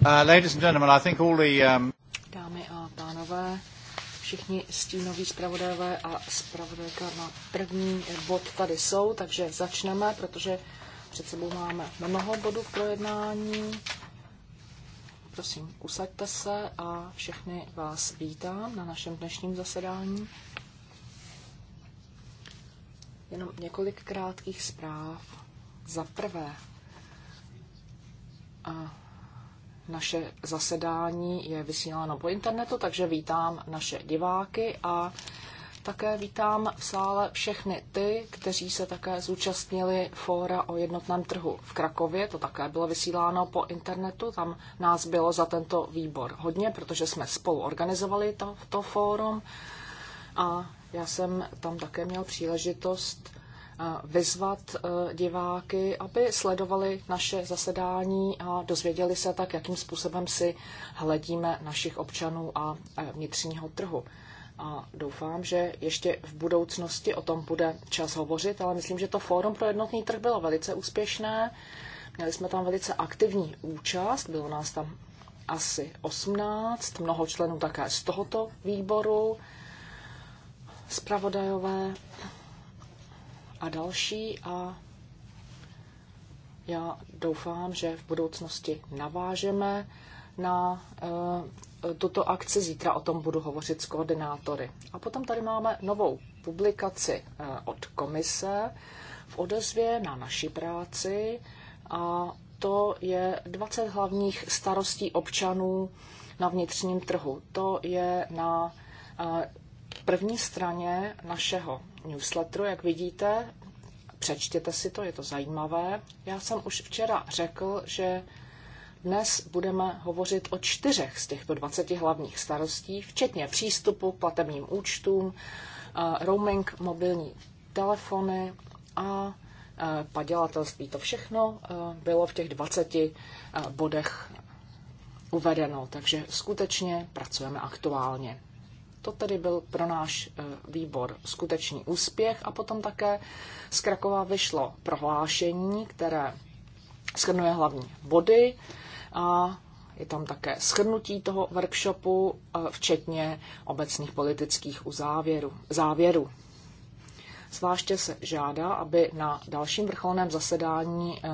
Uh, ladies and gentlemen, I think all the, um... Dámy a pánové, všichni stínoví zpravodajové a zpravodajka na první bod tady jsou, takže začneme, protože před sebou máme mnoho bodů k projednání. Prosím, usaďte se a všechny vás vítám na našem dnešním zasedání. Jenom několik krátkých zpráv. Za prvé, a naše zasedání je vysíláno po internetu, takže vítám naše diváky a také vítám v sále všechny ty, kteří se také zúčastnili fóra o jednotném trhu v Krakově. To také bylo vysíláno po internetu. Tam nás bylo za tento výbor hodně, protože jsme spolu organizovali to, to fórum. A já jsem tam také měl příležitost vyzvat e, diváky, aby sledovali naše zasedání a dozvěděli se tak, jakým způsobem si hledíme našich občanů a e, vnitřního trhu. A doufám, že ještě v budoucnosti o tom bude čas hovořit, ale myslím, že to Fórum pro jednotný trh bylo velice úspěšné. Měli jsme tam velice aktivní účast, bylo nás tam asi 18, mnoho členů také z tohoto výboru, zpravodajové, a další a já doufám, že v budoucnosti navážeme na eh, tuto akci. Zítra o tom budu hovořit s koordinátory. A potom tady máme novou publikaci eh, od komise v odezvě na naši práci a to je 20 hlavních starostí občanů na vnitřním trhu. To je na eh, první straně našeho newsletteru, jak vidíte. Přečtěte si to, je to zajímavé. Já jsem už včera řekl, že dnes budeme hovořit o čtyřech z těchto 20 hlavních starostí, včetně přístupu k platebním účtům, eh, roaming, mobilní telefony a eh, padělatelství. To všechno eh, bylo v těch 20 bodech uvedeno, takže skutečně pracujeme aktuálně. To tedy byl pro náš eh, výbor skutečný úspěch a potom také z Krakova vyšlo prohlášení, které schrnuje hlavní body a je tam také schrnutí toho workshopu, eh, včetně obecných politických uzávěru. Závěru. Zvláště se žádá, aby na dalším vrcholném zasedání eh,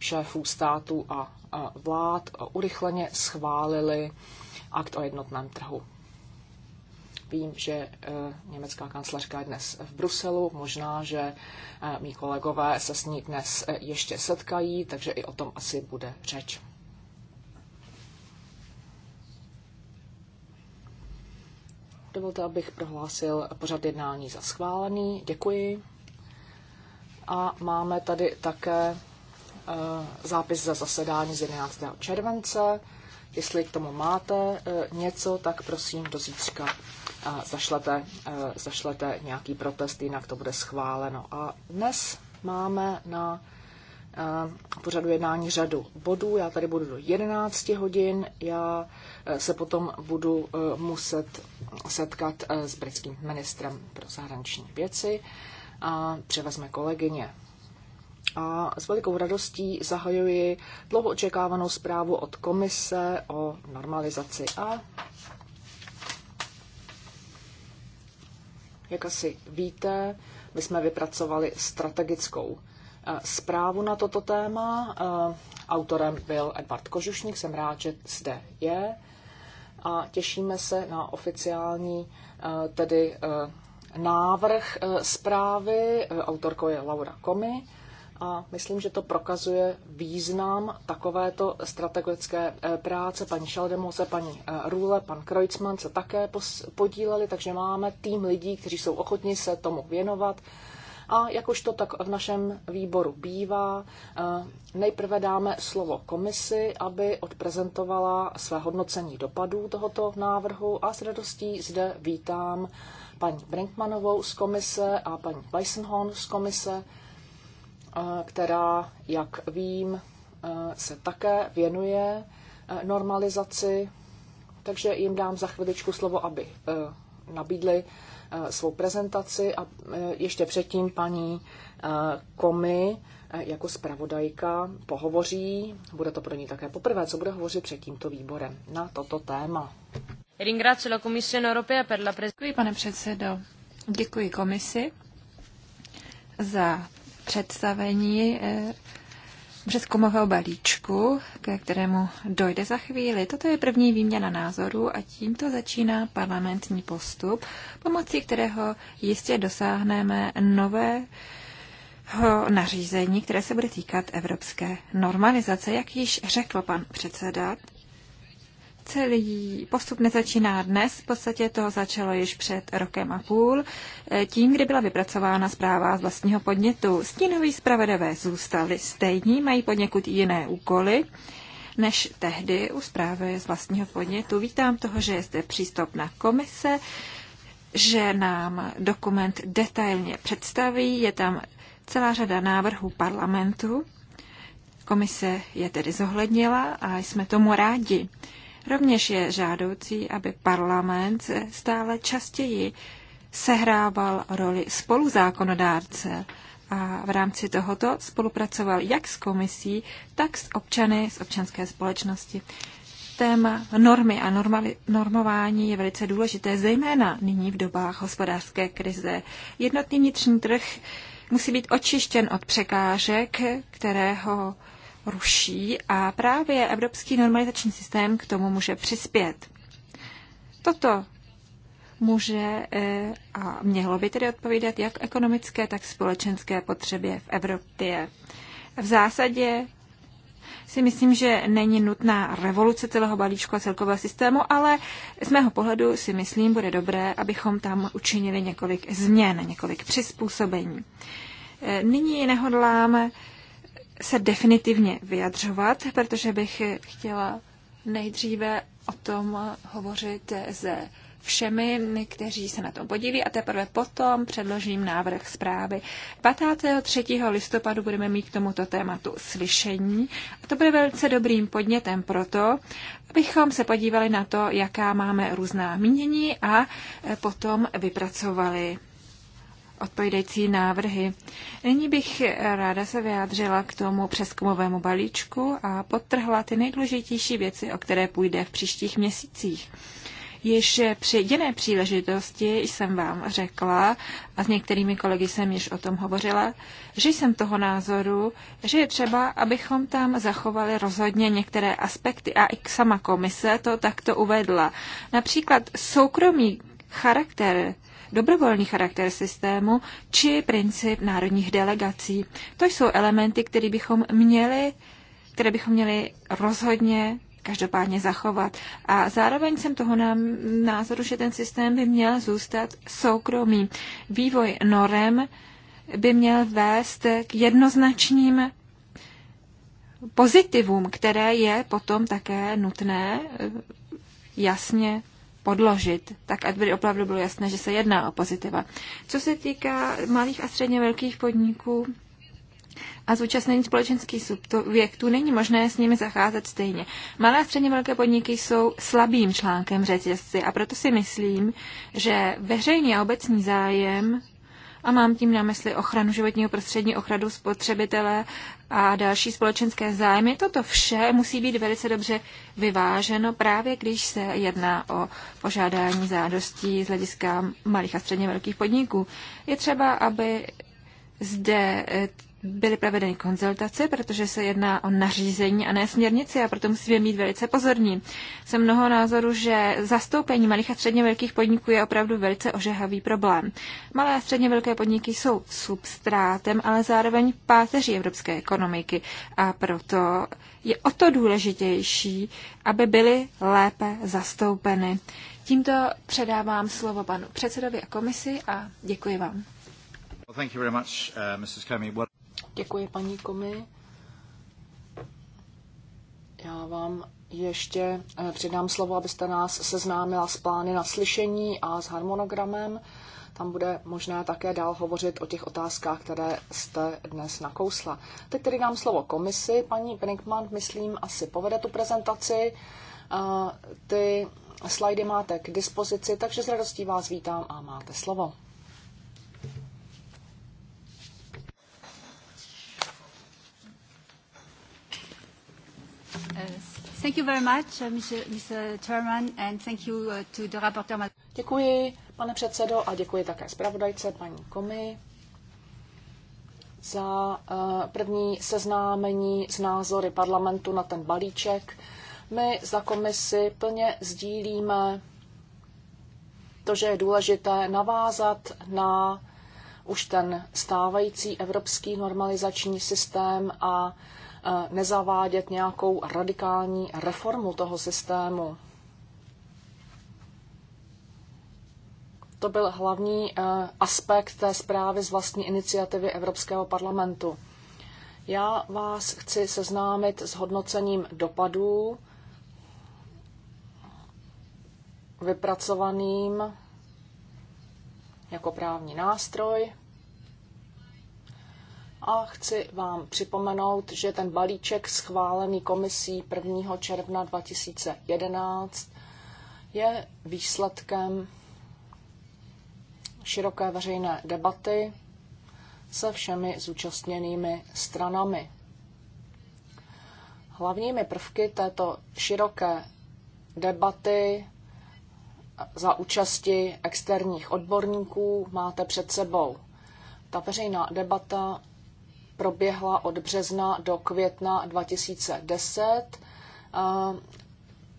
šéfů států a vlád urychleně schválili akt o jednotném trhu. Vím, že eh, německá kancelářka je dnes v Bruselu, možná, že eh, mý kolegové se s ní dnes eh, ještě setkají, takže i o tom asi bude řeč. Dovolte, abych prohlásil pořad jednání za schválený. Děkuji. A máme tady také zápis za zasedání z 11. července. Jestli k tomu máte něco, tak prosím do zítřka zašlete, e, zašlete nějaký protest, jinak to bude schváleno. A dnes máme na e, pořadu jednání řadu bodů. Já tady budu do 11 hodin. Já e, se potom budu muset setkat s britským ministrem pro zahraniční věci a převezme kolegyně. A s velikou radostí zahajuji dlouho očekávanou zprávu od komise o normalizaci a Jak asi víte, my jsme vypracovali strategickou eh, zprávu na toto téma. Eh, autorem byl Edvard Kožušník, jsem rád, že zde je. A těšíme se na oficiální eh, tedy návrh zprávy. Autorkou je Laura Komi a myslím, že to prokazuje význam takovéto strategické eh, práce. Paní Šaldemose, paní eh, Růle, pan Kreutzmann se také podíleli, takže máme tým lidí, kteří jsou ochotni se tomu věnovat. A jakož to tak v našem výboru bývá, eh, nejprve dáme slovo komisi, aby odprezentovala své hodnocení dopadů tohoto návrhu a s radostí zde vítám paní Brinkmanovou z komise a paní Weissenhorn z komise která, jak vím, e, se také věnuje e, normalizaci, takže jim dám za chviličku slovo, aby e, nabídli svou prezentaci a ještě předtím paní Komi jako zpravodajka pohovoří, bude to pro ní také poprvé, co bude hovořit před tímto výborem na toto téma. Děkuji, pane předsedo. Děkuji komisi za představení eh, přeskumového balíčku, ke kterému dojde za chvíli. Toto je první výměna názorů a tímto začíná parlamentní postup, pomocí kterého jistě dosáhneme nové nařízení, které se bude týkat evropské normalizace. Jak již řekl pan předseda, Celý postup nezačíná dnes, v podstatě to začalo již před rokem a půl, eh, tím, kdy byla vypracována zpráva z vlastního podnětu. Stínoví zpravedavé zůstali stejní, mají podněkud jiné úkoly než tehdy u zprávy z vlastního podnětu. Vítám toho, že je zde přístup na komise, že nám dokument detailně představí. Je tam celá řada návrhů parlamentu. Komise je tedy zohlednila a jsme tomu rádi. Rovněž je žádoucí, aby parlament stále častěji sehrával roli spoluzákonodárce a v rámci tohoto spolupracoval jak s komisí, tak s občany z občanské společnosti. Téma normy a normování je velice důležité, zejména nyní v dobách hospodářské krize. Jednotný vnitřní trh musí být očištěn od překážek, které ho ruší a právě evropský normalizační systém k tomu může přispět. Toto může eh, a mělo by tedy odpovídat jak ekonomické, tak společenské potřebě v Evropě. V zásadě si myslím, že není nutná revoluce celého balíčku a celkového systému, ale z mého pohledu si myslím, bude dobré, abychom tam učinili několik změn, několik přizpůsobení. Eh, nyní nehodláme se definitivně vyjadřovat, protože bych chtěla nejdříve o tom hovořit se všemi, kteří se na tom podíví, a teprve potom předložím návrh zprávy. 23. listopadu budeme mít k tomuto tématu slyšení a to bude velice dobrým podnětem pro to, abychom se podívali na to, jaká máme různá mínění a potom vypracovali odpovídající návrhy. Nyní bych ráda se vyjádřila k tomu přeskumovému balíčku a podtrhla ty nejdůležitější věci, o které půjde v příštích měsících. Již při jiné příležitosti jsem vám řekla, a s některými kolegy jsem již o tom hovořila, že jsem toho názoru, že je třeba, abychom tam zachovali rozhodně některé aspekty a i sama komise to takto uvedla. Například soukromý charakter dobrovolný charakter systému či princip národních delegací. To jsou elementy, které bychom měli, které bychom měli rozhodně každopádně zachovat. A zároveň jsem toho nám, názoru, že ten systém by měl zůstat soukromý. Vývoj norem by měl vést k jednoznačným pozitivům, které je potom také nutné eh, jasně podložit, tak aby opravdu bylo jasné, že se jedná o pozitiva. Co se týká malých a středně velkých podniků, a zúčastnění společenských subjektů není možné s nimi zacházet stejně. Malé a středně velké podniky jsou slabým článkem řetězci a proto si myslím, že veřejný a obecní zájem a mám tím na mysli ochranu životního prostředí, ochranu spotřebitele a další společenské zájmy. Toto vše musí být velice dobře vyváženo, právě když se jedná o požádání zádostí z hlediska malých a středně velkých podniků. Je třeba, aby zde eh, byly provedeny konzultace, protože se jedná o nařízení a ne směrnici a proto musíme být velice pozorní. Jsem mnoho názoru, že zastoupení malých a středně velkých podniků je opravdu velice ožehavý problém. Malé a středně velké podniky jsou substrátem, ale zároveň páteří evropské ekonomiky a proto je o to důležitější, aby byly lépe zastoupeny. Tímto předávám slovo panu předsedovi a komisi a děkuji vám. Well, thank you very much, uh, Mrs. Well... Děkuji, paní Komi. Já vám ještě eh, předám slovo, abyste nás seznámila s plány na slyšení a s harmonogramem. Tam bude možné také dál hovořit o těch otázkách, které jste dnes nakousla. Teď tedy dám slovo komisi. Paní Brinkman, myslím, asi povede tu prezentaci. Eh, ty slajdy máte k dispozici, takže s radostí vás vítám a máte slovo. Uh, thank you very much, uh, Mr. Uh, Chairman, and thank you to the rapporteur. Děkuji, pane předsedo, a děkuji také zpravodajce, paní Komi, za první seznámení s názory parlamentu na ten balíček. My za komisi plně sdílíme to, že je důležité navázat na už ten stávající evropský normalizační systém a Eh, nezavádět nějakou radikální reformu toho systému. To byl hlavní eh, aspekt té zprávy z vlastní iniciativy Evropského parlamentu. Já vás chci seznámit s hodnocením dopadů vypracovaným jako právní nástroj a chci vám připomenout, že ten balíček schválený komisí 1. června 2011 je výsledkem široké veřejné debaty se všemi zúčastněnými stranami. Hlavními prvky této široké debaty za účasti externích odborníků máte před sebou. Ta veřejná debata proběhla od března do května 2010.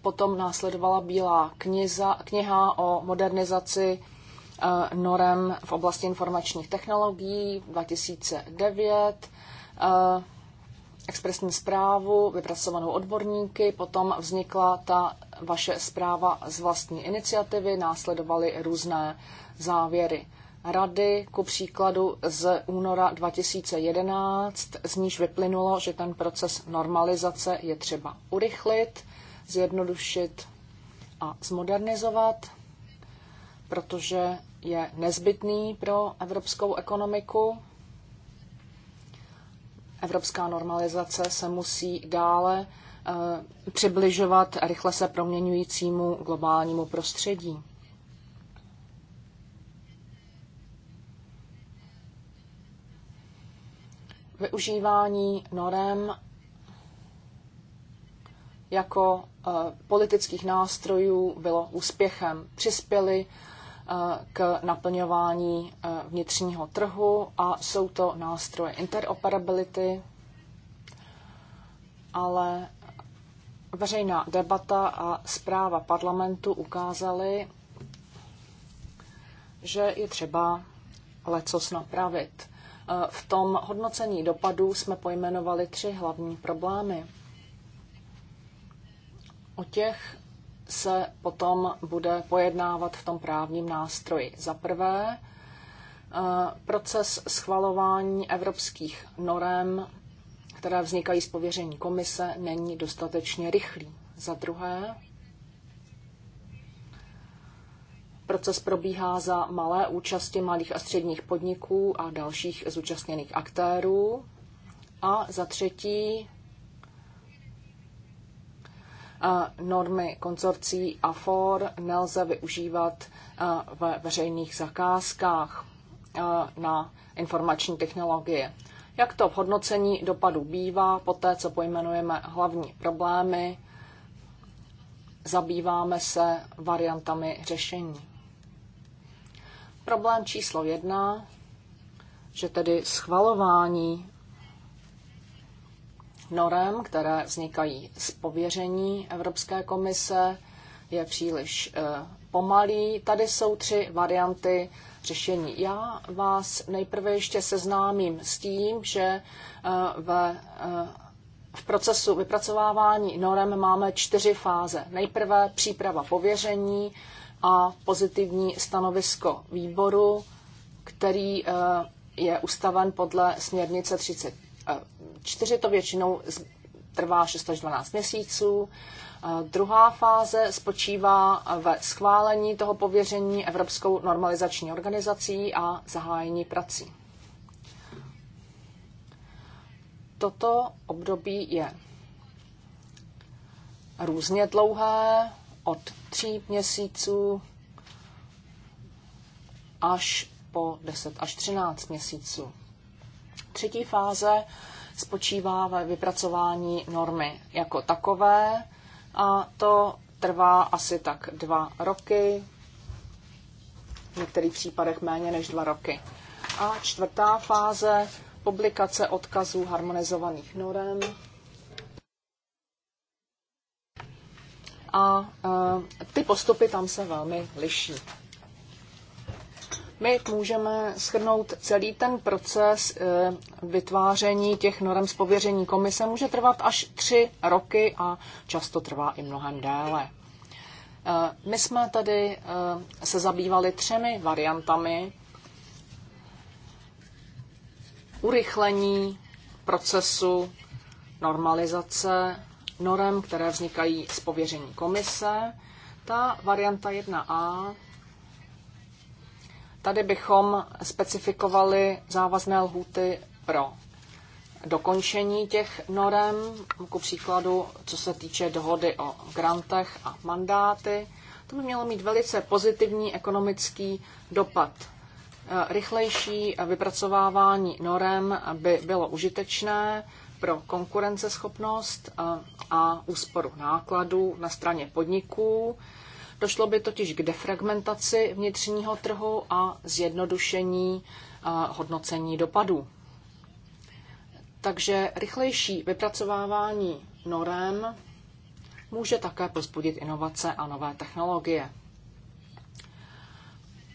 Potom následovala Bílá kniza, kniha o modernizaci e, norem v oblasti informačních technologií 2009, e, expresní zprávu vypracovanou odborníky, potom vznikla ta vaše zpráva z vlastní iniciativy, následovaly různé závěry rady, ku příkladu z února 2011, z níž vyplynulo, že ten proces normalizace je třeba urychlit, zjednodušit a zmodernizovat, protože je nezbytný pro evropskou ekonomiku. Evropská normalizace se musí dále eh, přibližovat rychle se proměňujícímu globálnímu prostředí. využívání norem jako eh, politických nástrojů bylo úspěchem. Přispěli eh, k naplňování eh, vnitřního trhu a jsou to nástroje interoperability, ale veřejná debata a zpráva parlamentu ukázaly, že je třeba lecos napravit. E, v tom hodnocení dopadů jsme pojmenovali tři hlavní problémy. O těch se potom bude pojednávat v tom právním nástroji. Za prvé, e, proces schvalování evropských norem, které vznikají z pověření komise, není dostatečně rychlý. Za druhé, Proces probíhá za malé účasti malých a středních podniků a dalších zúčastněných aktérů. A za třetí normy konzorcí a for nelze využívat ve veřejných zakázkách na informační technologie. Jak to v hodnocení dopadu bývá, poté co pojmenujeme hlavní problémy, zabýváme se variantami řešení. Problém číslo jedna, že tedy schvalování norem, které vznikají z pověření Evropské komise, je příliš eh, pomalý. Tady jsou tři varianty řešení. Já vás nejprve ještě seznámím s tím, že eh, ve, eh, v procesu vypracovávání norem máme čtyři fáze. Nejprve příprava pověření, a pozitivní stanovisko výboru, který eh, je ustaven podle směrnice 34. Eh, to většinou trvá 6 až 12 měsíců. Eh, druhá fáze spočívá ve schválení toho pověření Evropskou normalizační organizací a zahájení prací. Toto období je různě dlouhé, od tří měsíců až po 10 až 13 měsíců. Třetí fáze spočívá ve vypracování normy jako takové a to trvá asi tak dva roky, v některých případech méně než dva roky. A čtvrtá fáze publikace odkazů harmonizovaných norem a eh, ty postupy tam se velmi liší. My můžeme schrnout celý ten proces eh, vytváření těch norem z pověření komise. Může trvat až tři roky a často trvá i mnohem déle. Eh, my jsme tady se zabývali třemi variantami urychlení procesu normalizace norem, které vznikají z pověření komise. Ta varianta 1a, tady bychom specifikovali závazné lhuty pro dokončení těch norem, ku příkladu, co se týče dohody o grantech a mandáty. To by mělo mít velice pozitivní ekonomický dopad. Rychlejší vypracovávání norem by bylo užitečné, pro konkurenceschopnost a úsporu nákladů na straně podniků. Došlo by totiž k defragmentaci vnitřního trhu a zjednodušení hodnocení dopadů. Takže rychlejší vypracovávání norem může také pozbudit inovace a nové technologie.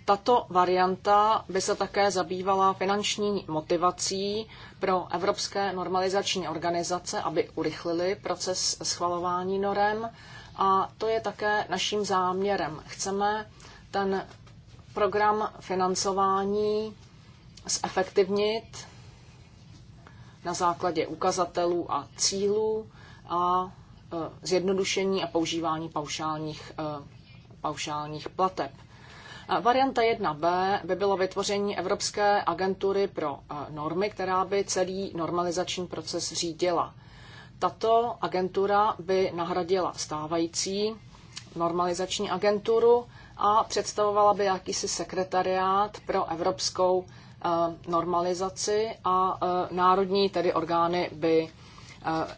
Tato varianta by se také zabývala finanční motivací pro evropské normalizační organizace, aby urychlili proces schvalování norem a to je také naším záměrem. Chceme ten program financování zefektivnit na základě ukazatelů a cílů a e, zjednodušení a používání paušálních, e, paušálních plateb. Varianta 1b by bylo vytvoření Evropské agentury pro eh, normy, která by celý normalizační proces řídila. Tato agentura by nahradila stávající normalizační agenturu a představovala by jakýsi sekretariát pro evropskou eh, normalizaci a eh, národní tedy orgány by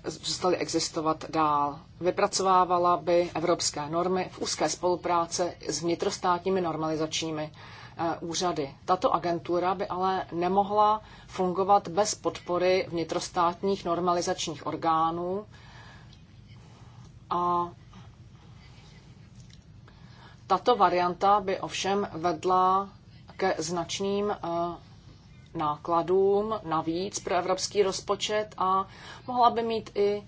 zůstaly existovat dál vypracovávala by evropské normy v úzké spolupráce s vnitrostátními normalizačními eh, úřady. Tato agentura by ale nemohla fungovat bez podpory vnitrostátních normalizačních orgánů a tato varianta by ovšem vedla ke značným eh, nákladům navíc pro evropský rozpočet a mohla by mít i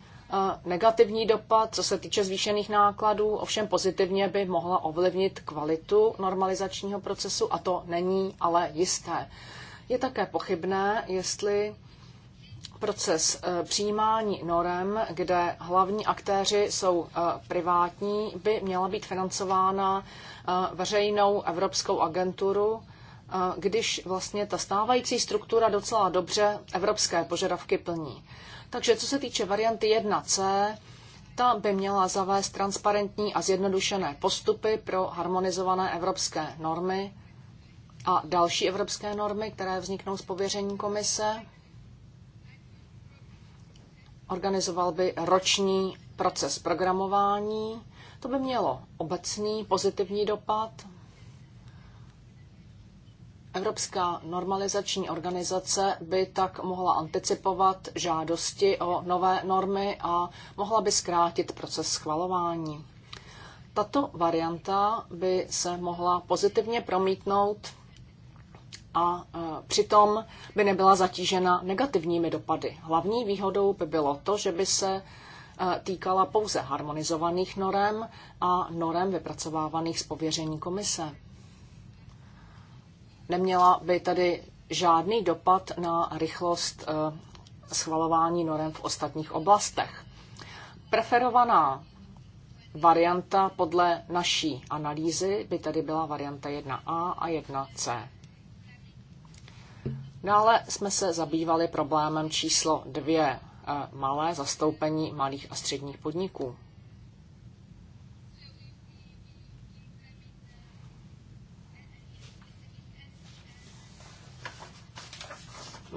negativní dopad, co se týče zvýšených nákladů, ovšem pozitivně by mohla ovlivnit kvalitu normalizačního procesu a to není ale jisté. Je také pochybné, jestli proces e, přijímání norem, kde hlavní aktéři jsou e, privátní, by měla být financována e, veřejnou evropskou agenturu, když vlastně ta stávající struktura docela dobře evropské požadavky plní. Takže co se týče varianty 1C, ta by měla zavést transparentní a zjednodušené postupy pro harmonizované evropské normy a další evropské normy, které vzniknou z pověření komise. Organizoval by roční proces programování. To by mělo obecný pozitivní dopad Evropská normalizační organizace by tak mohla anticipovat žádosti o nové normy a mohla by zkrátit proces schvalování. Tato varianta by se mohla pozitivně promítnout a e, přitom by nebyla zatížena negativními dopady. Hlavní výhodou by bylo to, že by se e, týkala pouze harmonizovaných norem a norem vypracovávaných z pověření komise neměla by tady žádný dopad na rychlost eh, schvalování norem v ostatních oblastech. Preferovaná varianta podle naší analýzy by tedy byla varianta 1a a 1c. Dále jsme se zabývali problémem číslo 2, eh, malé zastoupení malých a středních podniků.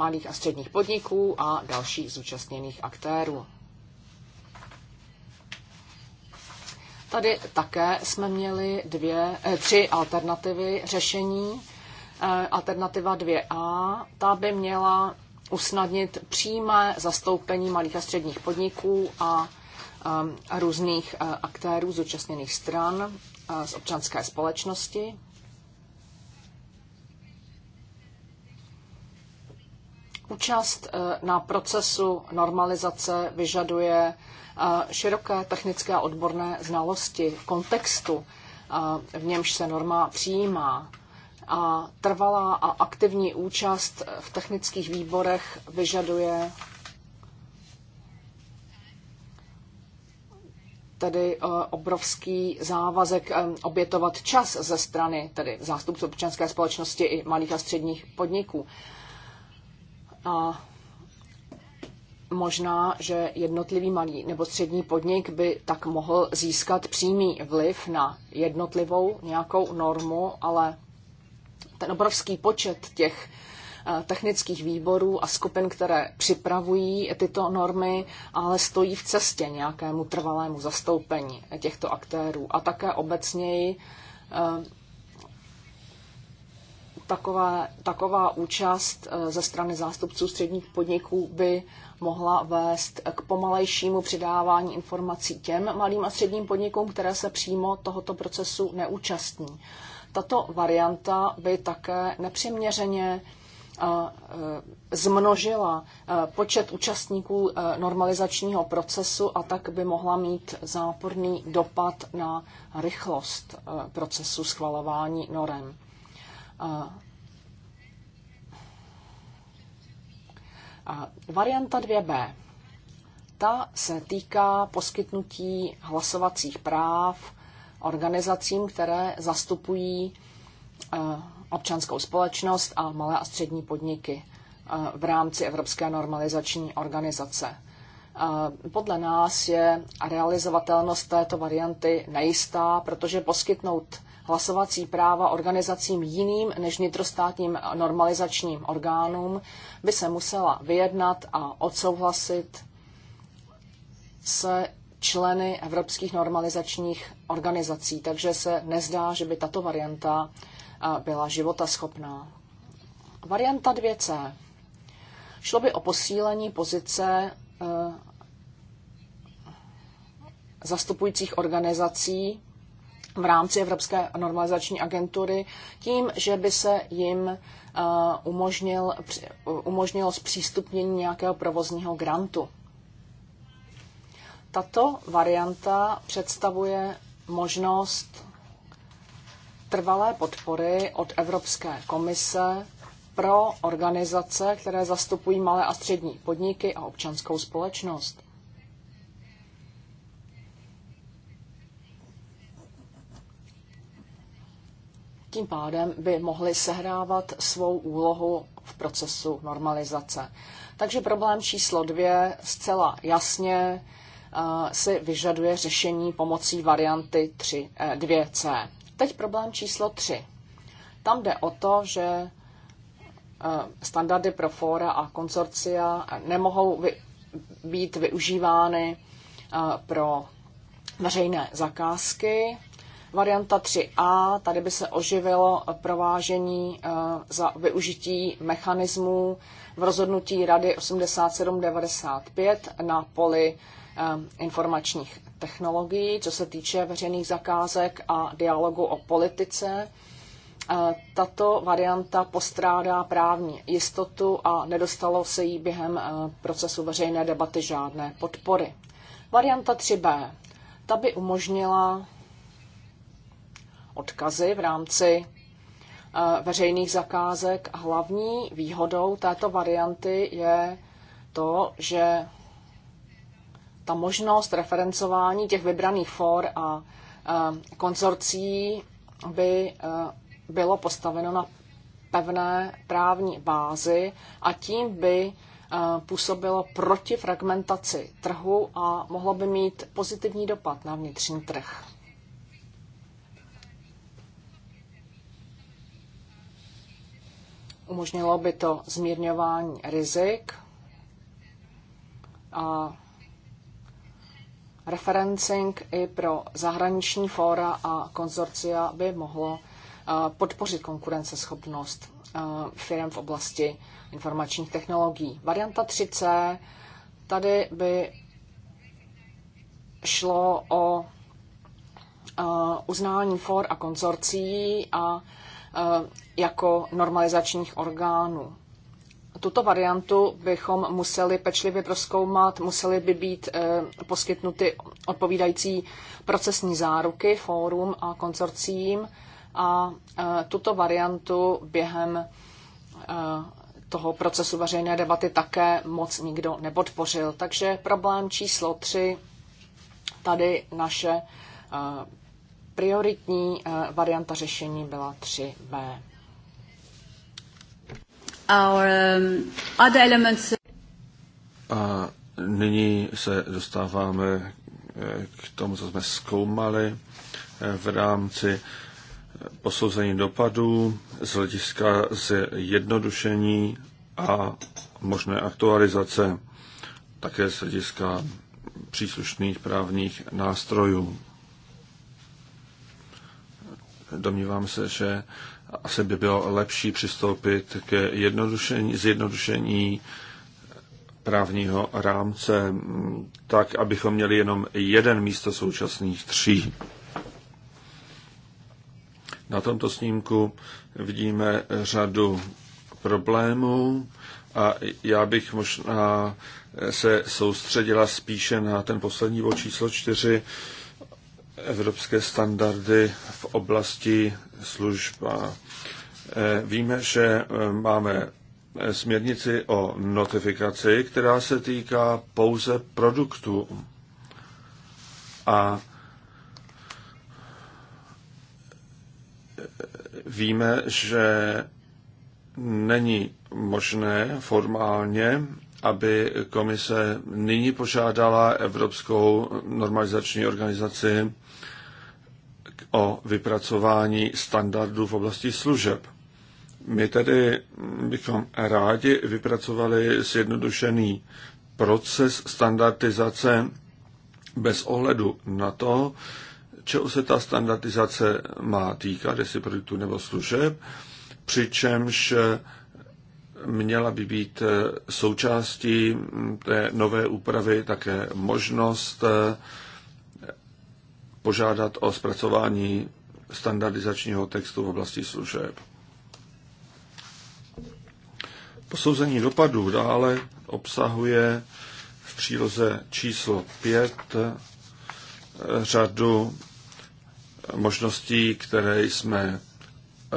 malých a středních podniků a dalších zúčastněných aktérů. Tady také jsme měli dvě, eh, tři alternativy řešení. Eh, alternativa 2a, ta by měla usnadnit přímé zastoupení malých a středních podniků a eh, různých aktérů zúčastněných stran z občanské společnosti. Účast eh, na procesu normalizace vyžaduje eh, široké technické a odborné znalosti kontextu, eh, v němž se norma přijímá. A trvalá a aktivní účast v technických výborech vyžaduje tedy obrovský závazek obětovat čas ze strany tedy zástupců občanské společnosti i malých a středních podniků a možná, že jednotlivý malý nebo střední podnik by tak mohl získat přímý vliv na jednotlivou nějakou normu, ale ten obrovský počet těch eh, technických výborů a skupin, které připravují tyto normy, ale stojí v cestě nějakému trvalému zastoupení těchto aktérů. A také obecněji eh, Taková, taková účast eh, ze strany zástupců středních podniků by mohla vést k pomalejšímu přidávání informací těm malým a středním podnikům, které se přímo tohoto procesu neúčastní. Tato varianta by také nepřiměřeně eh, eh, zmnožila počet účastníků normalizačního procesu a tak by mohla mít záporný dopad na rychlost procesu schvalování norem. A, a varianta 2b. Ta se týká poskytnutí hlasovacích práv organizacím, které zastupují e, občanskou společnost a malé a střední podniky e, v rámci Evropské normalizační organizace. E, podle nás je realizovatelnost této varianty nejistá, protože poskytnout hlasovací práva organizacím jiným než vnitrostátním normalizačním orgánům, by se musela vyjednat a odsouhlasit se členy evropských normalizačních organizací, takže se nezdá, že by tato varianta byla životaschopná. Varianta 2c. Šlo by o posílení pozice e, zastupujících organizací v rámci Evropské normalizační agentury tím, že by se jim eh, umožnil, umožnilo zpřístupnění nějakého provozního grantu. Tato varianta představuje možnost trvalé podpory od Evropské komise pro organizace, které zastupují malé a střední podniky a občanskou společnost. Tím pádem by mohly sehrávat svou úlohu v procesu normalizace. Takže problém číslo dvě zcela jasně eh, si vyžaduje řešení pomocí varianty 3, 2C. Eh, Teď problém číslo 3. Tam jde o to, že eh, standardy pro fóra a konzorcia nemohou být využívány pro veřejné zakázky, Varianta 3a, tady by se oživilo provážení eh, za využití mechanismů v rozhodnutí Rady 8795 na poli eh, informačních technologií, co se týče veřejných zakázek a dialogu o politice. Eh, tato varianta postrádá právní jistotu a nedostalo se jí během procesu veřejné debaty žádné podpory. Varianta 3b. Ta by umožnila odkazy v rámci eh, veřejných zakázek. Hlavní výhodou této varianty je to, že ta možnost referencování těch vybraných for a eh, konzorcí by eh, bylo postaveno na pevné právní bázi a tím by působilo proti fragmentaci trhu a mohlo by mít pozitivní dopad na vnitřní trh. Umožnilo by to zmírňování rizik a referencing i pro zahraniční fóra a konzorcia by mohlo eh, podpořit konkurenceschopnost eh, firm v oblasti informačních technologií. Varianta 3C, tady by šlo o eh, uznání for a konzorcií a Eh, jako normalizačních orgánů. Tuto variantu bychom museli pečlivě proskoumat, museli by být eh, poskytnuty odpovídající procesní záruky fórum a konzorcím a eh, tuto variantu během toho procesu veřejné debaty také moc nikdo nepodpořil. Takže problém číslo tři, tady naše prioritní eh, varianta řešení byla 3B. Our, um, other elements... A nyní se dostáváme eh, k tomu, co jsme zkoumali eh, v rámci posouzení dopadů z hlediska zjednodušení a možné aktualizace, také z hlediska příslušných právních nástrojů domnívám se, že asi by bylo lepší přistoupit k zjednodušení právního rámce tak, abychom měli jenom jeden místo současných tří. Na tomto snímku vidíme řadu problémů a já bych možná se soustředila spíše na ten poslední bod číslo čtyři, evropské standardy v oblasti služb. E, víme, že e, máme e, směrnici o notifikaci, která se týká pouze produktů. A víme, že není možné formálně, aby komise nyní požádala Evropskou normalizační organizaci o vypracování standardů v oblasti služeb. My tedy bychom rádi vypracovali zjednodušený proces standardizace bez ohledu na to, čeho se ta standardizace má týkat, jestli produktů nebo služeb, přičemž měla by být součástí té nové úpravy také možnost požádat o zpracování standardizačního textu v oblasti služeb. Posouzení dopadů dále obsahuje v příloze číslo 5 eh, řadu možností, které jsme eh,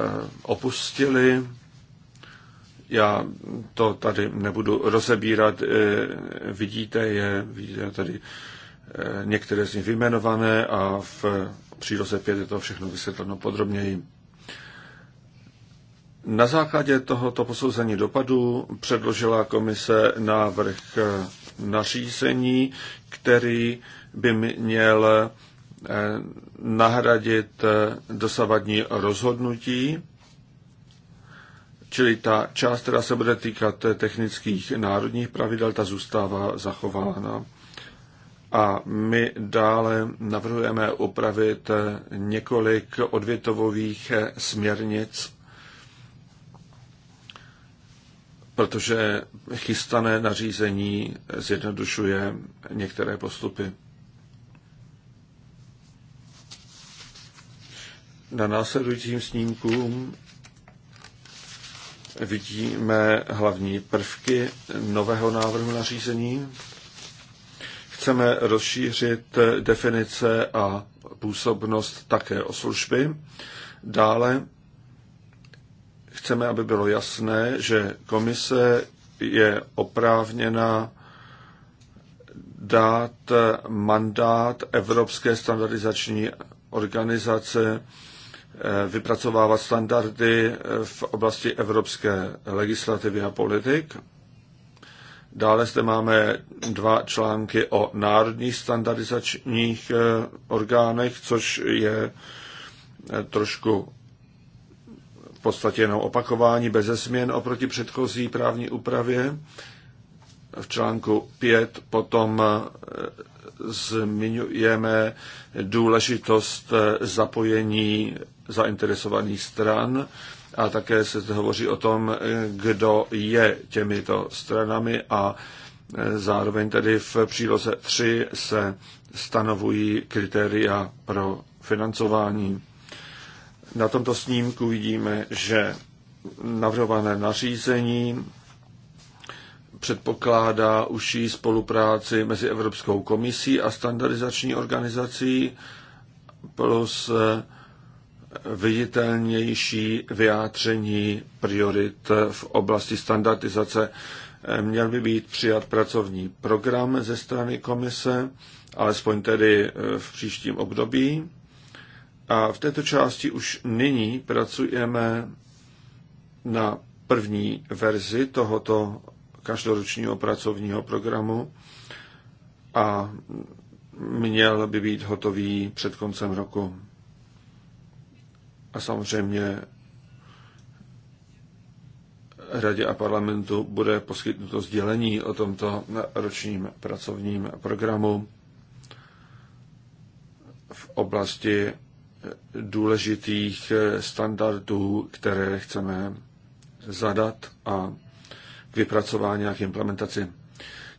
opustili. Já to tady nebudu rozebírat. Eh, vidíte je, vidíte tady Eh, některé z nich vyjmenované a v příloze 5 je to všechno vysvětleno podrobněji. Na základě tohoto posouzení dopadu předložila komise návrh eh, nařízení, který by měl eh, nahradit dosavadní rozhodnutí, čili ta část, která se bude týkat technických národních pravidel, ta zůstává zachována. A my dále navrhujeme upravit několik odvětovových směrnic, protože chystané nařízení zjednodušuje některé postupy. Na následujícím snímku vidíme hlavní prvky nového návrhu nařízení chceme rozšířit definice a působnost také o služby. Dále chceme, aby bylo jasné, že komise je oprávněna dát mandát Evropské standardizační organizace eh, vypracovávat standardy v oblasti evropské legislativy a politik. Dále zde máme dva články o národních standardizačních eh, orgánech, což je eh, trošku v podstatě jenom opakování bez změn oproti předchozí právní úpravě. V článku 5 potom eh, zmiňujeme důležitost zapojení zainteresovaných stran a také se hovoří o tom, eh, kdo je těmito stranami a eh, zároveň tedy v příloze 3 se stanovují kritéria pro financování. Na tomto snímku vidíme, že navrhované nařízení předpokládá užší spolupráci mezi Evropskou komisí a standardizační organizací plus eh, viditelnější vyjádření priorit v oblasti standardizace. Měl by být přijat pracovní program ze strany komise, alespoň tedy eh, v příštím období. A v této části už nyní pracujeme na první verzi tohoto každoročního pracovního programu a měl by být hotový před koncem roku. A samozřejmě radě a parlamentu bude poskytnuto sdělení o tomto ročním pracovním programu v oblasti důležitých standardů, které chceme zadat a k vypracování a k implementaci.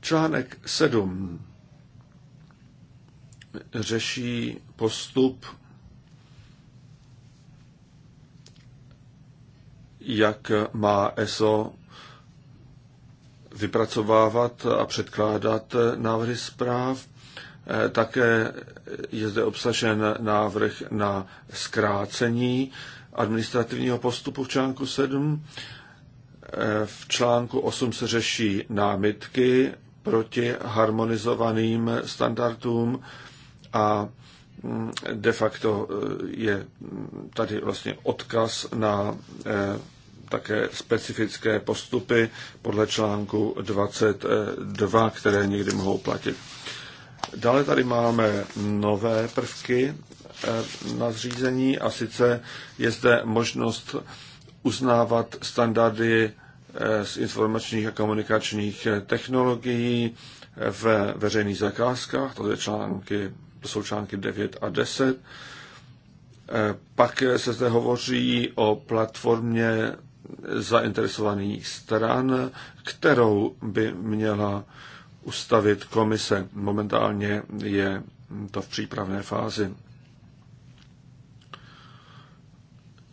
Článek 7 řeší postup jak má ESO vypracovávat a předkládat návrhy zpráv. Eh, také je zde obsažen návrh na zkrácení administrativního postupu v článku 7. Eh, v článku 8 se řeší námitky proti harmonizovaným standardům a mm, de facto eh, je tady vlastně odkaz na také specifické postupy podle článku 22, které někdy mohou platit. Dále tady máme nové prvky eh, na zřízení a sice je zde možnost uznávat standardy eh, z informačních a komunikačních eh, technologií v veřejných zakázkách, to, je články, to jsou články 9 a 10. Pak se zde hovoří o platformě zainteresovaných stran, kterou by měla ustavit komise. Momentálně je to v přípravné fázi.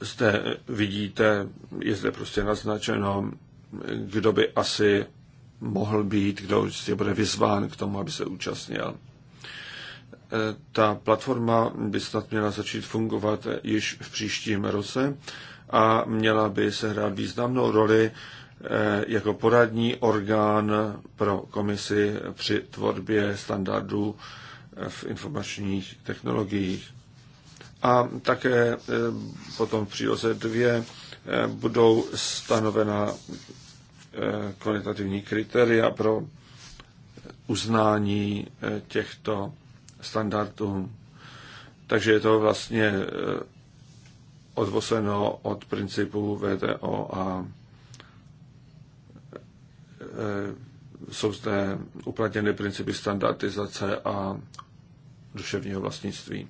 Zde vidíte, je zde prostě naznačeno, kdo by asi mohl být, kdo určitě vlastně bude vyzván k tomu, aby se účastnil. Ta platforma by snad měla začít fungovat již v příštím roce a měla by se hrát významnou roli eh, jako poradní orgán pro komisi při tvorbě standardů eh, v informačních technologiích. A také eh, potom v příloze dvě budou stanovena kvalitativní kritéria pro uznání těchto standardů. Takže je to vlastně odvoseno od principů VTO a e, jsou zde uplatněny principy standardizace a duševního vlastnictví.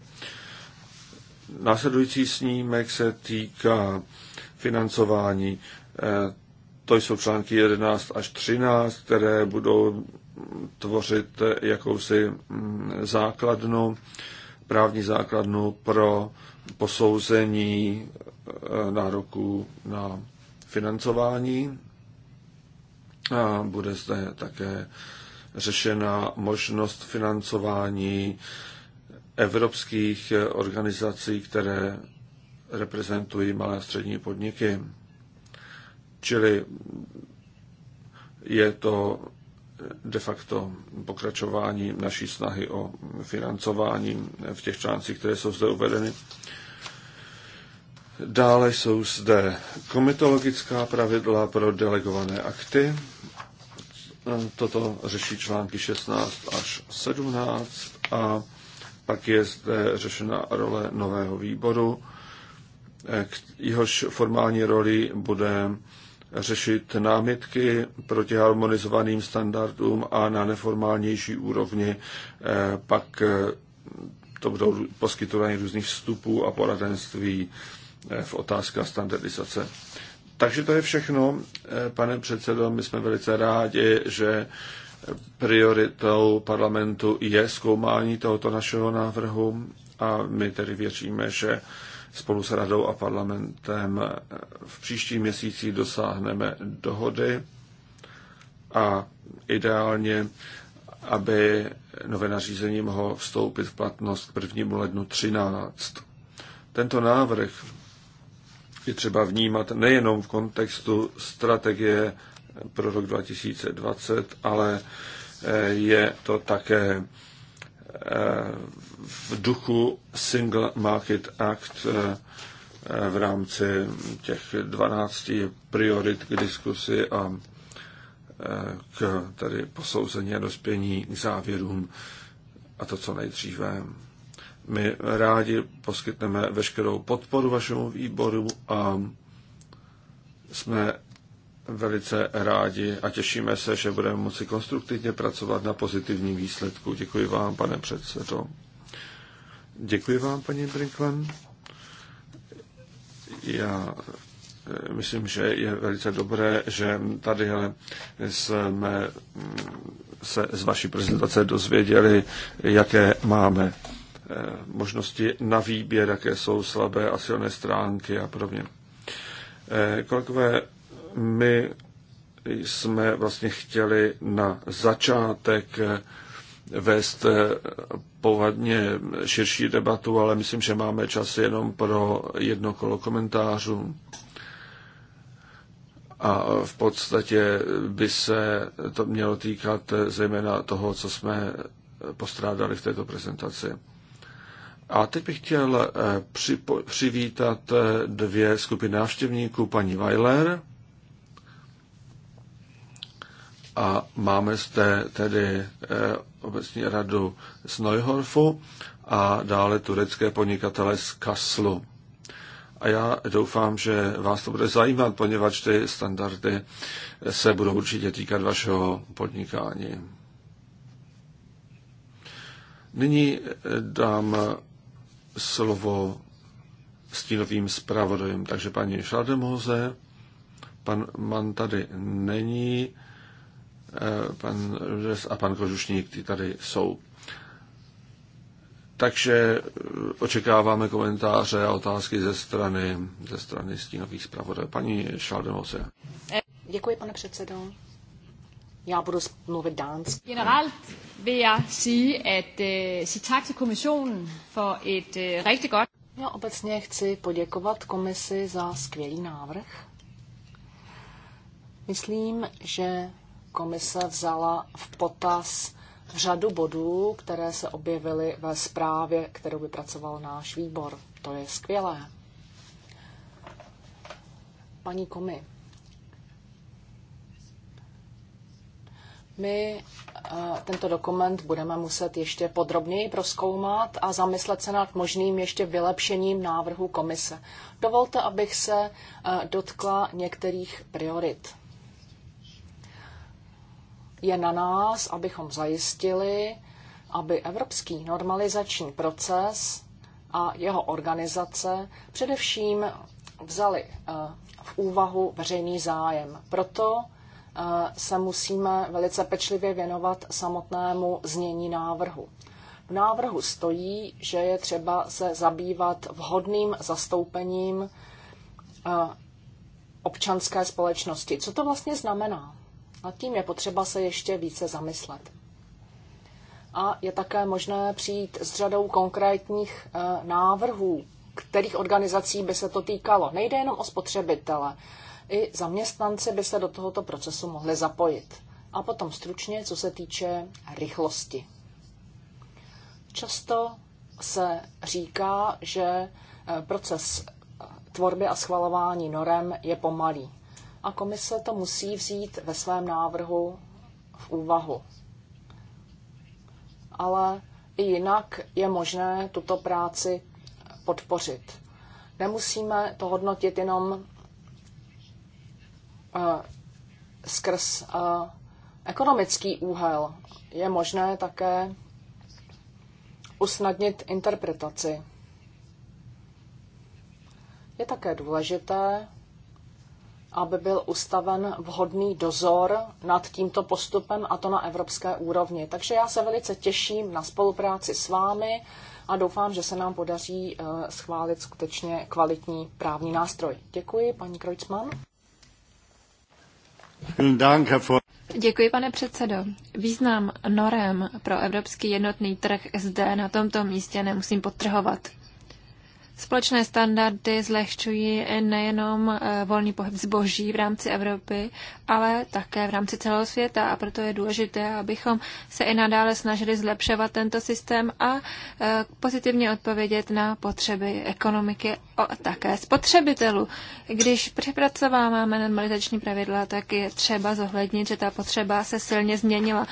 Následující snímek se týká financování. E, to jsou články 11 až 13, které budou tvořit jakousi mm, základnu, právní základnu pro posouzení eh, nároků na financování. A bude zde také řešena možnost financování evropských eh, organizací, které reprezentují malé a střední podniky. Čili je to de facto pokračování naší snahy o financování v těch článcích, které jsou zde uvedeny. Dále jsou zde komitologická pravidla pro delegované akty. Toto řeší články 16 až 17 a pak je zde řešena role nového výboru, jehož formální roli bude řešit námitky proti harmonizovaným standardům a na neformálnější úrovni eh, pak eh, to budou poskytování různých vstupů a poradenství eh, v otázkách standardizace. Takže to je všechno, pane předsedo. My jsme velice rádi, že prioritou parlamentu je zkoumání tohoto našeho návrhu a my tedy věříme, že spolu s radou a parlamentem v příští měsíci dosáhneme dohody a ideálně, aby nové nařízení mohlo vstoupit v platnost k 1. lednu 13. Tento návrh je třeba vnímat nejenom v kontextu strategie pro rok 2020, ale je to také eh, v duchu Single Market Act eh, eh, v rámci těch 12 priorit k diskusi a eh, k tady posouzení a dospění k závěrům a to co nejdříve. My rádi poskytneme veškerou podporu vašemu výboru a jsme velice rádi a těšíme se, že budeme moci konstruktivně pracovat na pozitivním výsledku. Děkuji vám, pane předsedo. Děkuji vám, paní Brinkman. Já eh, myslím, že je velice dobré, že tady jsme mm, se z vaší prezentace dozvěděli, jaké máme eh, možnosti na výběr, jaké jsou slabé a silné stránky a podobně. Eh, kolegové, my jsme vlastně chtěli na začátek vést povadně širší debatu, ale myslím, že máme čas jenom pro jedno kolo komentářů. A v podstatě by se to mělo týkat zejména toho, co jsme postrádali v této prezentaci. A teď bych chtěl eh, připo- přivítat eh, dvě skupiny návštěvníků, paní Weiler. A máme zde tedy eh, obecní radu z Neuhorfu a dále turecké podnikatele z Kaslu. A já doufám, že vás to bude zajímat, poněvadž ty standardy se budou určitě týkat vašeho podnikání. Nyní eh, dám eh, slovo stínovým zpravodajem. Takže paní Šademoze, pan Man tady není, Eh, pan Rudes a pan Kožušník, ty tady jsou. Takže eh, očekáváme komentáře a otázky ze strany, ze strany stínových zpravodajů. Paní Šaldemose. Děkuji, pane předsedo. Já budu mluvit dánsky. Generelt vil jeg sige, at eh, si tak til kommissionen for et rigtig godt... Já obecně chci poděkovat komisi za skvělý návrh. Myslím, že komise vzala v potaz řadu bodů, které se objevily ve zprávě, kterou vypracoval náš výbor. To je skvělé. Paní Komi, my eh, tento dokument budeme muset ještě podrobněji proskoumat a zamyslet se nad možným ještě vylepšením návrhu komise. Dovolte, abych se eh, dotkla některých priorit. Je na nás, abychom zajistili, aby evropský normalizační proces a jeho organizace především vzali eh, v úvahu veřejný zájem. Proto eh, se musíme velice pečlivě věnovat samotnému znění návrhu. V návrhu stojí, že je třeba se zabývat vhodným zastoupením eh, občanské společnosti. Co to vlastně znamená? Nad tím je potřeba se ještě více zamyslet. A je také možné přijít s řadou konkrétních eh, návrhů, kterých organizací by se to týkalo. Nejde jenom o spotřebitele. I zaměstnanci by se do tohoto procesu mohli zapojit. A potom stručně, co se týče rychlosti. Často se říká, že eh, proces eh, tvorby a schvalování norem je pomalý a komise to musí vzít ve svém návrhu v úvahu. Ale i jinak je možné tuto práci podpořit. Nemusíme to hodnotit jenom eh, skrz eh, ekonomický úhel. Je možné také usnadnit interpretaci. Je také důležité, aby byl ustaven vhodný dozor nad tímto postupem a to na evropské úrovni. Takže já se velice těším na spolupráci s vámi a doufám, že se nám podaří eh, schválit skutečně kvalitní právní nástroj. Děkuji, paní Kreutzmann. Děkuji, pane předsedo. Význam norem pro evropský jednotný trh zde na tomto místě nemusím podtrhovat. Společné standardy zlehčují nejenom eh, volný pohyb zboží v rámci Evropy, ale také v rámci celého světa a proto je důležité, abychom se i nadále snažili zlepšovat tento systém a eh, pozitivně odpovědět na potřeby ekonomiky a také spotřebitelů. Když přepracováváme normalizační pravidla, tak je třeba zohlednit, že ta potřeba se silně změnila.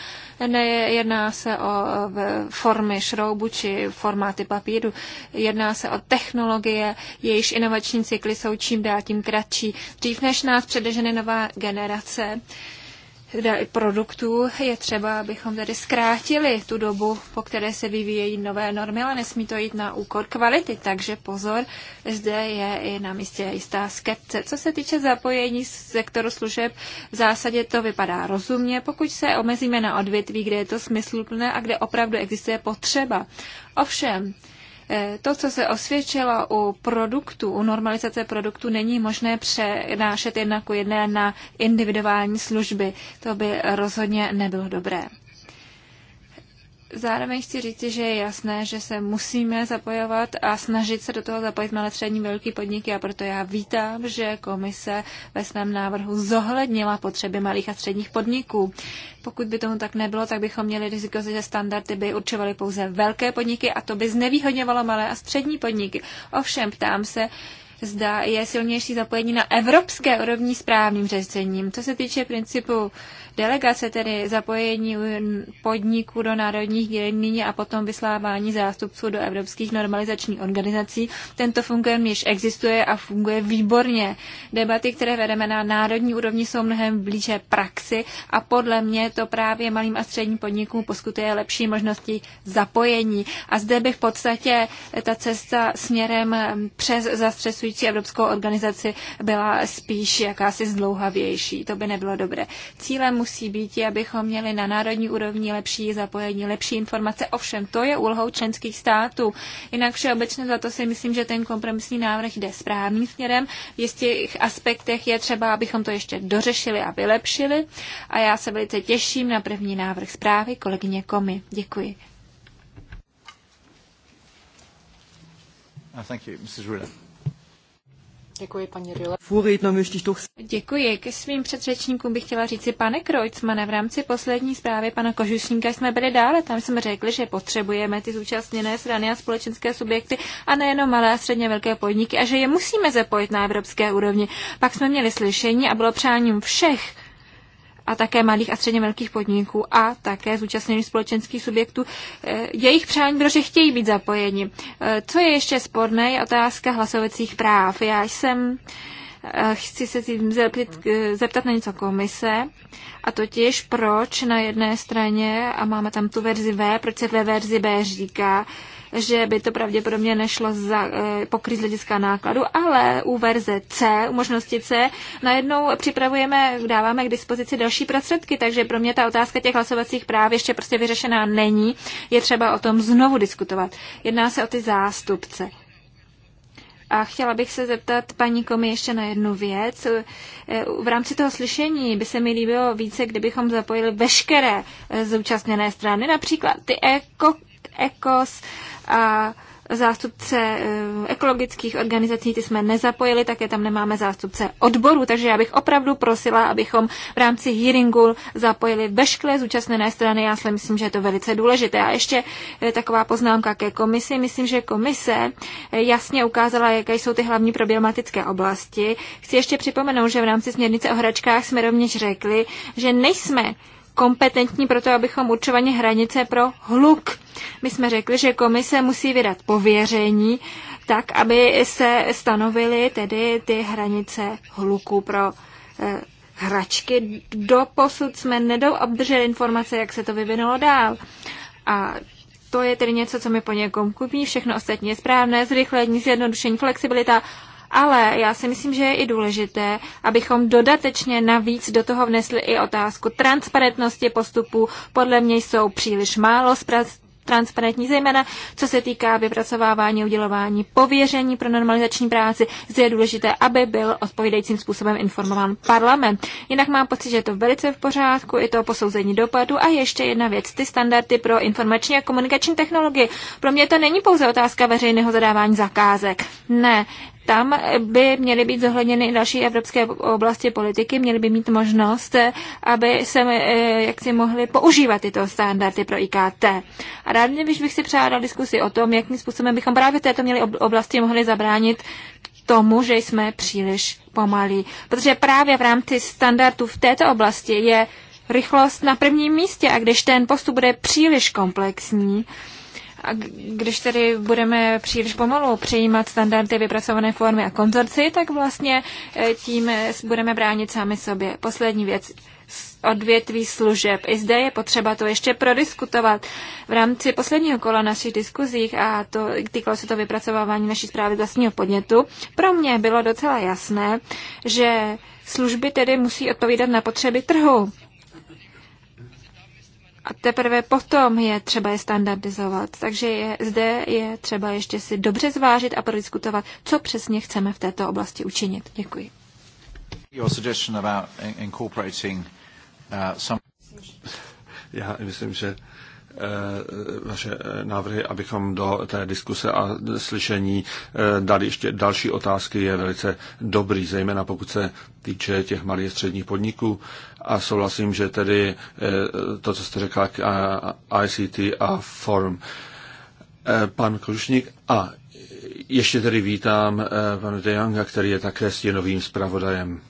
Nejedná se o formy šroubu či formáty papíru, jedná se o technologii, technologie, jejíž inovační cykly jsou čím dál tím kratší. Dřív než nás předežene nová generace, produktů je třeba, abychom tedy zkrátili tu dobu, po které se vyvíjejí nové normy, ale nesmí to jít na úkor kvality, takže pozor, zde je i na místě jistá skepce. Co se týče zapojení sektoru služeb, v zásadě to vypadá rozumně, pokud se omezíme na odvětví, kde je to smysluplné a kde opravdu existuje potřeba. Ovšem, Eh, to, co se osvědčilo u produktu, u normalizace produktu, není možné přenášet jednak u jedné na individuální služby. To by rozhodně nebylo dobré. Zároveň chci říct, že je jasné, že se musíme zapojovat a snažit se do toho zapojit malé střední velké podniky a proto já vítám, že komise ve svém návrhu zohlednila potřeby malých a středních podniků. Pokud by tomu tak nebylo, tak bychom měli riziko, že standardy by určovaly pouze velké podniky a to by znevýhodňovalo malé a střední podniky. Ovšem, ptám se, zda je silnější zapojení na evropské úrovni správným řešením. Co se týče principu delegace, tedy zapojení podniků do národních dělení a potom vyslávání zástupců do evropských normalizačních organizací, tento funguje, již existuje a funguje výborně. Debaty, které vedeme na národní úrovni, jsou mnohem blíže praxi a podle mě to právě malým a středním podnikům poskytuje lepší možnosti zapojení. A zde bych v podstatě ta cesta směrem přes zastřesující zastřešující evropskou organizaci byla spíš jakási zdlouhavější. To by nebylo dobré. Cílem musí být, abychom měli na národní úrovni lepší zapojení, lepší informace. Ovšem, to je úlohou členských států. Jinak všeobecně za to si myslím, že ten kompromisní návrh jde správným směrem. V jistých aspektech je třeba, abychom to ještě dořešili a vylepšili. A já se velice těším na první návrh zprávy kolegyně Komy. Děkuji. Uh, thank you. Mrs. Ruler. Děkuji, paní Rile. No, Děkuji. Ke svým předřečníkům bych chtěla říci, pane Krojcmane, v rámci poslední zprávy pana Kožušníka jsme byli dále. Tam jsme řekli, že potřebujeme ty zúčastněné strany a společenské subjekty a nejenom malé a středně velké podniky a že je musíme zapojit na evropské úrovni. Pak jsme měli slyšení a bylo přáním všech a také malých a středně velkých podniků a také zúčastněných společenských subjektů eh, jejich přání, protože chtějí být zapojeni. Eh, co je ještě sporné, je otázka hlasovacích práv. Já jsem eh, chci se zeptat, zeptat na něco komise, a totiž proč na jedné straně, a máme tam tu verzi V, proč se ve verzi B říká, že by to pravděpodobně nešlo za, eh, pokryt z hlediska nákladu, ale u verze C, u možnosti C, najednou připravujeme, dáváme k dispozici další prostředky, takže pro mě ta otázka těch hlasovacích práv ještě prostě vyřešená není. Je třeba o tom znovu diskutovat. Jedná se o ty zástupce. A chtěla bych se zeptat paní Komi ještě na jednu věc. Eh, v rámci toho slyšení by se mi líbilo více, kdybychom zapojili veškeré eh, zúčastněné strany, například ty ECO, ECOS, a zástupce eh, ekologických organizací, ty jsme nezapojili, také tam nemáme zástupce odboru, takže já bych opravdu prosila, abychom v rámci hearingu zapojili veškeré zúčastněné strany. Já si myslím, že je to velice důležité. A ještě eh, taková poznámka ke komisi. Myslím, že komise eh, jasně ukázala, jaké jsou ty hlavní problematické oblasti. Chci ještě připomenout, že v rámci směrnice o hračkách jsme rovněž řekli, že nejsme kompetentní pro to, abychom určovali hranice pro hluk. My jsme řekli, že komise musí vydat pověření, tak aby se stanovily tedy ty hranice hluku pro eh, hračky. posud jsme nedoobdrželi informace, jak se to vyvinulo dál. A to je tedy něco, co mi po někom kupí. Všechno ostatní je správné, zrychlení, zjednodušení, flexibilita ale já si myslím, že je i důležité, abychom dodatečně navíc do toho vnesli i otázku transparentnosti postupů. Podle mě jsou příliš málo transparentní, zejména co se týká vypracovávání, udělování pověření pro normalizační práci, zde je důležité, aby byl odpovídajícím způsobem informován parlament. Jinak mám pocit, že je to velice v pořádku, i to posouzení dopadu a ještě jedna věc, ty standardy pro informační a komunikační technologie. Pro mě to není pouze otázka veřejného zadávání zakázek. Ne, tam by měly být zohledněny i další evropské oblasti politiky, měly by mít možnost, aby se eh, jak si mohli používat tyto standardy pro IKT. A rád mě, bych si přála diskusi o tom, jakým způsobem bychom právě v této měli oblasti mohli zabránit tomu, že jsme příliš pomalí. Protože právě v rámci standardů v této oblasti je rychlost na prvním místě a když ten postup bude příliš komplexní, a když tedy budeme příliš pomalu přijímat standardy vypracované formy a konzorci, tak vlastně eh, tím eh, budeme bránit sami sobě. Poslední věc odvětví služeb. I zde je potřeba to ještě prodiskutovat. V rámci posledního kola našich diskuzích, a to týkalo se to vypracovávání naší zprávy vlastního podnětu, pro mě bylo docela jasné, že služby tedy musí odpovídat na potřeby trhu a teprve potom je třeba je standardizovat. Takže je, zde je třeba ještě si dobře zvážit a prodiskutovat, co přesně chceme v této oblasti učinit. Děkuji. Uh, Já myslím, že Eh, vaše eh, návrhy, abychom do té diskuse a slyšení eh, dali ještě další otázky, je velice dobrý, zejména pokud se týče těch malých a středních podniků. A souhlasím, že tedy to, co jste řekla k ICT a Forum. Pan Krušník a ještě tedy vítám pana De Younga, který je také stěnovým zpravodajem.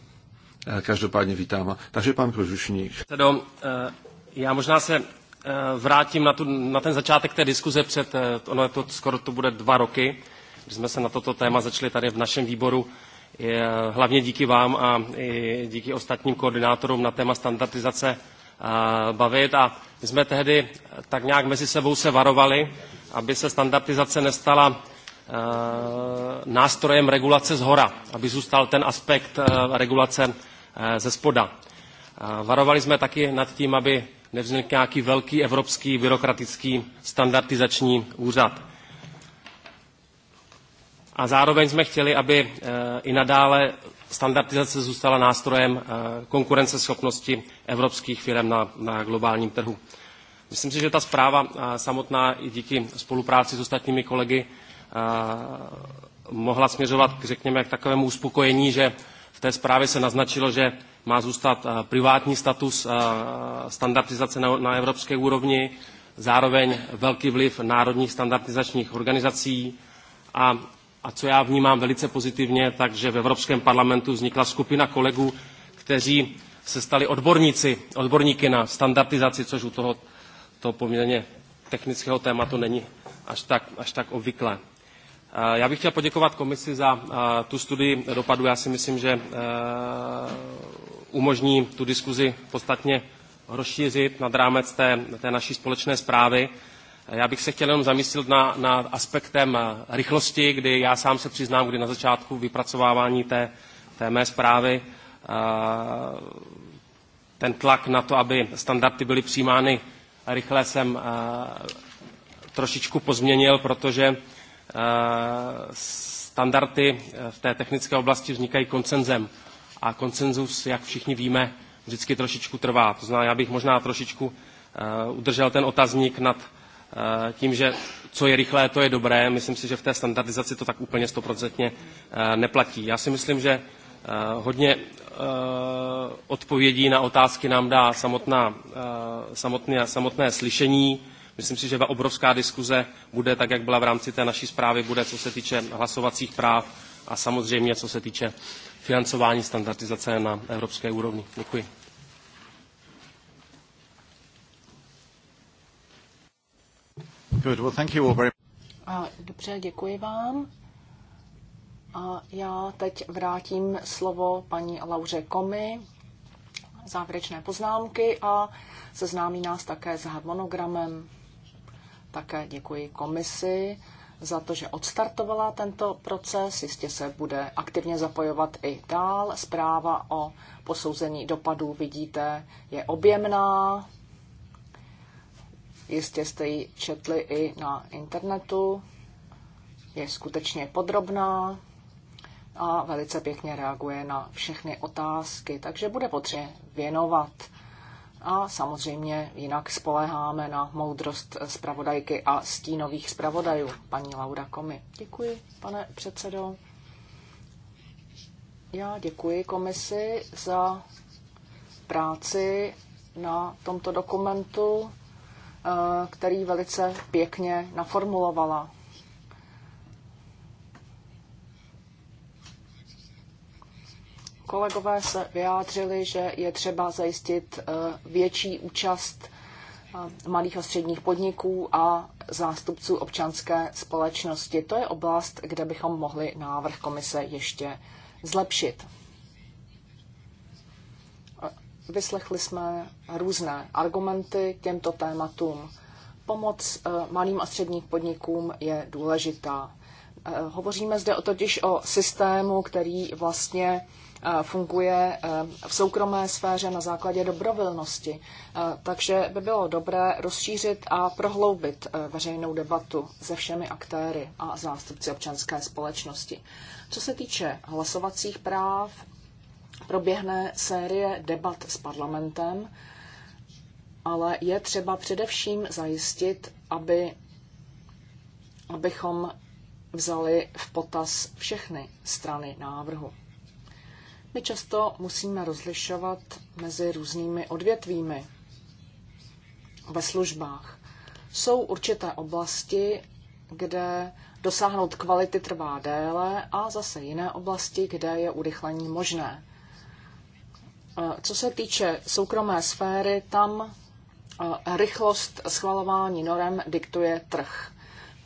Každopádně vítám. Takže pan Kožušník. já možná se Eh, vrátím na, tu, na ten začátek té diskuze před, eh, ono je to skoro to bude dva roky, když jsme se na toto téma začali tady v našem výboru, je, eh, hlavně díky vám a i díky ostatním koordinátorům na téma standardizace a, bavit. A my jsme tehdy tak nějak mezi sebou se varovali, aby se standardizace nestala nástrojem regulace z hora, aby zůstal ten aspekt regulace ze spoda. Varovali jsme taky nad tím, aby nevznikl nějaký velký evropský byrokratický standardizační úřad. A zároveň jsme chtěli, aby eh, i nadále standardizace zůstala nástrojem eh, konkurenceschopnosti evropských firm na, na globálním trhu. Myslím si, že ta zpráva eh, samotná i díky spolupráci s ostatními kolegy mohla směřovat, k, řekněme, k takovému uspokojení, že v té zprávě se naznačilo, že má zůstat eh, privátní status eh, standardizace na, evropské úrovni, zároveň velký vliv národních standardizačních organizací a, a co já vnímám velice pozitivně, takže v Evropském parlamentu vznikla skupina kolegů, kteří se stali odborníci, odborníky na standardizaci, což u toho to poměrně technického tématu není až tak, až tak obvyklé. Eh, já bych chtěl poděkovat komisi za eh, tu studii dopadu. Já si myslím, že eh, umožní tu diskuzi podstatně rozšířit nad rámec té, té naší společné zprávy. Já bych se chtěl jenom zamyslit na, na aspektem rychlosti, kdy já sám se přiznám, kdy na začátku vypracovávání té, té mé zprávy ten tlak na to, aby standardy byly přijímány rychle, jsem trošičku pozměnil, protože Eh, standardy eh, v té technické oblasti vznikají koncenzem. A koncenzus, jak všichni víme, vždycky trošičku trvá. To znamená, já bych možná trošičku eh, udržel ten otazník nad tím, že co je rychlé, to je dobré. Myslím si, že v té standardizaci to tak úplně stoprocentně neplatí. Já si myslím, že hodně odpovědí na otázky nám dá samotná, samotné, samotné slyšení, Myslím si, že obrovská diskuze bude, tak jak byla v rámci té naší zprávy, bude co se týče hlasovacích práv a samozřejmě co se týče financování standardizace na evropské úrovni. Děkuji. Good. Well, thank you all very... A, dobře, děkuji vám. A já teď vrátím slovo paní Lauře Komy, závěrečné poznámky a seznámí nás také s harmonogramem. Také děkuji komisi za to, že odstartovala tento proces. Jistě se bude aktivně zapojovat i dál. Zpráva o posouzení dopadů, vidíte, je objemná. Jistě jste ji četli i na internetu. Je skutečně podrobná a velice pěkně reaguje na všechny otázky, takže bude potřeba věnovat a samozřejmě jinak spoleháme na moudrost zpravodajky a stínových zpravodajů, paní Laura Komi. Děkuji, pane předsedo. Já děkuji komisi za práci na tomto dokumentu, eh, který velice pěkně naformulovala. Kolegové se vyjádřili, že je třeba zajistit eh, větší účast eh, malých a středních podniků a zástupců občanské společnosti. To je oblast, kde bychom mohli návrh komise ještě zlepšit. Eh, vyslechli jsme různé argumenty k těmto tématům. Pomoc malým a středním podnikům je důležitá. Eh, hovoříme zde o totiž o systému, který vlastně eh, funguje eh, v soukromé sféře na základě dobrovolnosti. Takže by bylo dobré rozšířit a prohloubit veřejnou debatu se všemi aktéry a zástupci občanské společnosti. Co se týče hlasovacích práv, proběhne série debat s parlamentem, ale je třeba především zajistit, aby abychom vzali v potaz všechny strany návrhu. My často musíme rozlišovat mezi různými odvětvími ve službách. Jsou určité oblasti, kde dosáhnout kvality trvá déle a zase jiné oblasti, kde je urychlení možné. E, co se týče soukromé sféry, tam e, rychlost schvalování norem diktuje trh.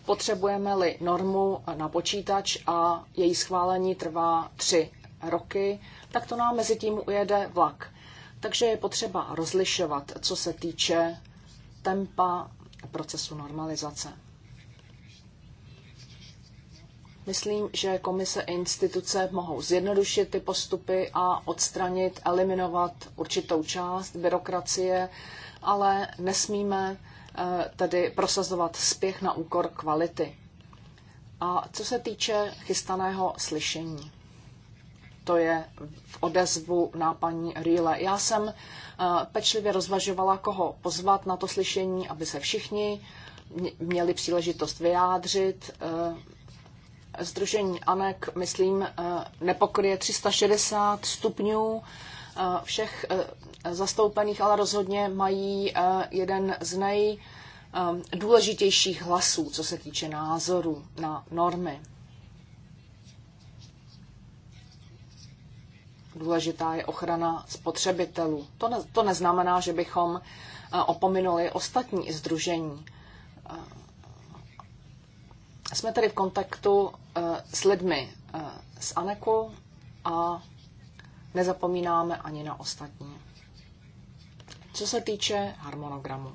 Potřebujeme-li normu na počítač a její schválení trvá tři roky, tak to nám mezi tím ujede vlak. Takže je potřeba rozlišovat, co se týče tempa procesu normalizace. Myslím, že komise a instituce mohou zjednodušit ty postupy a odstranit, eliminovat určitou část byrokracie, ale nesmíme Eh, tedy prosazovat spěch na úkor kvality. A co se týče chystaného slyšení, to je v odezvu na paní Rýle. Já jsem eh, pečlivě rozvažovala, koho pozvat na to slyšení, aby se všichni měli příležitost vyjádřit. Združení eh, ANEK, myslím, nepokryje 360 stupňů všech zastoupených, ale rozhodně mají eh, jeden z nejdůležitějších hlasů, co se týče názoru na normy. Důležitá je ochrana spotřebitelů. To, ne, to neznamená, že bychom eh, opominuli ostatní združení. Eh, jsme tedy v kontaktu s lidmi z ANEKu a nezapomínáme ani na ostatní. Co se týče harmonogramu.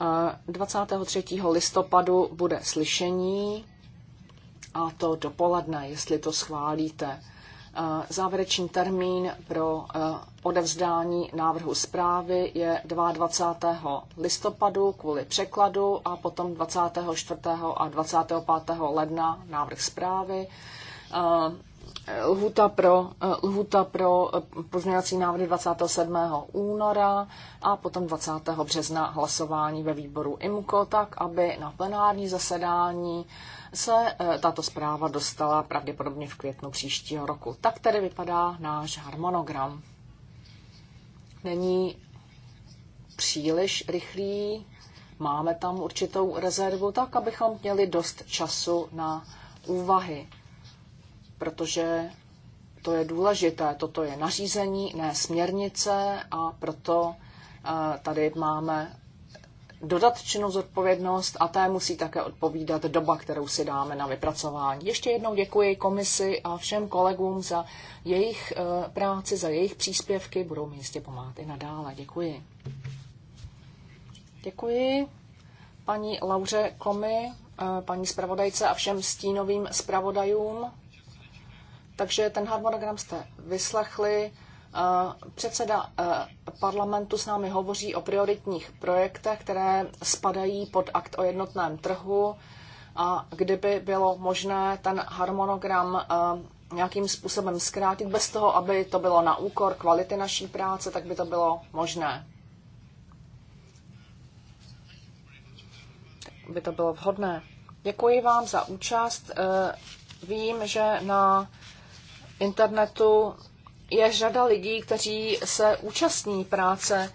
Uh, eh, 23. listopadu bude slyšení a to dopoledne, jestli to schválíte. Eh, závěrečný termín pro eh, odevzdání návrhu zprávy je 22. listopadu kvůli překladu a potom 24. a 25. ledna návrh zprávy. Lhuta pro, lhuta pro eh, pozměňovací návrhy 27. února a potom 20. března hlasování ve výboru IMCO, tak aby na plenární zasedání se eh, tato zpráva dostala pravděpodobně v květnu příštího roku. Tak tedy vypadá náš harmonogram. Není příliš rychlý, máme tam určitou rezervu, tak abychom měli dost času na úvahy protože to je důležité. Toto je nařízení, ne směrnice a proto eh, tady máme dodatečnou zodpovědnost a té musí také odpovídat doba, kterou si dáme na vypracování. Ještě jednou děkuji komisi a všem kolegům za jejich eh, práci, za jejich příspěvky. Budou mi jistě pomáhat i nadále. Děkuji. Děkuji paní Lauře Komi, eh, paní zpravodajce a všem stínovým zpravodajům. Takže ten harmonogram jste vyslechli. Eh, předseda eh, parlamentu s námi hovoří o prioritních projektech, které spadají pod akt o jednotném trhu a kdyby bylo možné ten harmonogram eh, nějakým způsobem zkrátit bez toho, aby to bylo na úkor kvality naší práce, tak by to bylo možné. By to bylo vhodné. Děkuji vám za účast. Vím, že na internetu je řada lidí, kteří se účastní práce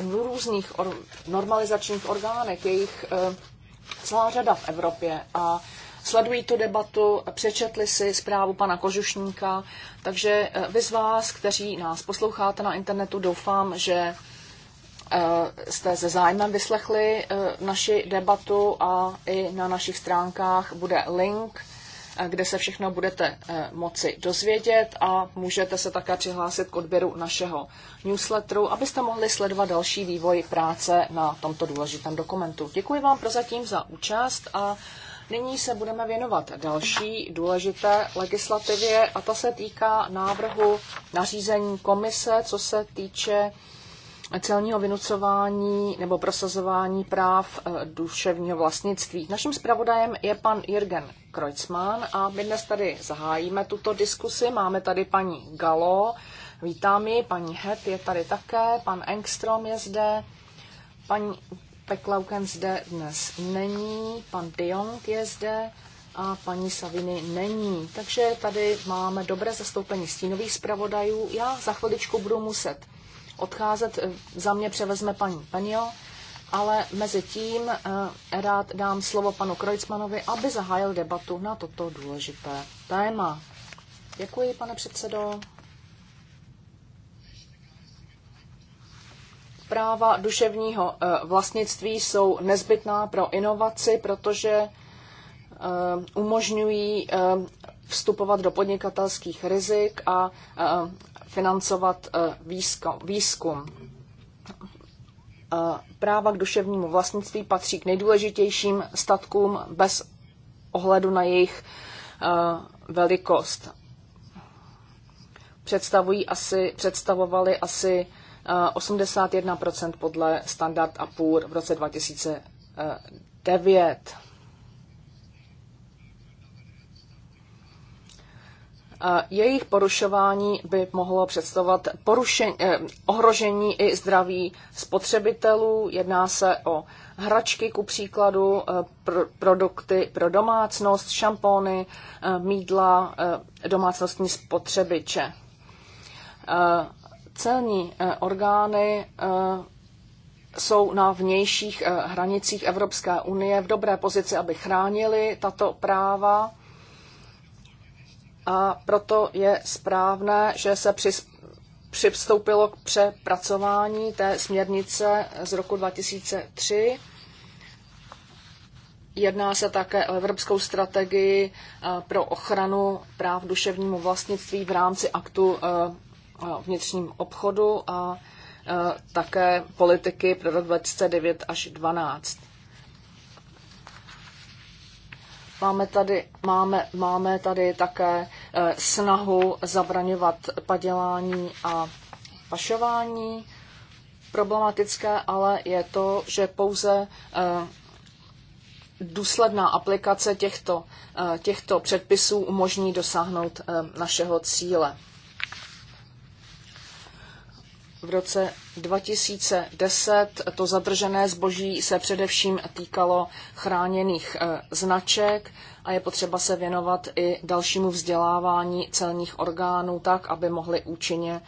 v různých or- normalizačních orgánech, jejich e, eh, celá řada v Evropě a sledují tu debatu, přečetli si zprávu pana Kožušníka, takže eh, vy z vás, kteří nás posloucháte na internetu, doufám, že eh, jste se zájmem vyslechli naši debatu a i na našich stránkách bude link Eh, kde se všechno budete eh, moci dozvědět a můžete se také přihlásit k odběru našeho newsletteru, abyste mohli sledovat další vývoj práce na tomto důležitém dokumentu. Děkuji vám prozatím za účast a nyní se budeme věnovat další důležité legislativě a ta se týká návrhu nařízení komise, co se týče celního vynucování nebo prosazování práv eh, duševního vlastnictví. Naším zpravodajem je pan Jürgen Kreutzmann a my dnes tady zahájíme tuto diskusi. Máme tady paní Galo, vítám ji, paní Het je tady také, pan Engstrom je zde, paní Peklauken zde dnes není, pan Diong je zde a paní Saviny není. Takže tady máme dobré zastoupení stínových zpravodajů. Já za chviličku budu muset odcházet. Eh, za mě převezme paní Penio, ale mezi tím eh, rád dám slovo panu Krojcmanovi, aby zahájil debatu na toto důležité téma. Děkuji, pane předsedo. Práva duševního eh, vlastnictví jsou nezbytná pro inovaci, protože umožňují vstupovat do podnikatelských rizik a financovat eh, výzkum. Eh, práva k duševnímu vlastnictví patří k nejdůležitějším statkům bez ohledu na jejich eh, velikost. Představují asi, představovali asi 81% podle Standard a Poor v roce 2009. Jejich porušování by mohlo představovat porušení, eh, ohrožení i zdraví spotřebitelů. Jedná se o hračky, ku příkladu, eh, pr- produkty pro domácnost, šampony, eh, mídla, eh, domácnostní spotřebiče. Eh, celní eh, orgány eh, jsou na vnějších eh, hranicích Evropské unie v dobré pozici, aby chránili tato práva a proto je správné, že se při přistoupilo k přepracování té směrnice z roku 2003. Jedná se také o evropskou strategii eh, pro ochranu práv duševnímu vlastnictví v rámci aktu eh, vnitřním obchodu a eh, také politiky pro rok 2009 až 2012. Máme tady, máme, máme tady také eh, snahu zabraňovat padělání a pašování. Problematické ale je to, že pouze eh, důsledná aplikace těchto, eh, těchto předpisů umožní dosáhnout našeho cíle. V roce 2010 to zadržené zboží se především týkalo chráněných e, značek a je potřeba se věnovat i dalšímu vzdělávání celních orgánů tak, aby mohli účinně e,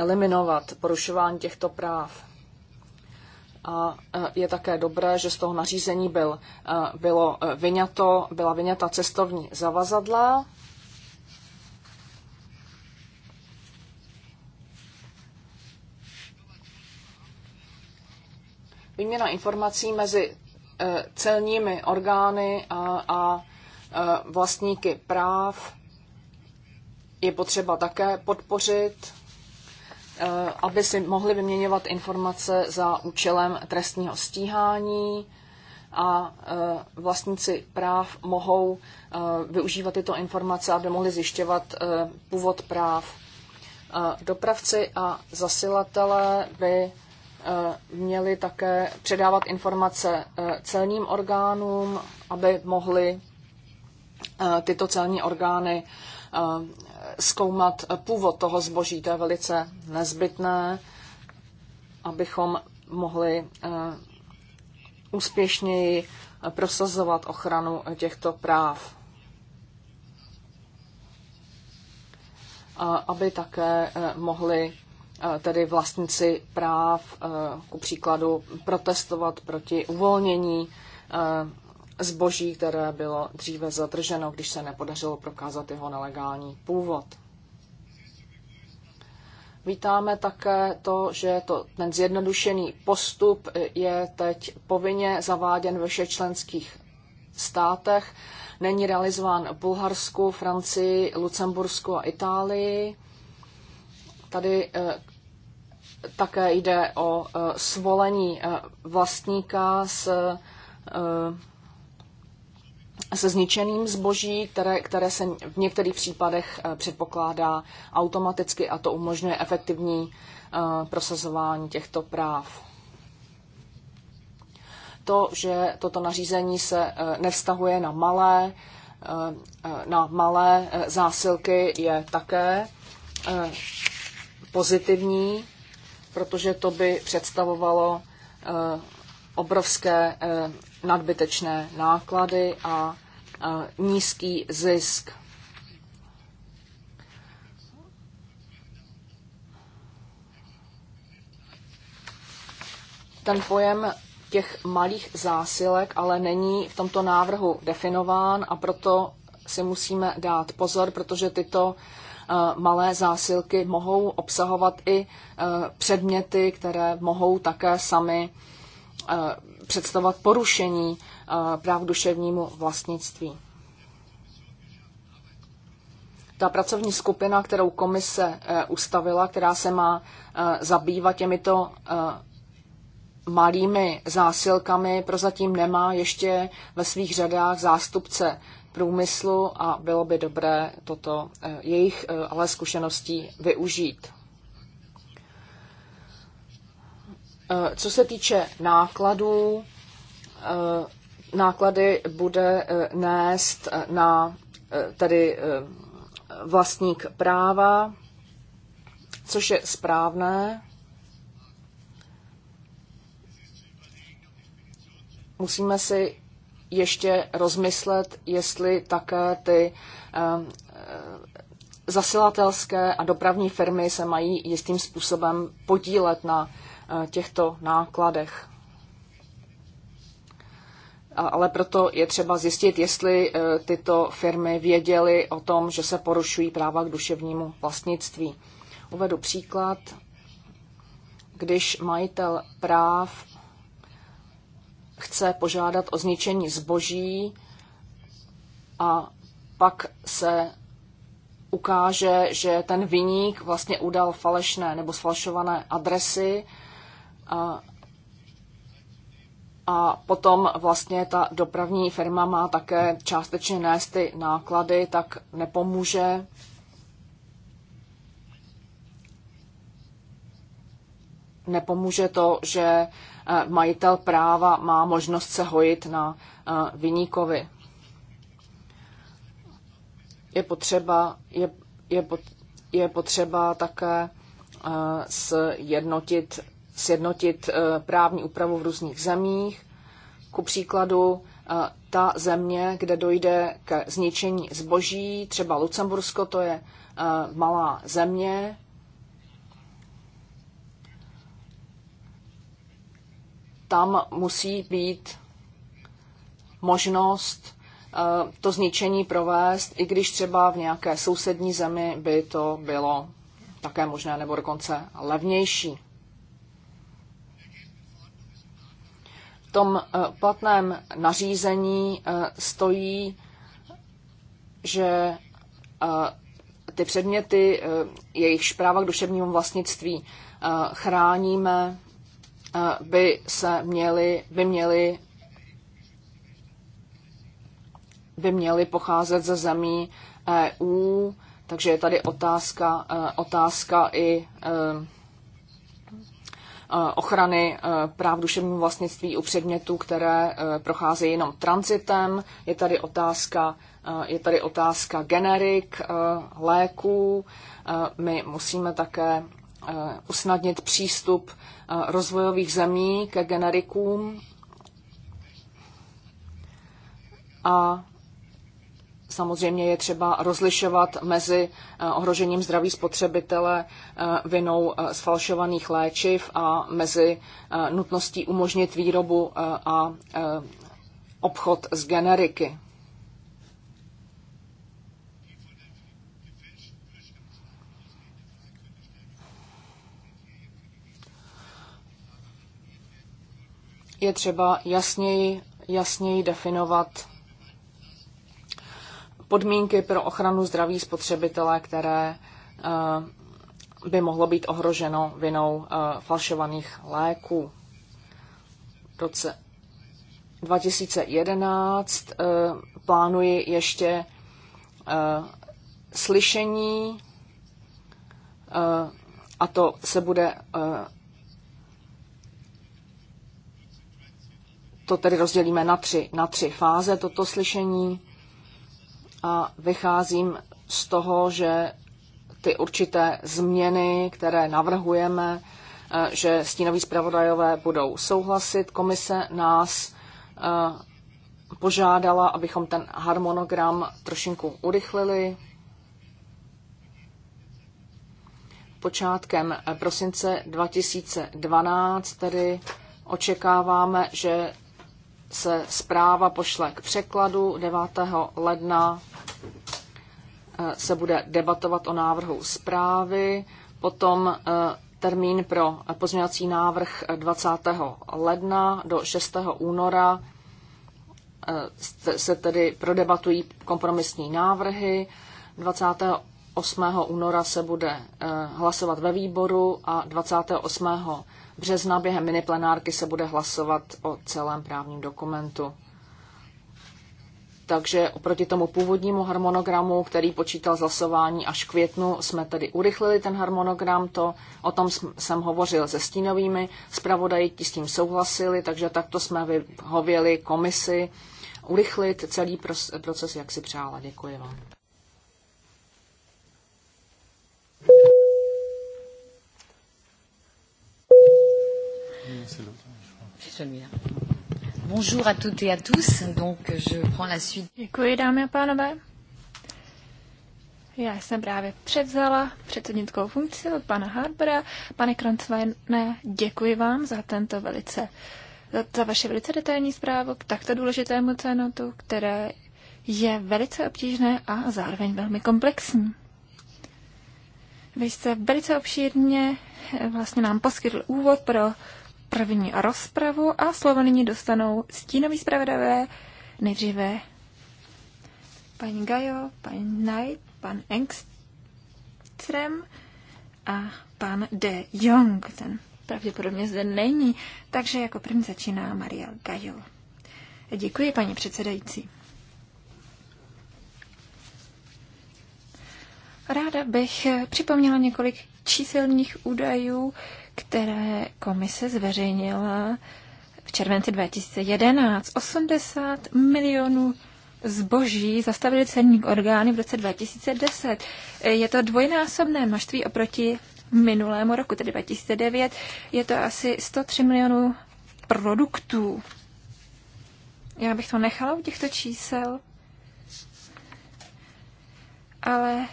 eliminovat porušování těchto práv. A e, je také dobré, že z toho nařízení byl, bylo vyňato, byla vyňata cestovní zavazadla výměna informací mezi eh, celními orgány a, a eh, vlastníky práv je potřeba také podpořit, eh, aby si mohli vyměňovat informace za účelem trestního stíhání a vlastníci práv mohou využívat tyto informace, aby mohli zjišťovat původ práv. Dopravci a zasilatelé by Eh, měli také předávat informace eh, celním orgánům, aby mohli eh, tyto celní orgány zkoumat původ toho zboží. To je velice nezbytné, abychom mohli úspěšněji prosazovat ochranu těchto práv. Aby také mohli tedy vlastníci práv, eh, ku příkladu, protestovat proti uvolnění eh, zboží, které bylo dříve zadrženo, když se nepodařilo prokázat jeho nelegální původ. Vítáme také to, že to, ten zjednodušený postup je teď povinně zaváděn ve všech členských státech. Není realizován v Bulharsku, Francii, Lucembursku a Itálii. Tady eh, také jde o eh, svolení eh, vlastníka s, se zničeným zboží, které, které se v některých případech předpokládá automaticky a to umožňuje efektivní prosazování těchto práv. To, že toto nařízení se nevztahuje na malé, na malé zásilky, je také pozitivní, protože to by představovalo eh, obrovské eh, nadbytečné náklady a eh, nízký zisk. Ten pojem těch malých zásilek ale není v tomto návrhu definován a proto si musíme dát pozor, protože tyto Eh, malé zásilky mohou obsahovat i eh, předměty, které mohou také sami eh, představovat porušení práv duševnímu vlastnictví. Ta pracovní skupina, kterou komise ustavila, která se má zabývat těmito malými zásilkami prozatím nemá ještě ve svých řadách zástupce průmyslu a bylo by dobré toto eh, jejich eh, ale zkušeností využít. Eh, co se týče nákladů, náklady bude nést na tedy vlastník práva, což je správné. Musíme si ještě rozmyslet, jestli také ty ehm, eh, zasilatelské a dopravní firmy se mají jistým způsobem podílet na eh, těchto nákladech. Ale proto je třeba zjistit, jestli eh, tyto firmy věděly o tom, že se porušují práva k duševnímu vlastnictví. Uvedu příklad. Když majitel práv chce požádat o zničení zboží a pak se ukáže, že ten viník vlastně udal falešné nebo sfalšované adresy a, a potom vlastně ta dopravní firma má také částečně nést ty náklady, tak nepomůže. Nepomůže to, že Eh, majitel práva má možnost se hojit na eh, vyníkovi. Je potřeba, je, je, je potřeba také eh, sjednotit, sjednotit právní úpravu v různých zemích. Ku příkladu ta země, kde dojde k zničení zboží, třeba Lucembursko, to je malá země, tam musí být možnost eh, to zničení provést, i když třeba v nějaké sousední zemi by to bylo také možné nebo dokonce levnější. V tom eh, platném nařízení eh, stojí, že ty předměty, jejich práva k duševnímu vlastnictví chráníme by se měly, by měly by měly pocházet ze zemí EU, takže je tady otázka, e, otázka i e, e, ochrany práv duševního vlastnictví u předmětů, které procházejí jenom transitem. Je tady otázka, je tady otázka generik, léků. My musíme také Eh, usnadnit přístup eh, rozvojových zemí ke generikům a Samozřejmě je třeba rozlišovat mezi eh, ohrožením zdraví spotřebitele vinou sfalšovaných léčiv a mezi nutností umožnit výrobu a obchod s generiky. je třeba jasněji, jasněji definovat podmínky pro ochranu zdraví spotřebitele, které eh, by mohlo být ohroženo vinou eh, falšovaných léků. V roce 2011 eh, plánuji ještě slyšení a to se bude to tedy rozdělíme na tři, na tři fáze toto slyšení a vycházím z toho, že ty určité změny, které navrhujeme, eh, že stínoví zpravodajové budou souhlasit. Komise nás eh, požádala, abychom ten harmonogram trošinku urychlili. Počátkem eh, prosince 2012 tedy očekáváme, že se zpráva pošle k překladu 9. ledna eh, se bude debatovat o návrhu zprávy, potom eh, termín pro pozměňovací návrh 20. Eh, ledna do 6. února se tedy prodebatují kompromisní návrhy. 28. února se bude hlasovat ve výboru a 28 března během miniplenárky se bude hlasovat o celém právním dokumentu. Takže oproti tomu původnímu harmonogramu, který počítal zasování až květnu, jsme tedy urychlili ten harmonogram. To, o tom jsem hovořil se stínovými, zpravodaji ti s tím souhlasili, takže takto jsme vyhověli komisi urychlit celý proces, jak si přála. Děkuji vám. Bonjour à toutes et à tous. Donc, je prends la suite. Děkuji, dámy a pánové. Já jsem právě převzala předsednickou funkci od pana Harbera. Pane Kronzweine, děkuji vám za tento velice, za, za vaše velice detailní zprávu k takto důležitému cenotu, které je velice obtížné a zároveň velmi komplexní. Vy jste velice obšírně vlastně nám poskytl úvod pro první rozpravu a slovo nyní dostanou stínoví zpravodavé, nejdříve paní Gajo, paní Knight, pan Engstrem a pan De Jong. Ten pravděpodobně zde není, takže jako první začíná Maria Gajo. Děkuji, paní předsedající. Ráda bych připomněla několik číselných údajů, které komise zveřejnila v červenci 2011. 80 milionů zboží zastavili cenník orgány v roce 2010. Je to dvojnásobné množství oproti minulému roku, tedy 2009. Je to asi 103 milionů produktů. Já bych to nechala u těchto čísel, ale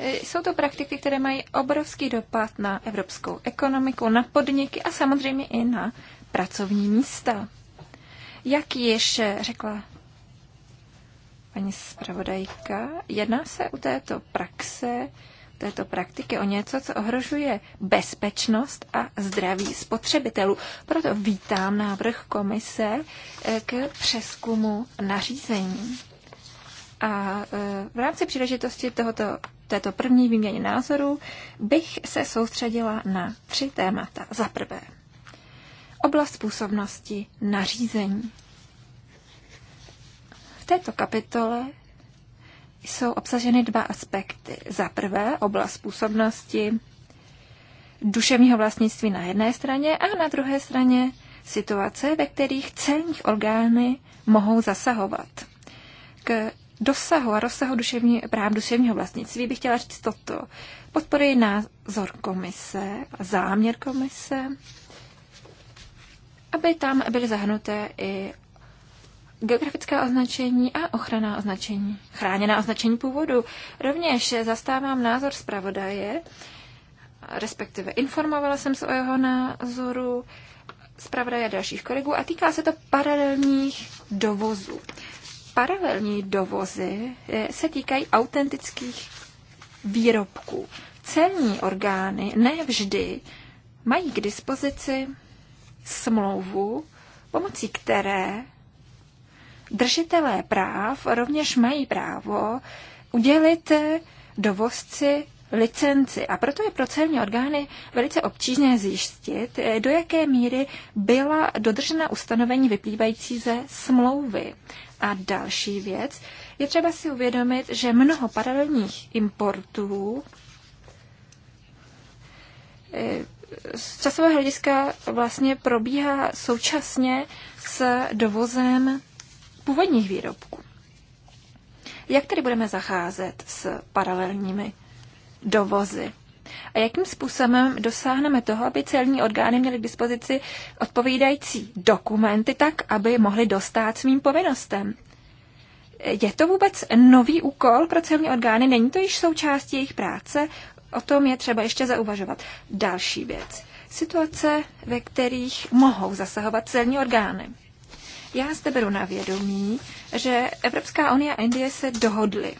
jsou to praktiky, které mají obrovský dopad na evropskou ekonomiku, na podniky a samozřejmě i na pracovní místa. Jak již řekla paní zpravodajka, jedná se u této praxe, této praktiky o něco, co ohrožuje bezpečnost a zdraví spotřebitelů. Proto vítám návrh komise eh, k přeskumu nařízení. A eh, v rámci příležitosti tohoto této první výměně názorů bych se soustředila na tři témata. Za prvé, oblast působnosti nařízení. V této kapitole jsou obsaženy dva aspekty. Za prvé, oblast působnosti duševního vlastnictví na jedné straně a na druhé straně situace, ve kterých celních orgány mohou zasahovat. K dosahu a rozsahu duševní, práv duševního vlastnictví bych chtěla říct toto. Podporuji názor komise a záměr komise, aby tam byly zahrnuté i geografická označení a ochrana označení, chráněná označení původu. Rovněž zastávám názor zpravodaje, respektive informovala jsem se o jeho názoru zpravodaje dalších kolegů a týká se to paralelních dovozů paralelní dovozy eh, se týkají autentických výrobků. Celní orgány nevždy mají k dispozici smlouvu, pomocí které držitelé práv rovněž mají právo udělit eh, dovozci licenci. A proto je pro celní orgány velice obtížné zjistit, eh, do jaké míry byla dodržena ustanovení vyplývající ze smlouvy. A další věc, je třeba si uvědomit, že mnoho paralelních importů eh, z časového hlediska vlastně probíhá současně s dovozem původních výrobků. Jak tedy budeme zacházet s paralelními dovozy? A jakým způsobem dosáhneme toho, aby celní orgány měly k dispozici odpovídající dokumenty tak, aby mohly dostat svým povinnostem? Je to vůbec nový úkol pro celní orgány? Není to již součástí jejich práce? O tom je třeba ještě zauvažovat. Další věc. Situace, ve kterých mohou zasahovat celní orgány. Já zde beru na vědomí, že Evropská unie a Indie se dohodly.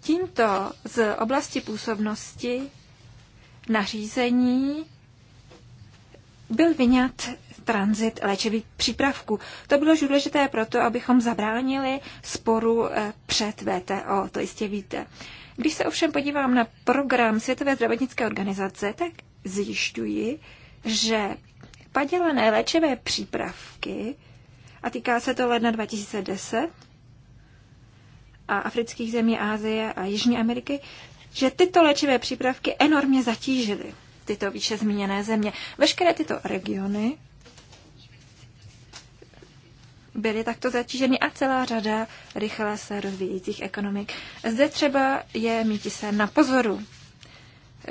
Tímto z oblasti působnosti nařízení byl vyňat tranzit léčivých přípravků. To bylo důležité proto, abychom zabránili sporu eh, před VTO, to jistě víte. Když se ovšem podívám na program Světové zdravotnické organizace, tak zjišťuji, že padělané léčivé přípravky, a týká se to ledna 2010, a afrických zemí Ázie a Jižní Ameriky, že tyto léčivé přípravky enormně zatížily tyto výše zmíněné země. Veškeré tyto regiony byly takto zatíženy a celá řada rychle se rozvíjících ekonomik. Zde třeba je mít se na pozoru,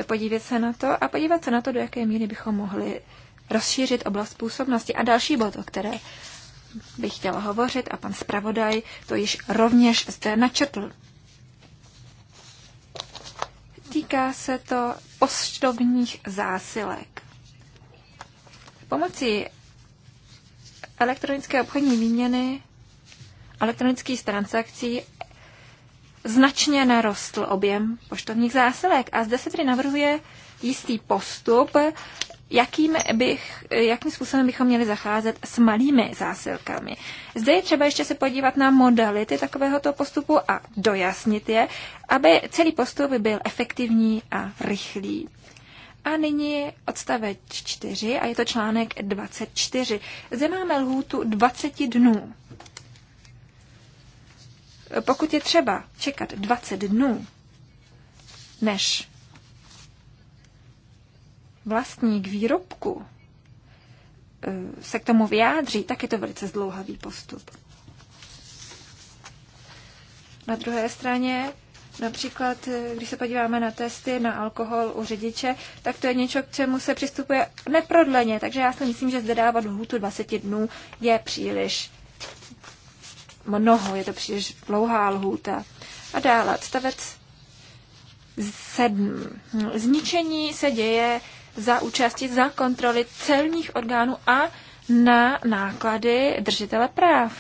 podívat se na to a podívat se na to, do jaké míry bychom mohli rozšířit oblast působnosti. A další bod, o které bych chtěla hovořit, a pan zpravodaj to již rovněž zde načetl. Týká se to poštovních zásilek. Pomocí elektronické obchodní výměny, elektronických transakcí značně narostl objem poštovních zásilek. A zde se tedy navrhuje jistý postup, jakým, bych, jakým způsobem bychom měli zacházet s malými zásilkami. Zde je třeba ještě se podívat na modality takovéhoto postupu a dojasnit je, aby celý postup byl efektivní a rychlý. A nyní odstaveč 4 a je to článek 24. Zde máme lhůtu 20 dnů. Pokud je třeba čekat 20 dnů, než vlastník výrobku e, se k tomu vyjádří, tak je to velice zdlouhavý postup. Na druhé straně Například, e, když se podíváme na testy na alkohol u řidiče, tak to je něco, k čemu se přistupuje neprodleně. Takže já si myslím, že zde dávat lhůtu 20 dnů je příliš mnoho, je to příliš dlouhá lhůta. A dále, odstavec 7. Zničení se děje za účasti za kontroly celních orgánů a na náklady držitele práv.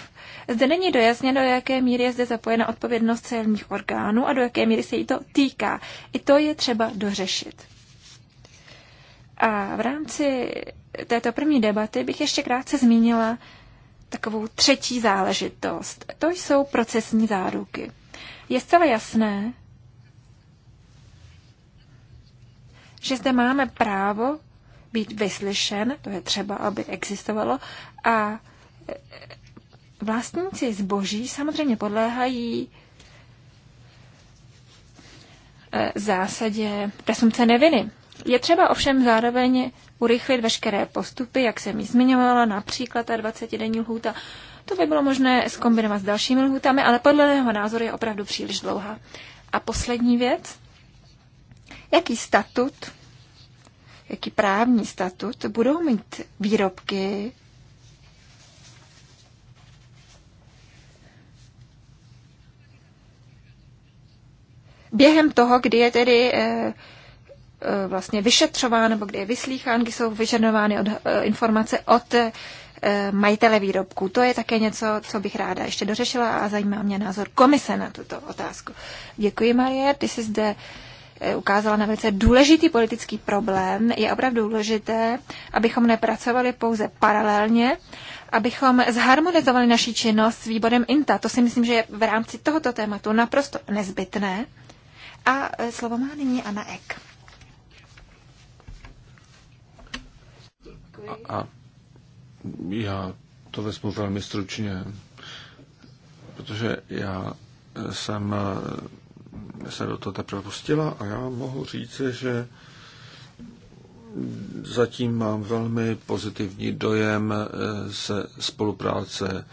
Zde není dojasněno, do jaké míry je zde zapojena odpovědnost celních orgánů a do jaké míry se jí to týká. I to je třeba dořešit. A v rámci této první debaty bych ještě krátce zmínila takovou třetí záležitost. To jsou procesní záruky. Je zcela jasné, že zde máme právo být vyslyšen, to je třeba, aby existovalo, a e, vlastníci zboží samozřejmě podléhají e, zásadě presumce neviny. Je třeba ovšem zároveň urychlit veškeré postupy, jak jsem ji zmiňovala, například ta 20-denní lhůta. To by bylo možné skombinovat s dalšími lhůtami, ale podle mého názoru je opravdu příliš dlouhá. A poslední věc, Jaký statut, jaký právní statut budou mít výrobky během toho, kdy je tedy eh, eh, vlastně vyšetřován nebo kdy je vyslýchán, kdy jsou vyžadovány eh, informace od majitele výrobků. To je také něco, co bych ráda ještě dořešila a zajímá mě názor komise na tuto otázku. Děkuji, Marie. Ty jsi zde Eh, ukázala na velice důležitý politický problém, je opravdu důležité, abychom nepracovali pouze paralelně, abychom zharmonizovali naši činnost s výborem INTA. To si myslím, že je v rámci tohoto tématu naprosto nezbytné. A eh, slovo má nyní Anna Ek. A, a já to vezmu velmi stručně, protože já eh, jsem se do toho teprve pustila a já mohu říct, že zatím mám velmi pozitivní dojem eh, se spolupráce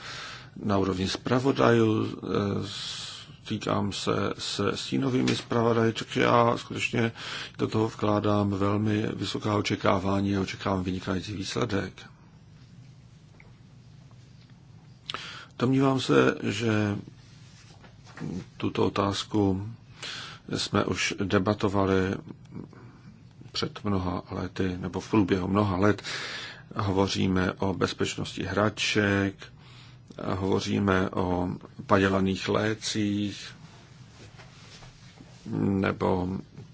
na úrovni zpravodajů, eh, týkám se se stínovými zpravodaji, takže já skutečně do toho vkládám velmi vysoká očekávání a očekávám vynikající výsledek. Domnívám se, že tuto otázku jsme už debatovali před mnoha lety, nebo v průběhu mnoha let. Hovoříme o bezpečnosti hraček, hovoříme o padělaných lécích nebo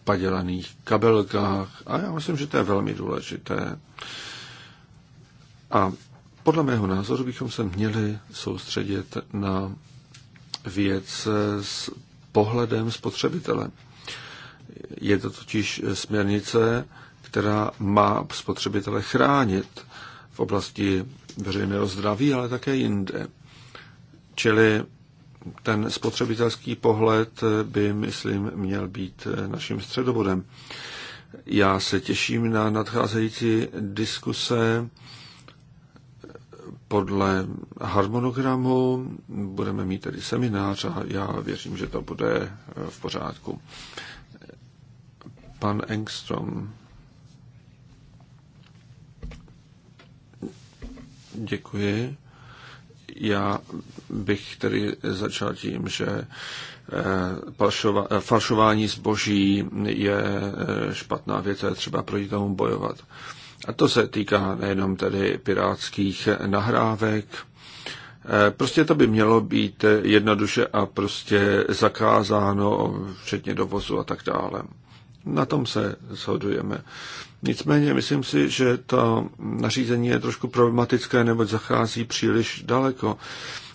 padělaných kabelkách a já myslím, že to je velmi důležité. A podle mého názoru bychom se měli soustředit na věc s pohledem spotřebitele. Je to totiž směrnice, která má spotřebitele chránit v oblasti veřejného zdraví, ale také jinde. Čili ten spotřebitelský pohled by, myslím, měl být naším středobodem. Já se těším na nadcházející diskuse podle harmonogramu budeme mít tedy seminář a já věřím, že to bude eh, v pořádku. Pan Engstrom. Děkuji. Já bych tedy začal tím, že eh, falšova, falšování zboží je eh, špatná věc a je třeba proti tomu bojovat. A to se týká nejenom tedy pirátských nahrávek. Eh, prostě to by mělo být jednoduše a prostě zakázáno, včetně dovozu a tak dále. Na tom se shodujeme. Nicméně myslím si, že to nařízení je trošku problematické, neboť zachází příliš daleko.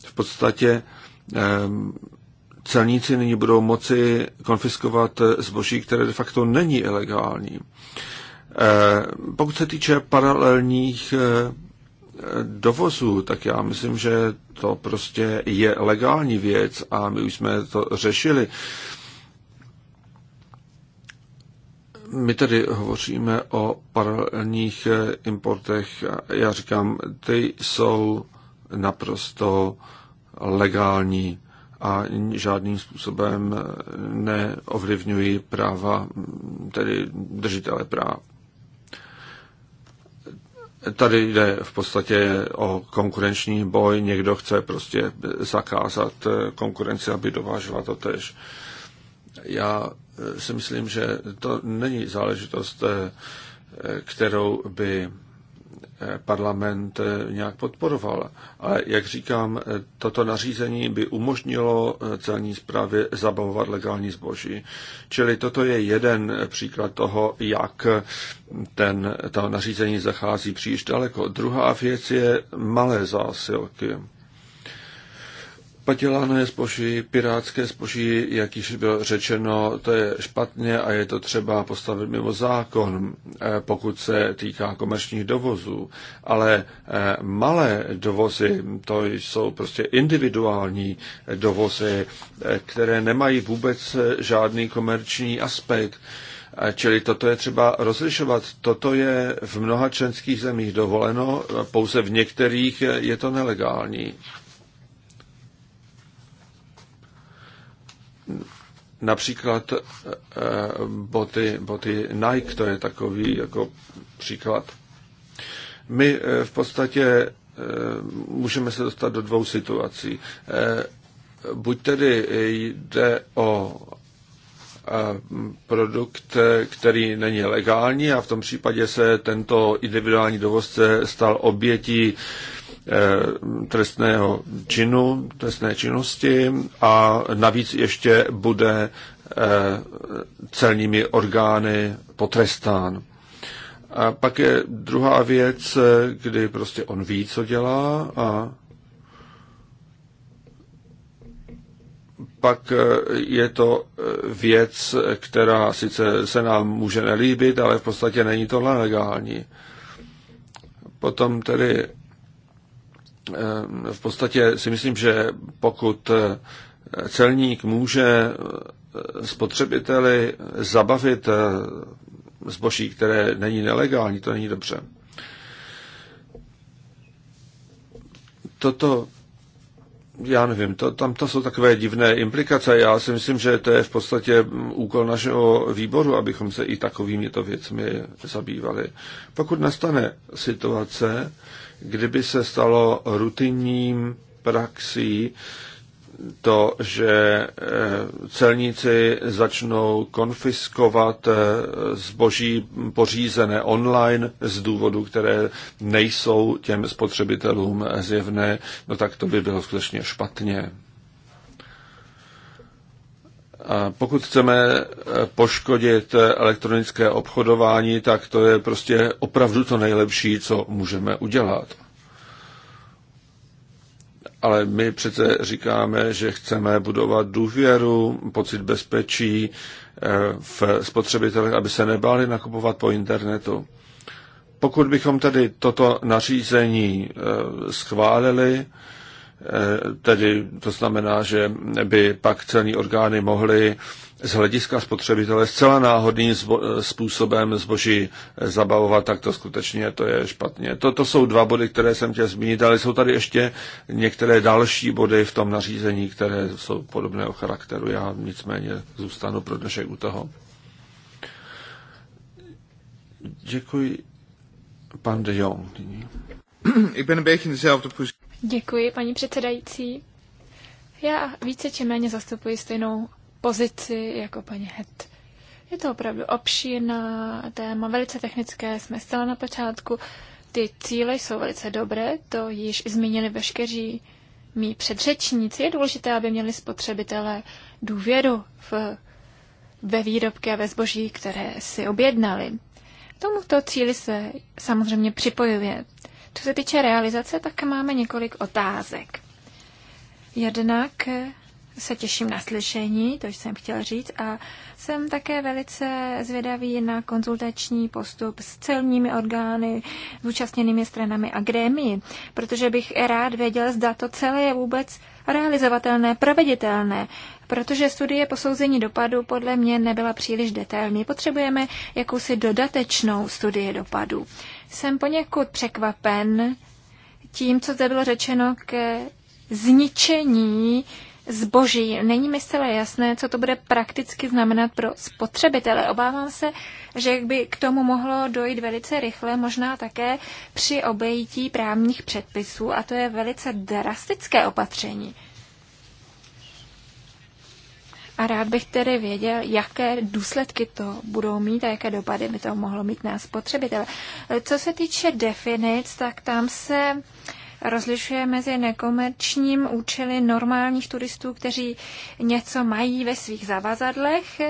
V podstatě ehm, celníci nyní budou moci konfiskovat zboží, které de facto není ilegální. Eh, pokud se týče paralelních eh, dovozů, tak já myslím, že to prostě je legální věc a my už jsme to řešili. My tedy hovoříme o paralelních eh, importech. Já říkám, ty jsou naprosto legální a žádným způsobem neovlivňují práva, mm, tedy držitele práv. Tady jde v podstatě o konkurenční boj. Někdo chce prostě zakázat eh, konkurenci, aby dovážela to tež. Já eh, si myslím, že to není záležitost, eh, kterou by parlament nějak podporoval. Ale jak říkám, toto nařízení by umožnilo celní zprávě zabavovat legální zboží. Čili toto je jeden příklad toho, jak ten, to nařízení zachází příliš daleko. Druhá věc je malé zásilky. Padělané zboží, pirátské zboží, jak již bylo řečeno, to je špatně a je to třeba postavit mimo zákon, eh, pokud se týká komerčních dovozů. Ale eh, malé dovozy, to jsou prostě individuální eh, dovozy, které nemají vůbec žádný komerční aspekt. Čili toto je třeba rozlišovat. Toto je v mnoha členských zemích dovoleno, pouze v některých je to nelegální. Například eh, eh, boty, boty Nike, to je takový jako příklad. My eh, v podstatě můžeme se dostat do dvou situací. Buď tedy jde o produkt, který není legální a v tom případě se tento individuální dovozce stal obětí Eh, trestného činu, trestné činnosti a navíc ještě bude eh, celními orgány potrestán. A pak je druhá věc, eh, kdy prostě on ví, co dělá a pak je to věc, která sice se nám může nelíbit, ale v podstatě není to legální. Potom tedy Eh, v podstatě si myslím, že pokud eh, celník může eh, spotřebiteli zabavit zboží, které není nelegální, to není dobře. Toto, já nevím, to, tam to jsou takové divné implikace. Já si myslím, že to je v podstatě mm, úkol našeho výboru, abychom se i takovými to věcmi zabývali. Pokud nastane situace, kdyby se stalo rutinním praxí to, že e, celníci začnou konfiskovat e, zboží pořízené online z důvodu, které nejsou těm spotřebitelům zjevné, no tak to by bylo skutečně špatně pokud chceme eh, poškodit eh, elektronické obchodování, tak to je prostě opravdu to nejlepší, co můžeme udělat. Ale my přece říkáme, že chceme budovat důvěru, pocit bezpečí eh, v spotřebitelech, aby se nebáli nakupovat po internetu. Pokud bychom tedy toto nařízení schválili, Eh, tedy to znamená, že by pak celní orgány mohly z hlediska spotřebitele zcela náhodným zbo- eh, způsobem zboží eh, zabavovat, tak to skutečně to je špatně. To, to jsou dva body, které jsem chtěl zmínit, ale jsou tady ještě některé další body v tom nařízení, které jsou podobného charakteru. Já nicméně zůstanu pro dnešek u toho. Děkuji. Pan de Jong. Ik ben een beetje in dezelfde Děkuji, paní předsedající. Já více či méně zastupuji stejnou pozici jako paní Het. Je to opravdu obšírná téma, velice technické, jsme stále na počátku. Ty cíle jsou velice dobré, to již zmínili veškeří mý předřečníci. Je důležité, aby měli spotřebitelé důvěru v, ve výrobky a ve zboží, které si objednali. Tomuto cíli se samozřejmě připojuje. Co se týče realizace, tak máme několik otázek. Jednak se těším na slyšení, to jsem chtěl říct, a jsem také velice zvědavý na konzultační postup s celními orgány, zúčastněnými stranami a grémii, protože bych rád věděl, zda to celé je vůbec realizovatelné, proveditelné, protože studie posouzení dopadu podle mě nebyla příliš detailní. Potřebujeme jakousi dodatečnou studii dopadu. Jsem poněkud překvapen tím, co zde bylo řečeno ke zničení zboží. Není mi zcela jasné, co to bude prakticky znamenat pro spotřebitele. Obávám se, že by k tomu mohlo dojít velice rychle, možná také při obejití právních předpisů a to je velice drastické opatření. A rád bych tedy věděl, jaké důsledky to budou mít a jaké dopady by to mohlo mít na spotřebitele. Co se týče definic, tak tam se rozlišuje mezi nekomerčním účely normálních turistů, kteří něco mají ve svých zavazadlech,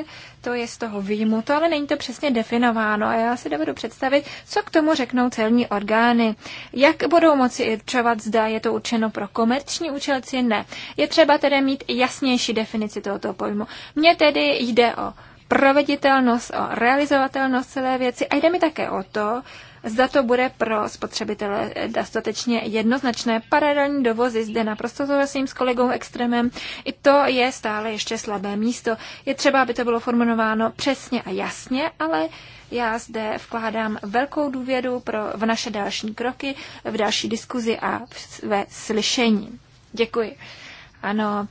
to je z toho výjimuto, ale není to přesně definováno a já si dovedu představit, co k tomu řeknou celní orgány. Jak budou moci určovat, zda je to určeno pro komerční účel, či ne. Je třeba tedy mít jasnější definici tohoto pojmu. Mně tedy jde o proveditelnost, o realizovatelnost celé věci a jde mi také o to, Zda to bude pro spotřebitele dostatečně jednoznačné. Paralelní dovozy zde naprosto souhlasím s kolegou Extremem. I to je stále ještě slabé místo. Je třeba, aby to bylo formulováno přesně a jasně, ale já zde vkládám velkou důvěru pro, v naše další kroky, v další diskuzi a ve slyšení. Děkuji. Ano,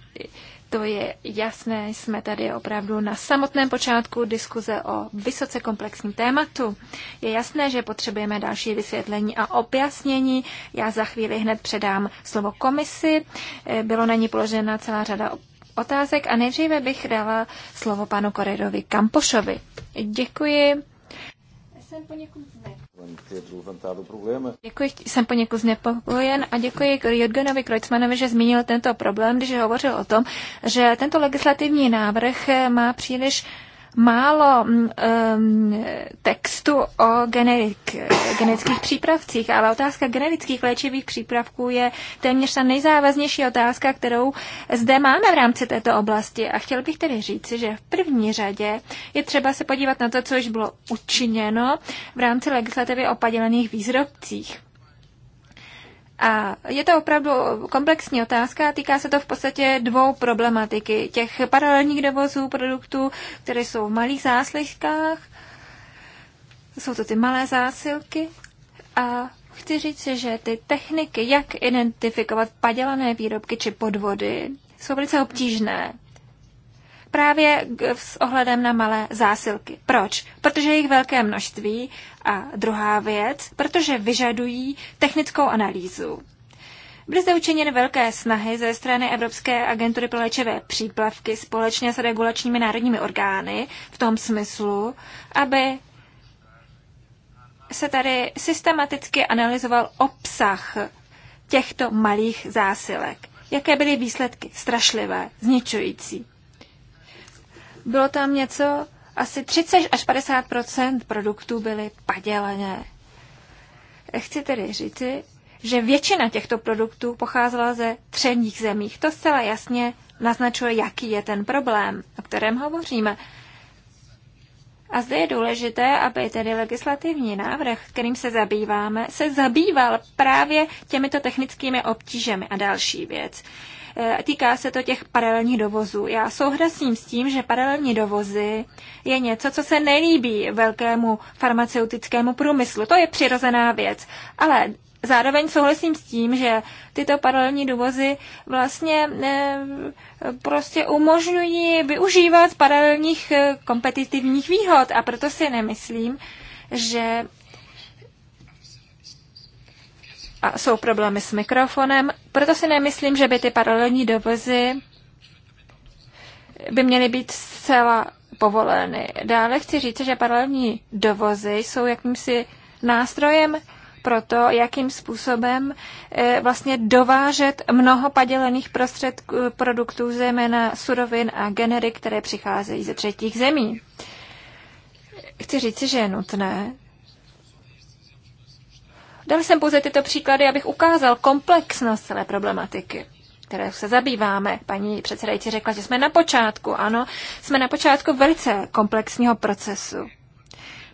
to je jasné, jsme tady opravdu na samotném počátku diskuze o vysoce komplexním tématu. Je jasné, že potřebujeme další vysvětlení a objasnění. Já za chvíli hned předám slovo komisi. Eh, Bylo na ní položena celá řada otázek a nejdříve bych dala slovo panu Koredovi Kampošovi. Děkuji. Jsem poněkud Děkuji, jsem poněkud znepokojen a děkuji Jürgenovi Kreutzmanovi, že zmínil tento problém, když hovořil o tom, že tento legislativní návrh má příliš málo um, textu o generik, genetických přípravcích, ale otázka generických léčivých přípravků je téměř ta nejzávaznější otázka, kterou zde máme v rámci této oblasti. A chtěl bych tedy říci, že v první řadě je třeba se podívat na to, co již bylo učiněno v rámci legislativy o padělených výzrobcích. A je to opravdu komplexní otázka a týká se to v podstatě dvou problematiky. Těch paralelních dovozů produktů, které jsou v malých zásilkách, jsou to ty malé zásilky a chci říct, že ty techniky, jak identifikovat padělané výrobky či podvody, jsou velice obtížné právě s ohledem na malé zásilky. Proč? Protože jejich velké množství. A druhá věc, protože vyžadují technickou analýzu. Byly zde učiněny velké snahy ze strany Evropské agentury pro léčivé příplavky společně s regulačními národními orgány v tom smyslu, aby se tady systematicky analyzoval obsah těchto malých zásilek. Jaké byly výsledky? Strašlivé, zničující bylo tam něco, asi 30 až 50 produktů byly padělané. Chci tedy říci, že většina těchto produktů pocházela ze třetích zemích. To zcela jasně naznačuje, jaký je ten problém, o kterém hovoříme. A zde je důležité, aby tedy legislativní návrh, kterým se zabýváme, se zabýval právě těmito technickými obtížemi. A další věc. Eh, týká se to těch paralelních dovozů. Já souhlasím s tím, že paralelní dovozy je něco, co se nelíbí velkému farmaceutickému průmyslu. To je přirozená věc. Ale Zároveň souhlasím s tím, že tyto paralelní dovozy vlastně eh, prostě umožňují využívat paralelních eh, kompetitivních výhod a proto si nemyslím, že a jsou problémy s mikrofonem, proto si nemyslím, že by ty paralelní dovozy by měly být zcela povoleny. Dále chci říct, že paralelní dovozy jsou jakýmsi nástrojem pro to, jakým způsobem eh, vlastně dovážet mnoho padělených prostředků, produktů, zejména surovin a generik, které přicházejí ze třetích zemí. Chci říct, že je nutné Dal jsem pouze tyto příklady, abych ukázal komplexnost celé problematiky které se zabýváme. Paní předsedající řekla, že jsme na počátku. Ano, jsme na počátku velice komplexního procesu.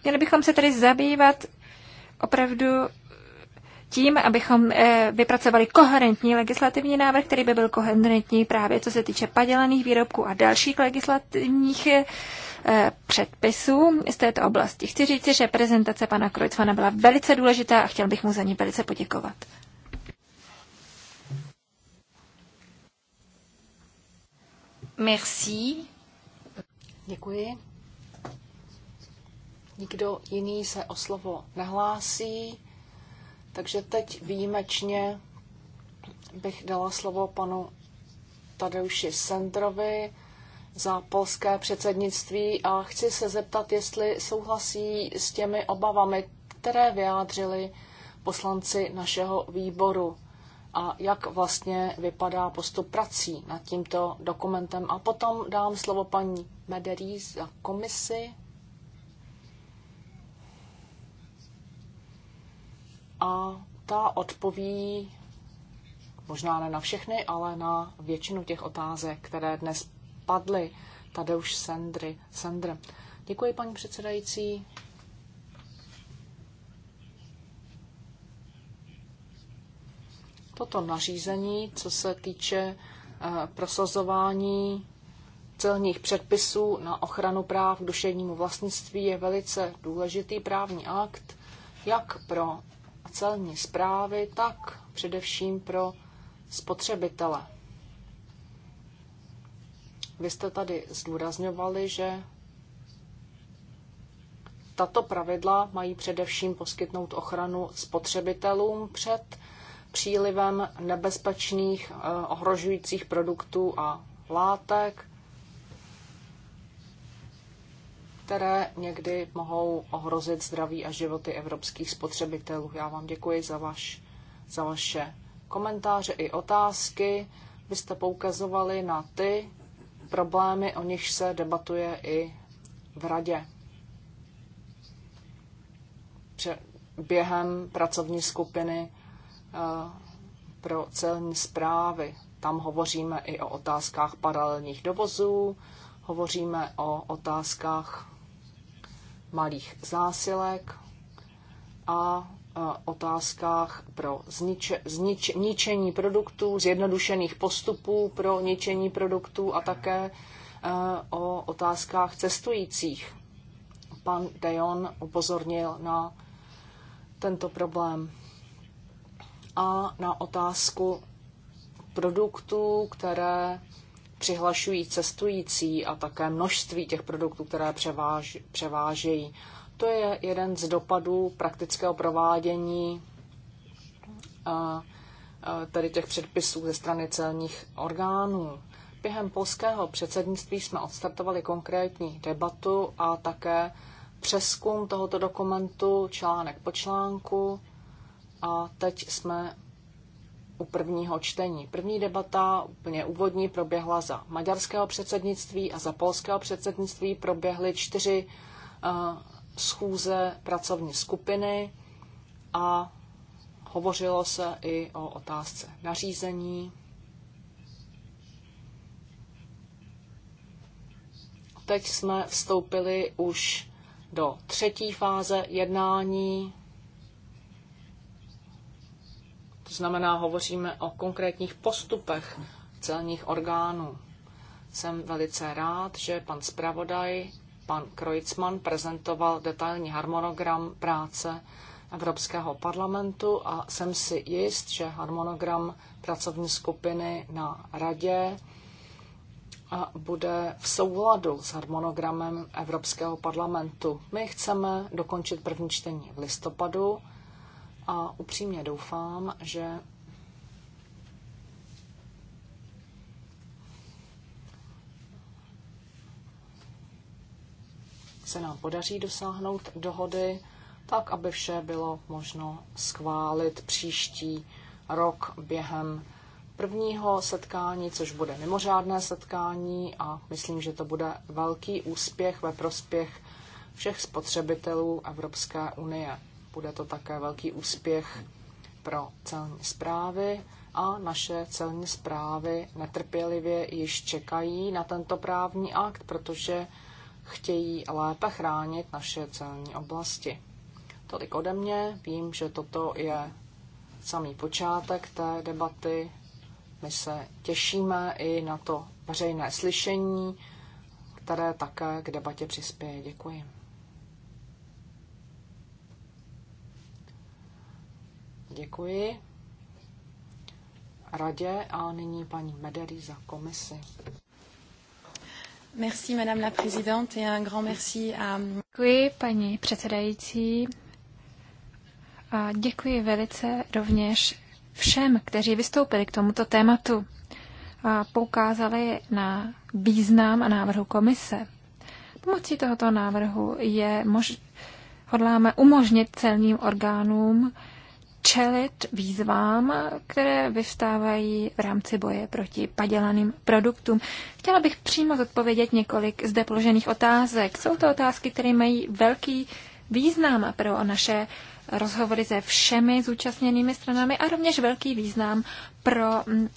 Měli bychom se tedy zabývat opravdu tím, abychom eh, vypracovali koherentní legislativní návrh, který by byl koherentní právě co se týče padělaných výrobků a dalších legislativních Eh, předpisů z této oblasti. Chci říct, že prezentace pana Krojcvana byla velice důležitá a chtěl bych mu za ní velice poděkovat. Merci. Děkuji. Nikdo jiný se o slovo nehlásí, takže teď výjimečně bych dala slovo panu Tadeuši Sendrovi, za polské předsednictví a chci se zeptat, jestli souhlasí s těmi obavami, které vyjádřili poslanci našeho výboru a jak vlastně vypadá postup prací nad tímto dokumentem. A potom dám slovo paní Mederí za komisi. A ta odpoví možná ne na všechny, ale na většinu těch otázek, které dnes padly. tady už Sandry. Sandr. Děkuji, paní předsedající. Toto nařízení, co se týče eh, prosazování celních předpisů na ochranu práv k duševnímu vlastnictví, je velice důležitý právní akt, jak pro celní zprávy, tak především pro spotřebitele. Vy jste tady zdůrazňovali, že tato pravidla mají především poskytnout ochranu spotřebitelům před přílivem nebezpečných eh, ohrožujících produktů a látek, které někdy mohou ohrozit zdraví a životy evropských spotřebitelů. Já vám děkuji za, vaš, za vaše komentáře i otázky. Vy jste poukazovali na ty problémy, o nich se debatuje i v radě. Během pracovní skupiny eh, pro celní zprávy. Tam hovoříme i o otázkách paralelních dovozů, hovoříme o otázkách malých zásilek a otázkách pro zniče, znič, ničení produktů, zjednodušených postupů pro ničení produktů a také eh, o otázkách cestujících. Pan Dejon upozornil na tento problém a na otázku produktů, které přihlašují cestující a také množství těch produktů, které převáž, převážejí to je jeden z dopadů praktického provádění tedy těch předpisů ze strany celních orgánů. Během polského předsednictví jsme odstartovali konkrétní debatu a také přeskum tohoto dokumentu článek po článku a teď jsme u prvního čtení. První debata, úplně úvodní, proběhla za maďarského předsednictví a za polského předsednictví proběhly čtyři schůze pracovní skupiny a hovořilo se i o otázce nařízení. Teď jsme vstoupili už do třetí fáze jednání. To znamená, hovoříme o konkrétních postupech celních orgánů. Jsem velice rád, že pan zpravodaj Pan Kreutzmann prezentoval detailní harmonogram práce Evropského parlamentu a jsem si jist, že harmonogram pracovní skupiny na radě bude v souladu s harmonogramem Evropského parlamentu. My chceme dokončit první čtení v listopadu a upřímně doufám, že se nám podaří dosáhnout dohody, tak aby vše bylo možno schválit příští rok během prvního setkání, což bude mimořádné setkání a myslím, že to bude velký úspěch ve prospěch všech spotřebitelů Evropské unie. Bude to také velký úspěch pro celní zprávy a naše celní zprávy netrpělivě již čekají na tento právní akt, protože chtějí lépe chránit naše celní oblasti. Tolik ode mě. Vím, že toto je samý počátek té debaty. My se těšíme i na to veřejné slyšení, které také k debatě přispěje. Děkuji. Děkuji radě a nyní paní Medery za komisi. Merci, madame la présidente, et un grand merci à... Děkuji, paní předsedající. A děkuji velice rovněž všem, kteří vystoupili k tomuto tématu a poukázali na význam a návrhu komise. Pomocí tohoto návrhu je mož... hodláme umožnit celním orgánům čelit výzvám, které vyvstávají v rámci boje proti padělaným produktům. Chtěla bych přímo zodpovědět několik zde položených otázek. Jsou to otázky, které mají velký význam pro naše rozhovory se všemi zúčastněnými stranami a rovněž velký význam pro mm,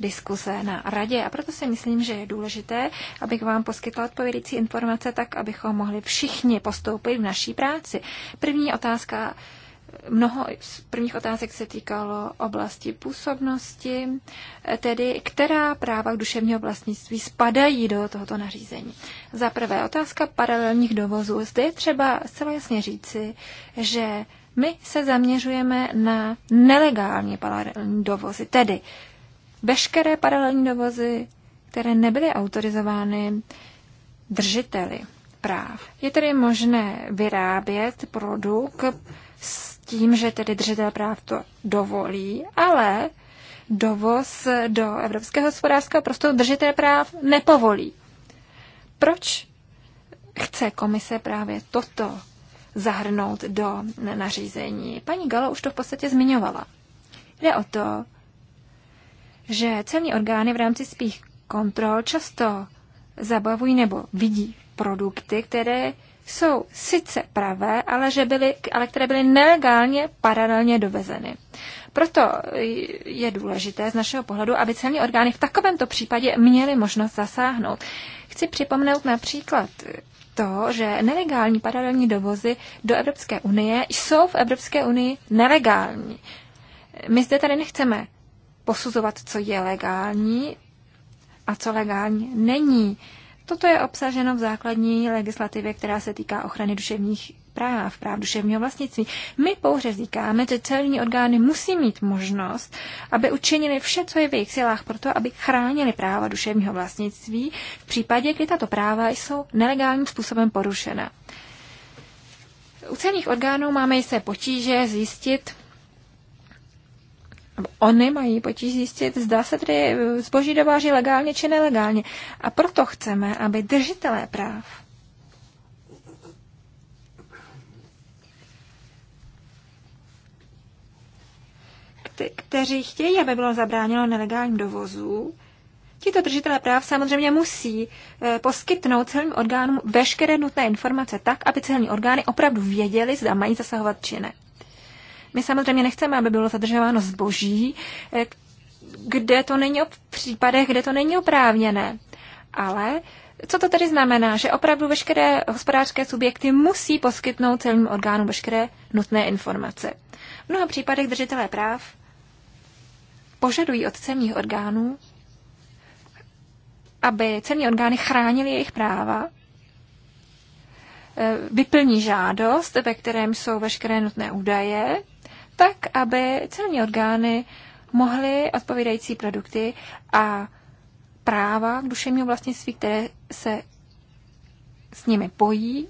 diskuse na radě. A proto si myslím, že je důležité, abych vám poskytla odpovědící informace tak, abychom mohli všichni postoupit v naší práci. První otázka Mnoho z prvních otázek se týkalo oblasti působnosti, tedy která práva k duševního vlastnictví spadají do tohoto nařízení. Za prvé otázka paralelních dovozů. Zde je třeba zcela jasně říci, že my se zaměřujeme na nelegální paralelní dovozy, tedy veškeré paralelní dovozy, které nebyly autorizovány držiteli práv. Je tedy možné vyrábět produkt s tím, že tedy držitel práv to dovolí, ale dovoz do Evropského hospodářského prostoru držitel práv nepovolí. Proč chce komise právě toto zahrnout do nařízení? Paní Galo už to v podstatě zmiňovala. Jde o to, že celní orgány v rámci svých kontrol často zabavují nebo vidí produkty, které jsou sice pravé, ale, že byly, ale které byly nelegálně paralelně dovezeny. Proto je důležité z našeho pohledu, aby celní orgány v takovémto případě měly možnost zasáhnout. Chci připomenout například to, že nelegální paralelní dovozy do Evropské unie jsou v Evropské unii nelegální. My zde tady nechceme posuzovat, co je legální a co legální není. Toto je obsaženo v základní legislativě, která se týká ochrany duševních práv, práv duševního vlastnictví. My pouze říkáme, že celní orgány musí mít možnost, aby učinili vše, co je v jejich silách pro to, aby chránili práva duševního vlastnictví v případě, kdy tato práva jsou nelegálním způsobem porušena. U celních orgánů máme jisté potíže zjistit, Oni mají potíž zjistit, zda se tedy eh, zboží dováží legálně či nelegálně. A proto chceme, aby držitelé práv kteří chtějí, aby bylo zabráněno nelegálním dovozu, Tito držitelé práv samozřejmě musí eh, poskytnout celým orgánům veškeré nutné informace tak, aby celní orgány opravdu věděli, zda mají zasahovat či ne. My samozřejmě nechceme, aby bylo zadržováno zboží, eh, kde to není v případech, kde to není oprávněné. Ale co to tedy znamená? Že opravdu veškeré hospodářské subjekty musí poskytnout celým orgánům veškeré nutné informace. V mnoha případech držitelé práv požadují od celních orgánů, aby celní orgány chránili jejich práva, eh, vyplní žádost, ve kterém jsou veškeré nutné údaje tak aby celní orgány mohly odpovídající produkty a práva k duševnímu vlastnictví, které se s nimi pojí,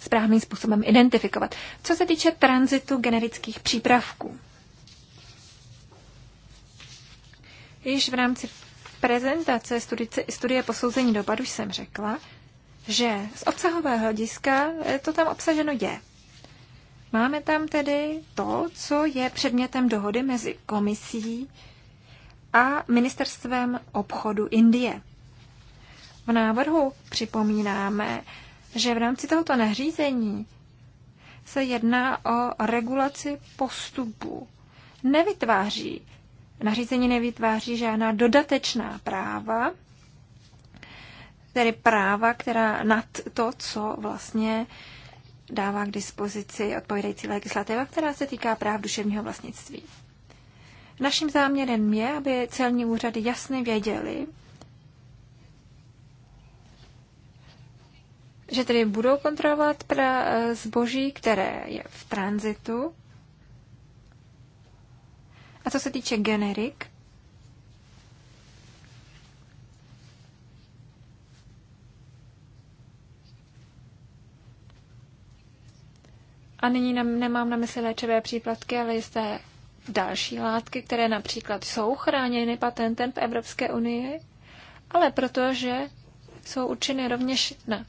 správným způsobem identifikovat. Co se týče tranzitu generických přípravků, již v rámci prezentace studice, studie posouzení dopadu jsem řekla, že z obsahového hlediska to tam obsaženo je. Máme tam tedy to, co je předmětem dohody mezi komisí a ministerstvem obchodu Indie. V návrhu připomínáme, že v rámci tohoto nařízení se jedná o regulaci postupu. Nevytváří, nařízení nevytváří žádná dodatečná práva, tedy práva, která nad to, co vlastně uh, dává k dispozici odpovídající legislativa, která se týká práv duševního vlastnictví. Naším záměrem je, aby celní úřady jasně věděly, že tedy budou kontrolovat pra eh, zboží, které je v tranzitu. A co se týče generik, A nyní nemám na mysli léčivé příplatky, ale jisté další látky, které například jsou chráněny patentem v Evropské unii, ale protože jsou určeny rovněž na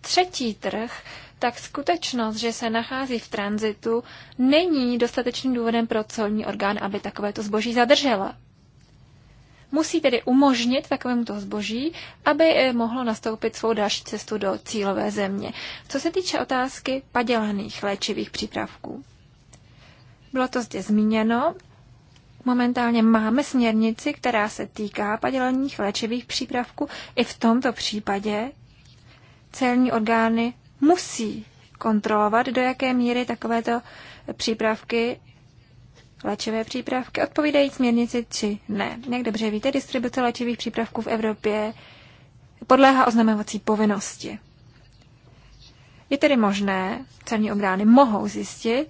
třetí trh, tak skutečnost, že se nachází v tranzitu, není dostatečným důvodem pro celní orgán, aby takovéto zboží zadržela musí tedy umožnit takovému toho zboží, aby eh, mohlo nastoupit svou další cestu do cílové země. Co se týče otázky padělaných léčivých přípravků, bylo to zde zmíněno. Momentálně máme směrnici, která se týká padělaných léčivých přípravků. I v tomto případě celní orgány musí kontrolovat, do jaké míry takovéto přípravky léčivé přípravky odpovídají směrnici či ne. Jak dobře víte, distribuce léčivých přípravků v Evropě podléhá oznamovací povinnosti. Je tedy možné, celní orgány mohou zjistit,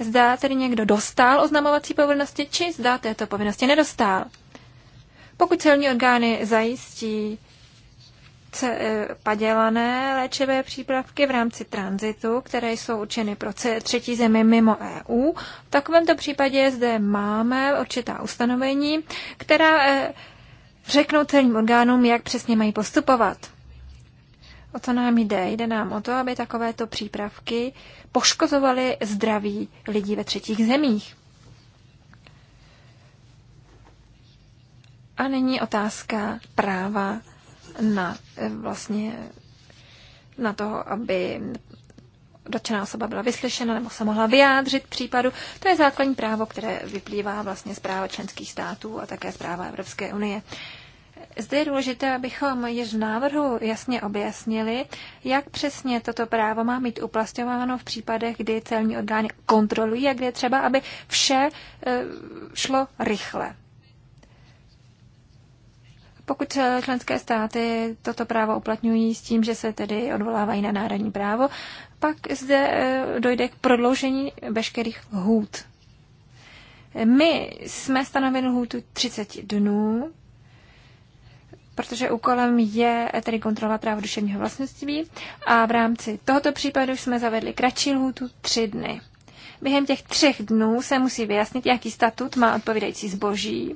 zda tedy někdo dostal oznamovací povinnosti, či zda této povinnosti nedostal. Pokud celní orgány zajistí, Eh, padělané léčivé přípravky v rámci tranzitu, které jsou určeny pro třetí zemi mimo EU. V takovémto případě zde máme určitá ustanovení, která eh, řeknou celým orgánům, jak přesně mají postupovat. O co nám jde? Jde nám o to, aby takovéto přípravky poškozovaly zdraví lidí ve třetích zemích. A není otázka práva na eh, vlastně eh, na toho, aby dotčená osoba byla vyslyšena nebo se mohla vyjádřit k případu. To je základní právo, které vyplývá vlastně z práva členských států a také z práva Evropské unie. Zde je důležité, abychom již v návrhu jasně objasnili, jak přesně toto právo má mít uplatňováno v případech, kdy celní orgány kontrolují a kde třeba, aby vše eh, šlo rychle. Pokud eh, členské státy toto právo uplatňují s tím, že se tedy odvolávají na národní právo, pak zde eh, dojde k prodloužení veškerých hůd. My jsme stanovili hůtu 30 dnů, protože úkolem je tedy kontrola právo duševního vlastnictví a v rámci tohoto případu jsme zavedli kratší lhůtu 3 dny. Během těch třech dnů se musí vyjasnit, jaký statut má odpovídající zboží,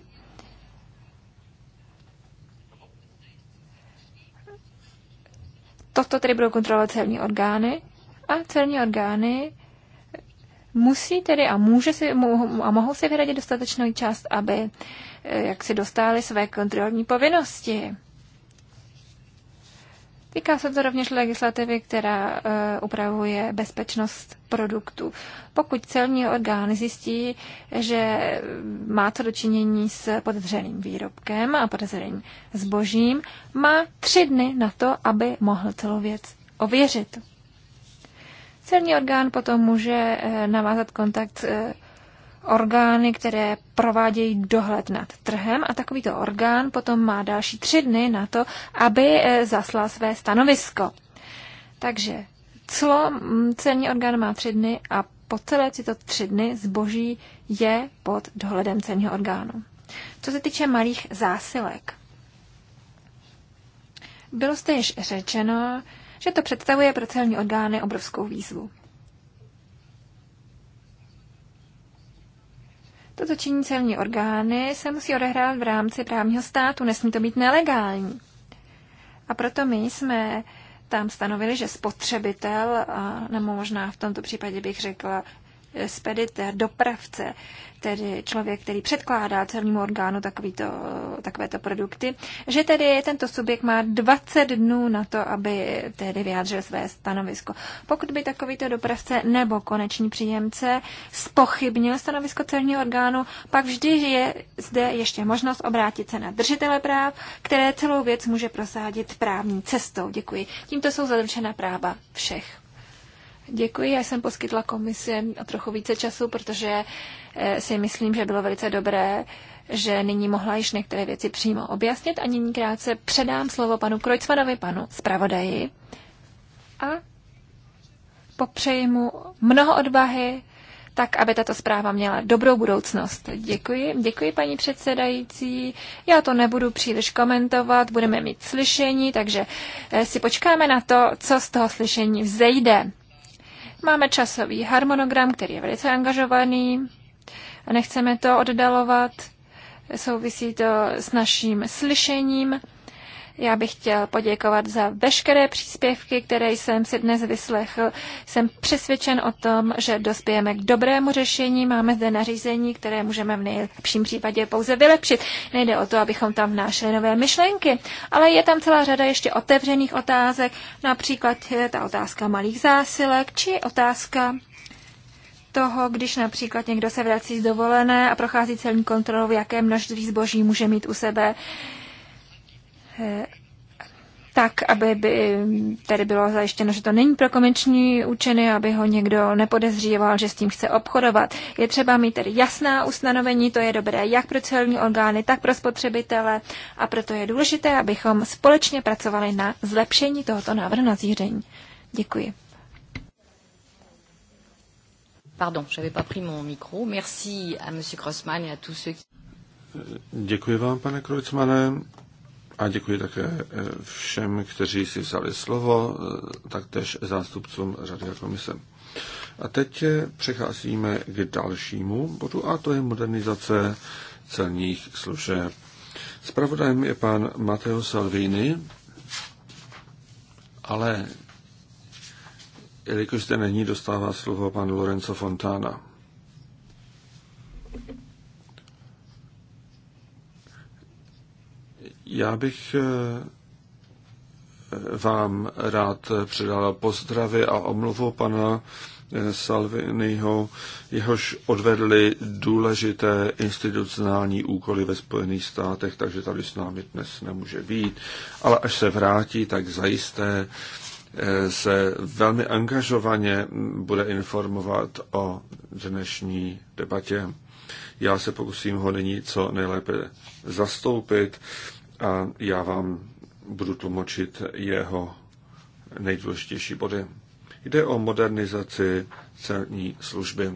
Toto tedy budou kontrolovat celní orgány a celní orgány musí tedy a, může si, a mohou si vyradit dostatečnou část, aby eh, jak si dostali své kontrolní povinnosti. Týká se to rovněž legislativy, která eh, upravuje bezpečnost produktů. Pokud celní orgán zjistí, že má to dočinění s podezřelým výrobkem a podezřelým zbožím, má tři dny na to, aby mohl celou věc ověřit. Celní orgán potom může eh, navázat kontakt eh, orgány, které provádějí dohled nad trhem a takovýto orgán potom má další tři dny na to, aby eh, zaslal své stanovisko. Takže clo, mm, celní orgán má tři dny a po celé tyto tři dny zboží je pod dohledem celního orgánu. Co se týče malých zásilek, bylo jste již řečeno, že to představuje pro celní orgány obrovskou výzvu. Toto činí celní orgány se musí odehrát v rámci právního státu, nesmí to být nelegální. A proto my jsme tam stanovili, že spotřebitel, nebo možná v tomto případě bych řekla speditér, dopravce, tedy člověk, který předkládá celnímu orgánu takovýto, takovéto produkty, že tedy tento subjekt má 20 dnů na to, aby tedy vyjádřil své stanovisko. Pokud by takovýto dopravce nebo koneční příjemce spochybnil stanovisko celního orgánu, pak vždy je zde ještě možnost obrátit se na držitele práv, které celou věc může prosádit právní cestou. Děkuji. Tímto jsou zaručena práva všech. Děkuji, já jsem poskytla komisi trochu více času, protože eh, si myslím, že bylo velice dobré, že nyní mohla již některé věci přímo objasnit a nyní krátce předám slovo panu Krojcmanovi, panu zpravodaji a popřeji mu mnoho odvahy, tak, aby tato zpráva měla dobrou budoucnost. Děkuji, děkuji paní předsedající. Já to nebudu příliš komentovat, budeme mít slyšení, takže eh, si počkáme na to, co z toho slyšení vzejde. Máme časový harmonogram, který je velice angažovaný a nechceme to oddalovat. Souvisí to s naším slyšením já bych chtěl poděkovat za veškeré příspěvky, které jsem si dnes vyslechl. Jsem přesvědčen o tom, že dospějeme k dobrému řešení. Máme zde nařízení, které můžeme v nejlepším případě pouze vylepšit. Nejde o to, abychom tam vnášeli nové myšlenky, ale je tam celá řada ještě otevřených otázek, například ta otázka malých zásilek či otázka toho, když například někdo se vrací z dovolené a prochází celní kontrolou, jaké množství zboží může mít u sebe. Eh, tak, aby by tady bylo zajištěno, že to není pro komerční účiny, aby ho někdo nepodezříval, že s tím chce obchodovat. Je třeba mít tedy jasná ustanovení, to je dobré jak pro celní orgány, tak pro spotřebitele a proto je důležité, abychom společně pracovali na zlepšení tohoto návrhu na zíření. Děkuji. Pardon, j'avais pas pris mon micro. Merci à monsieur Grossman et à tous ceux qui... Děkuji vám, pane Kreutzmane. A děkuji také eh, všem, kteří si vzali slovo, eh, taktéž zástupcům řady a komise. A teď eh, přecházíme k dalšímu bodu, a to je modernizace celních služeb. Spravodajem je pan Matteo Salvini, ale jelikož zde není, dostává slovo pan Lorenzo Fontana. Já bych eh, vám rád předal pozdravy a omluvu pana eh, Salviniho, jehož odvedli důležité institucionální úkoly ve Spojených státech, takže tady s námi dnes nemůže být. Ale až se vrátí, tak zajisté eh, se velmi angažovaně bude informovat o dnešní debatě. Já se pokusím ho nyní co nejlépe zastoupit a já vám budu tlumočit jeho nejdůležitější body. Jde o modernizaci celní služby.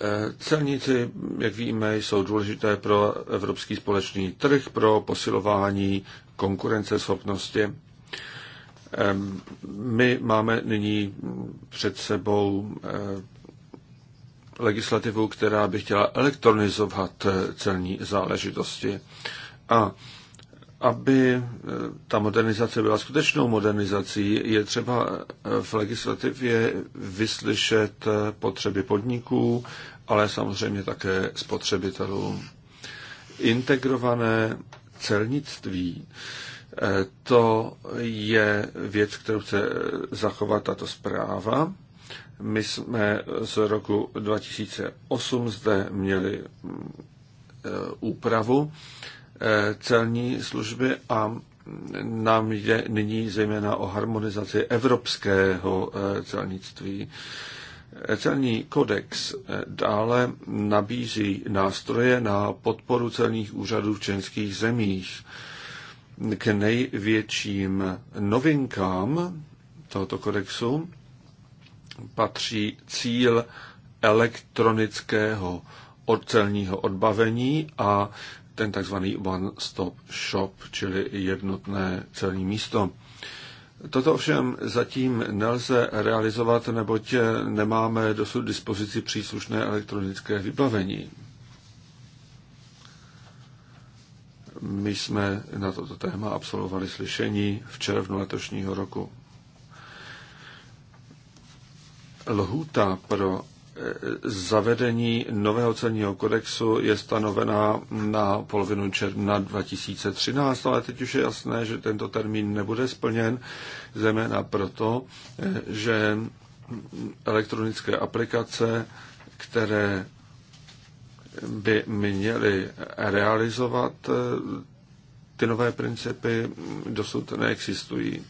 E, celníci, jak víme, jsou důležité pro evropský společný trh, pro posilování konkurenceschopnosti. E, my máme nyní před sebou e, legislativu, která by chtěla elektronizovat eh, celní záležitosti. A aby eh, ta modernizace byla skutečnou modernizací, je třeba eh, v legislativě vyslyšet potřeby podniků, ale samozřejmě také spotřebitelů. Integrované celnictví, to je věc, kterou chce zachovat tato zpráva my jsme z roku 2008 zde měli eh, úpravu eh, celní služby a nám jde nyní zejména o harmonizaci evropského eh, celnictví. Celní kodex dále nabízí nástroje na podporu celních úřadů v členských zemích. K největším novinkám tohoto kodexu patří cíl elektronického ocelního odbavení a ten takzvaný One Stop Shop, čili jednotné celní místo. Toto ovšem zatím nelze realizovat, neboť nemáme dosud dispozici příslušné elektronické vybavení. My jsme na toto téma absolvovali slyšení v červnu letošního roku. Lhůta pro eh, zavedení nového celního kodexu je stanovená na polovinu června 2013, ale teď už je jasné, že tento termín nebude splněn, zejména proto, eh, že elektronické aplikace, které by měly realizovat eh, ty nové principy, dosud neexistují.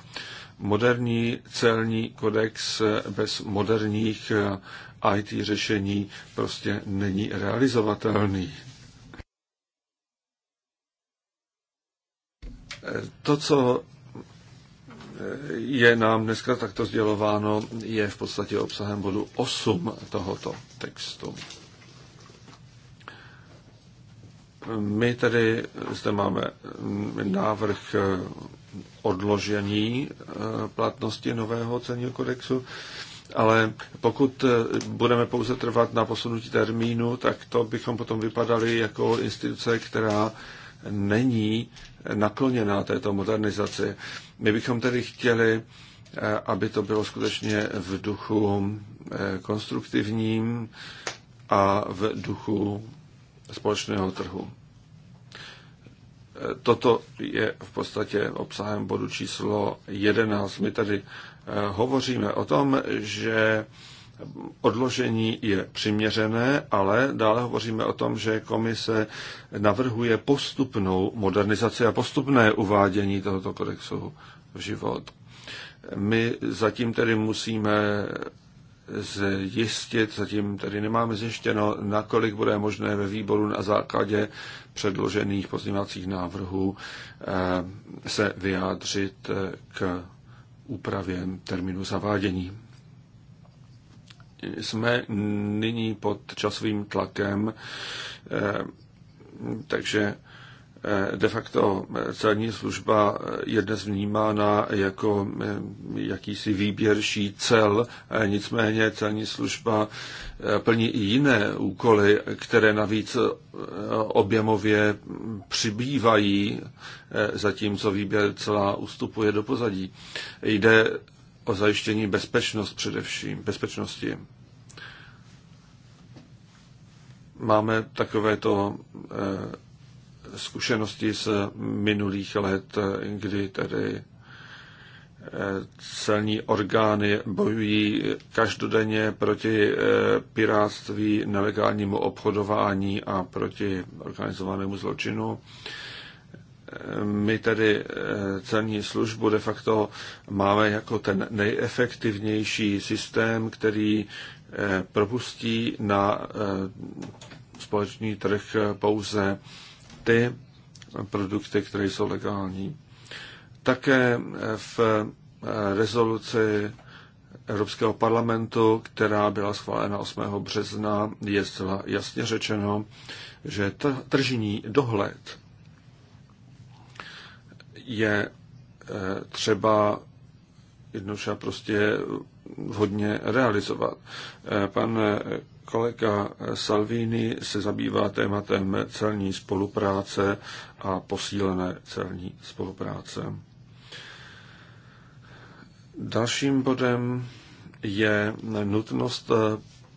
Moderní celní kodex bez moderních eh, IT řešení prostě není realizovatelný. Eh, to, co eh, je nám dneska takto sdělováno, je v podstatě obsahem bodu 8 tohoto textu. My tedy zde máme mm, návrh odložení eh, platnosti nového cenního kodexu, ale pokud eh, budeme pouze trvat na posunutí termínu, tak to bychom potom vypadali jako instituce, která není nakloněná této modernizaci. My bychom tedy chtěli, eh, aby to bylo skutečně v duchu konstruktivním a v duchu společného trhu toto je v podstatě obsahem bodu číslo 11. My tady eh, hovoříme o tom, že odložení je přiměřené, ale dále hovoříme o tom, že komise navrhuje postupnou modernizaci a postupné uvádění tohoto kodexu v život. My zatím tedy musíme zjistit, zatím tady nemáme zjištěno, nakolik bude možné ve výboru na základě předložených pozměňovacích návrhů eh, se vyjádřit eh, k úpravě termínu zavádění. Jsme nyní pod časovým tlakem, eh, takže Eh, de facto eh, celní služba eh, je dnes vnímána jako jakýsi výběrší cel, nicméně celní služba plní i jiné úkoly, které navíc objemově přibývají, zatímco výběr celá ustupuje do pozadí. Jde o zajištění bezpečnost především, bezpečnosti máme takovéto zkušenosti z minulých let, kdy tedy eh, celní orgány bojují každodenně proti eh, piráctví, nelegálnímu obchodování a proti organizovanému zločinu. Eh, my tedy celní službu de facto máme jako ten nejefektivnější systém, který propustí na společný trh pouze ty produkty, které jsou legální. Také v rezoluci Evropského parlamentu, která byla schválena 8. března, je zcela jasně řečeno, že tržní dohled je eh, třeba jednoduše prostě hodně realizovat. Eh, pan eh, Kolega Salvini se zabývá tématem celní spolupráce a posílené celní spolupráce. Dalším bodem je nutnost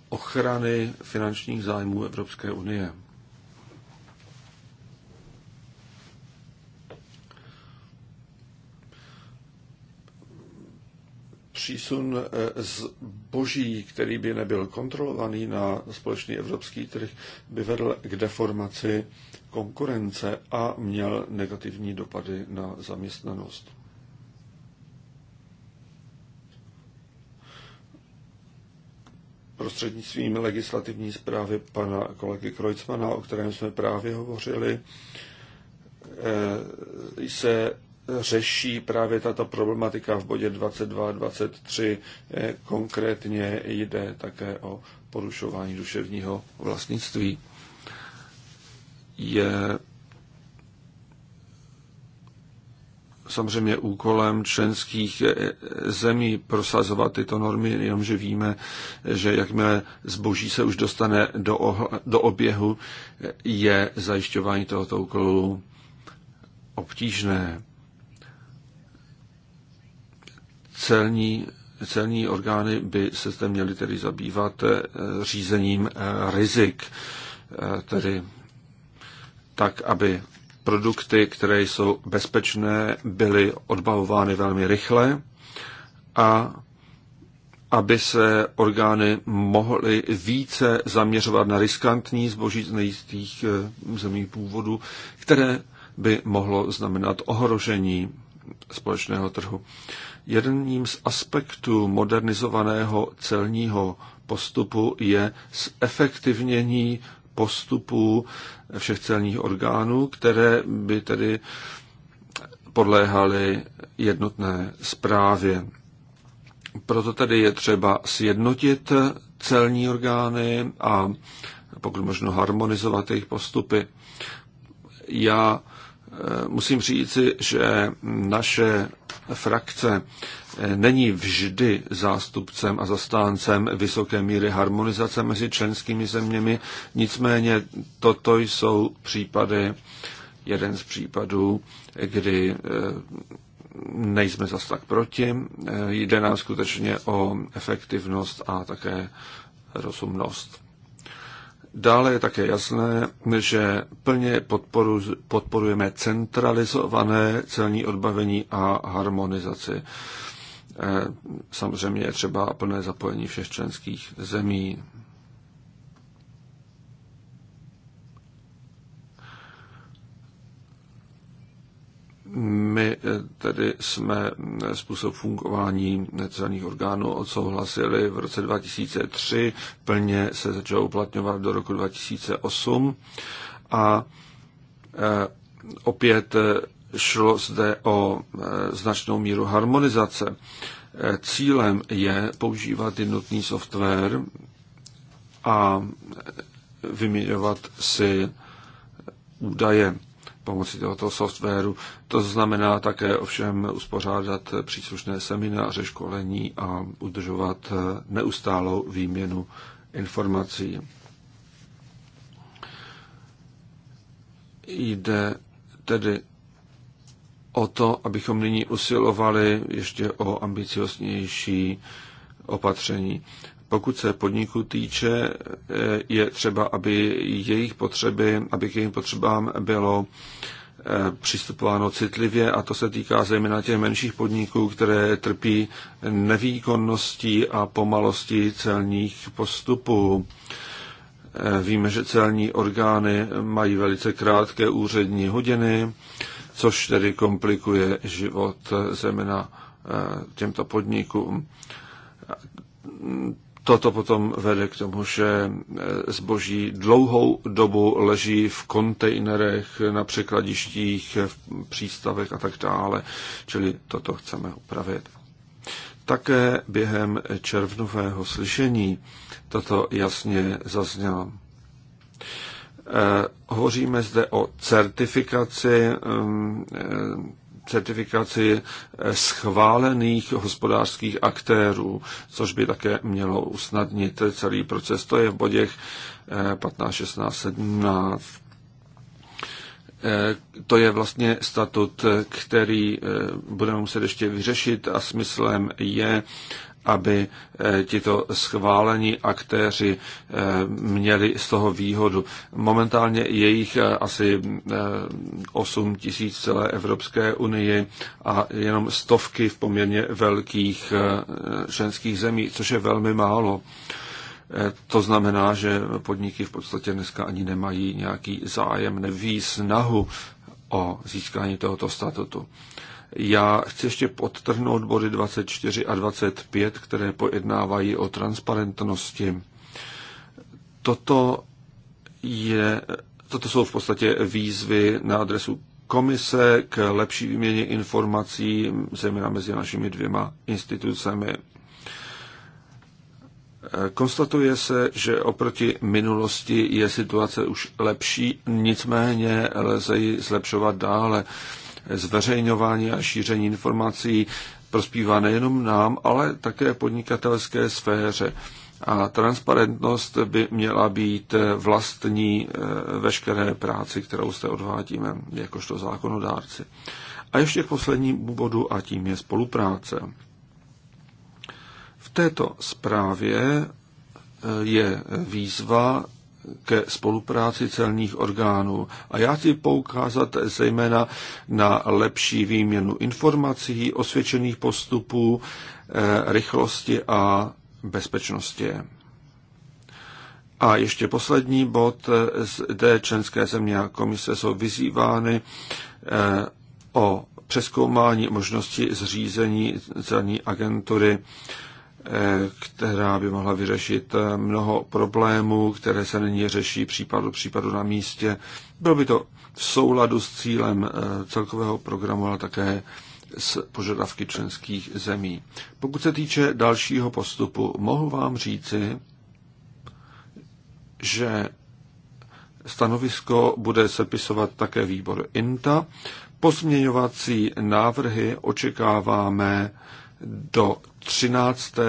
ochrany finančních zájmů Evropské unie. Přísun z zboží, který by nebyl kontrolovaný na společný evropský trh, by vedl k deformaci konkurence a měl negativní dopady na zaměstnanost. Prostřednictvím legislativní zprávy pana kolegy Krojcmana, o kterém jsme právě hovořili, eh, se řeší právě tato problematika v bodě 22 a 23. Eh, konkrétně jde také o porušování duševního vlastnictví. Je samozřejmě úkolem členských eh, zemí prosazovat tyto normy, jenomže víme, že jakmile zboží se už dostane do, do oběhu, eh, je zajišťování tohoto úkolu obtížné. celní, celní orgány by se zde měly tedy zabývat eh, řízením eh, rizik, eh, tedy tak, aby produkty, které jsou bezpečné, byly odbavovány velmi rychle a aby se orgány mohly více zaměřovat na riskantní zboží z nejistých zemí původu, které by mohlo znamenat ohrožení společného trhu. Jedním z aspektů modernizovaného celního postupu je zefektivnění postupů všech celních orgánů, které by tedy podléhaly jednotné zprávě. Proto tedy je třeba sjednotit celní orgány a pokud možno harmonizovat jejich postupy. Já Eh, musím říci, že naše frakce eh, není vždy zástupcem a zastáncem vysoké míry harmonizace mezi členskými zeměmi, nicméně toto jsou případy, jeden z případů, kdy eh, nejsme zas tak proti. Jde nám skutečně o efektivnost a také rozumnost. Dále je také jasné, že plně podporu, podporujeme centralizované celní odbavení a harmonizaci. Eh, samozřejmě je třeba plné zapojení všech členských zemí. My eh, tedy jsme eh, způsob fungování celních orgánů odsouhlasili v roce 2003, plně se začalo uplatňovat do roku 2008 a eh, opět šlo zde o značnou míru harmonizace. Cílem je používat jednotný software a vyměňovat si údaje pomocí tohoto softwaru. To znamená také ovšem uspořádat příslušné semináře, školení a udržovat eh, neustálou výměnu informací. Jde tedy o to, abychom nyní usilovali ještě o ambicioznější opatření. Pokud se podniku týče, eh, je třeba, aby jejich potřeby, aby k jejich potřebám bylo eh, přistupováno citlivě a to se týká zejména těch menších podniků, které trpí nevýkonností a pomalostí celních postupů. Eh, víme, že celní orgány mají velice krátké úřední hodiny, což tedy komplikuje život zejména těmto podnikům toto potom vede k tomu, že e, zboží dlouhou dobu leží v kontejnerech, na překladištích, v přístavech a tak dále. Čili toto chceme upravit. Také během červnového slyšení toto jasně zaznělo. E, hovoříme zde o certifikaci e, certifikaci schválených hospodářských aktérů, což by také mělo usnadnit celý proces. To je v bodech 15, 16, 17. To je vlastně statut, eh, který eh, budeme muset ještě vyřešit a smyslem je, aby eh, tito schválení aktéři eh, měli z toho výhodu. Momentálně je jich eh, asi 8 tisíc celé Evropské unii a jenom stovky v poměrně velkých členských zemí, což je velmi málo. To znamená, že podniky v podstatě dneska ani nemají nějaký zájem, neví snahu o získání tohoto statutu. Já chci ještě podtrhnout body 24 a 25, které pojednávají o transparentnosti. Toto, je, toto jsou v podstatě výzvy na adresu komise k lepší výměně informací, zejména mezi našimi dvěma institucemi. Konstatuje se, že oproti minulosti je situace už lepší, nicméně lze ji zlepšovat dále zveřejňování a šíření informací prospívá nejenom nám, ale také podnikatelské sféře. A transparentnost by měla být vlastní eh, veškeré práci, kterou se odvádíme jakožto zákonodárci. A ještě k poslednímu bodu a tím je spolupráce. V této zprávě eh, je výzva ke spolupráci celních orgánů. A já chci poukázat zejména na lepší výměnu informací, osvědčených postupů, eh, rychlosti a bezpečnosti. A ještě poslední bod, eh, zde členské země a komise jsou vyzývány eh, o přeskoumání možnosti zřízení celní agentury která by mohla vyřešit eh, mnoho problémů, které se nyní řeší případu případu na místě. Bylo by to v souladu s cílem eh, celkového programu, ale také s požadavky členských zemí. Pokud se týče dalšího postupu, mohu vám říci, že stanovisko bude sepisovat také výbor INTA. Posměňovací návrhy očekáváme do 13.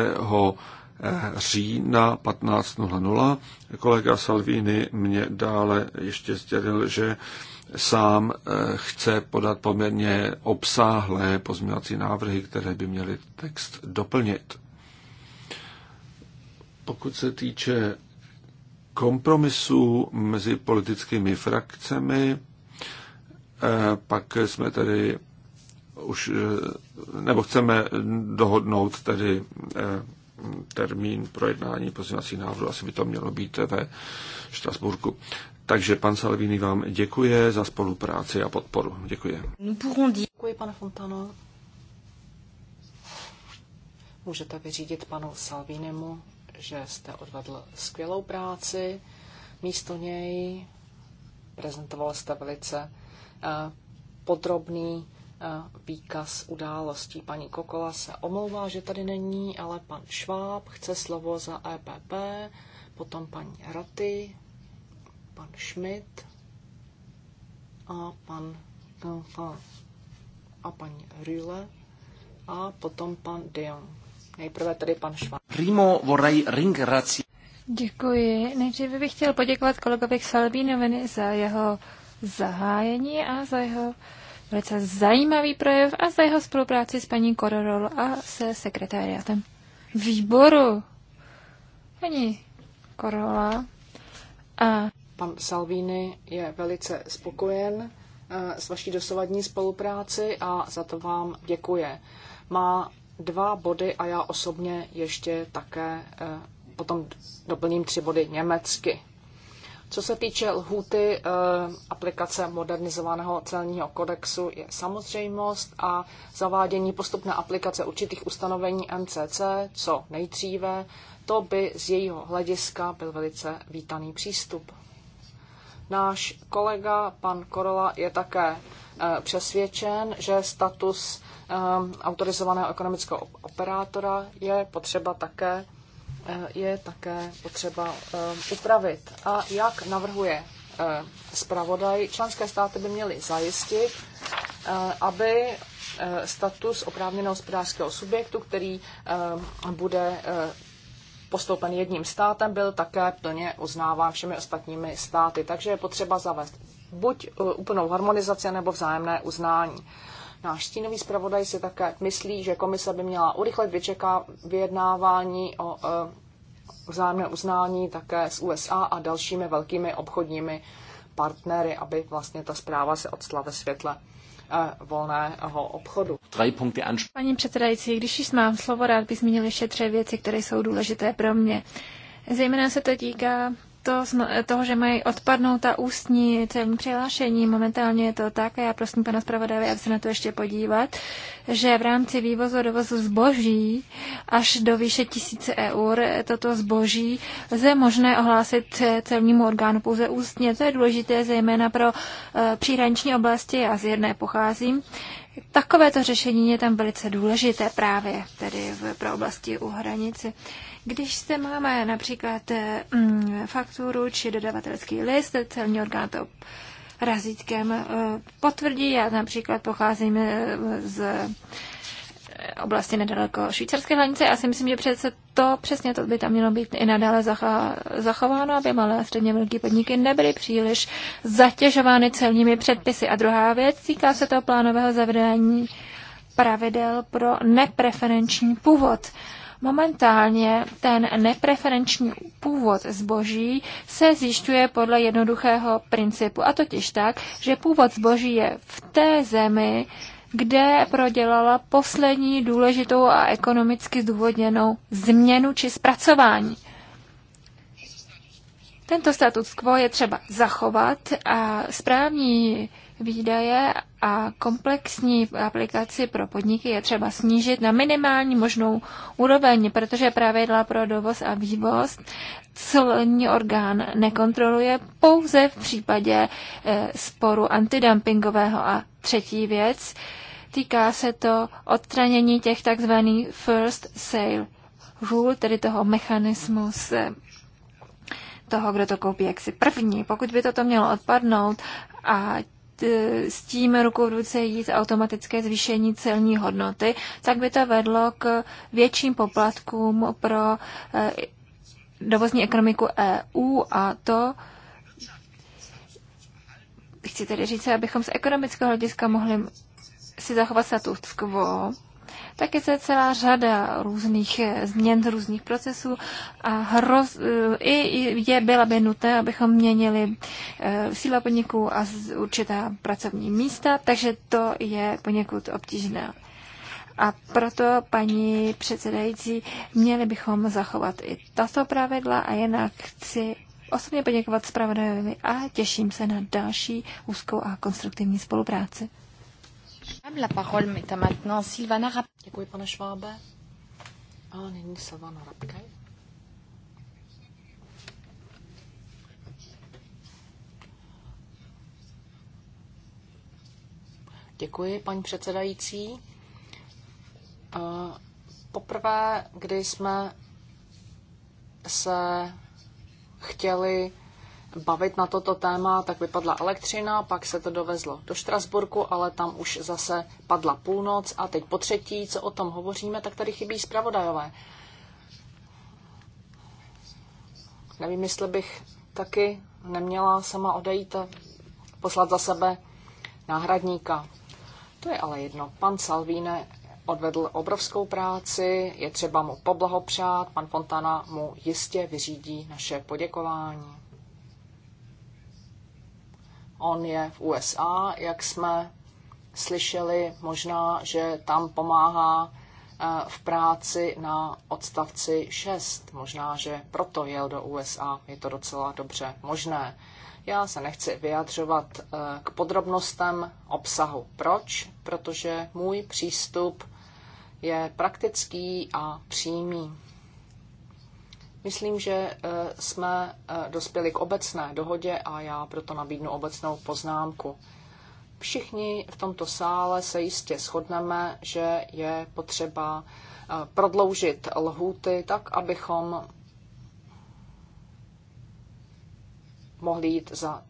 Eh, října 15.00. Kolega Salvini mě dále ještě sdělil, že sám eh, chce podat poměrně obsáhlé pozměňovací návrhy, které by měly text doplnit. Pokud se týče kompromisů mezi politickými frakcemi, eh, pak jsme tady už nebo chceme dohodnout tedy eh, termín projednání pozměňovacích návrhů, asi by to mělo být ve Štrasburku. Takže pan Salvini vám děkuje za spolupráci a podporu. Děkuji. Děkuji, pane Fontano. Můžete vyřídit panu Salvinemu, že jste odvedl skvělou práci. Místo něj prezentoval jste velice eh, podrobný výkaz událostí. Paní Kokola se omlouvá, že tady není, ale pan Šváb chce slovo za EPP, potom paní Raty, pan Schmidt a pan no, a paní Rüle a potom pan Dion. Nejprve tady pan Šváb. Primo vorrei ringrazi. Děkuji. Nejdříve bych chtěl poděkovat kolegovi Salvinovi za jeho zahájení a za jeho velice zajímavý projev a za jeho spolupráci s paní Kororol a se sekretariátem výboru. Paní Korola a... Pan Salvini je velice spokojen eh, s vaší dosavadní spolupráci a za to vám děkuje. Má dva body a já osobně ještě také eh, potom doplním tři body německy. Co se týče lhuty eh, aplikace modernizovaného celního kodexu je samozřejmost a zavádění postupné aplikace určitých ustanovení MCC co nejdříve, to by z jejího hlediska byl velice vítaný přístup. Náš kolega, pan Korola, je také eh, přesvědčen, že status eh, autorizovaného ekonomického operátora je potřeba také Eh, je také potřeba eh, upravit. A jak navrhuje eh, zpravodaj, členské státy by měly zajistit, aby status oprávněného hospodářského subjektu, který bude postoupen jedním státem, byl také plně uznáván všemi ostatními státy. Takže je potřeba zavést buď úplnou harmonizaci nebo vzájemné uznání. Náš stínový zpravodaj si také myslí, že komise by měla urychlit vyčeká vyjednávání o e, vzájemné uznání také s USA a dalšími velkými obchodními partnery, aby vlastně ta zpráva se odstala ve světle e, volného obchodu. Paní předsedající, když již mám slovo, rád bych zmínil ještě tři věci, které jsou důležité pro mě. Zejména se to týká to, toho, že mají odpadnout ta ústní celým přihlášení, momentálně je to tak, a já prosím pana zpravodaje, aby se na to ještě podívat, že v rámci vývozu a dovozu zboží až do výše tisíce eur toto zboží lze možné ohlásit celnímu orgánu pouze ústně. To je důležité zejména pro eh, příhraniční oblasti, já z jedné pocházím, Takovéto řešení je tam velice důležité právě tedy v, pro oblasti u hranici. Když se máme například eh, mm, fakturu či dodavatelský list, celní orgán to razítkem eh, potvrdí. Já například pocházím eh, z oblasti nedaleko švýcarské hranice. Já si myslím, že přece to přesně to by tam mělo být i nadále zachováno, aby malé a středně velké podniky nebyly příliš zatěžovány celními předpisy. A druhá věc týká se toho plánového zavedení pravidel pro nepreferenční původ. Momentálně ten nepreferenční původ zboží se zjišťuje podle jednoduchého principu, a totiž tak, že původ zboží je v té zemi, kde prodělala poslední důležitou a ekonomicky zdůvodněnou změnu či zpracování. Tento status quo je třeba zachovat a správní výdaje a komplexní aplikaci pro podniky je třeba snížit na minimální možnou úroveň, protože pravidla pro dovoz a vývoz celní orgán nekontroluje pouze v případě eh, sporu antidumpingového. A třetí věc, týká se to odstranění těch takzvaných first sale rule, tedy toho mechanismu, eh, toho, kdo to koupí jaksi první. Pokud by toto mělo odpadnout a E, s tím rukou v ruce jít automatické zvýšení celní hodnoty, tak by to vedlo k větším poplatkům pro e, dovozní ekonomiku EU a to chci tedy říct, abychom z ekonomického hlediska mohli si zachovat status quo tak je to celá řada různých eh, změn, různých procesů a hroz, eh, i je byla by nuté, abychom měnili eh, síla podniků a určitá pracovní místa, takže to je poněkud obtížné. A proto, paní předsedající, měli bychom zachovat i tato pravidla a jinak chci osobně poděkovat zpravodajovi a těším se na další úzkou a konstruktivní spolupráci. Děkuji, pane Švábe. A nyní Silvana Rabkaj. Děkuji, paní předsedající. Poprvé, kdy jsme se chtěli bavit na toto téma, tak vypadla elektřina, pak se to dovezlo do Štrasburku, ale tam už zase padla půlnoc a teď po třetí, co o tom hovoříme, tak tady chybí zpravodajové. Nevím, jestli bych taky neměla sama odejít a poslat za sebe náhradníka. To je ale jedno. Pan Salvíne odvedl obrovskou práci, je třeba mu poblahopřát, pan Fontana mu jistě vyřídí naše poděkování. On je v USA, jak jsme slyšeli, možná, že tam pomáhá eh, v práci na odstavci 6. Možná, že proto jel do USA. Je to docela dobře možné. Já se nechci vyjadřovat eh, k podrobnostem obsahu. Proč? Protože můj přístup je praktický a přímý. Myslím, že eh, jsme eh, dospěli k obecné dohodě a já proto nabídnu obecnou poznámku. Všichni v tomto sále se jistě shodneme, že je potřeba eh, prodloužit lhůty tak, abychom mohli jít za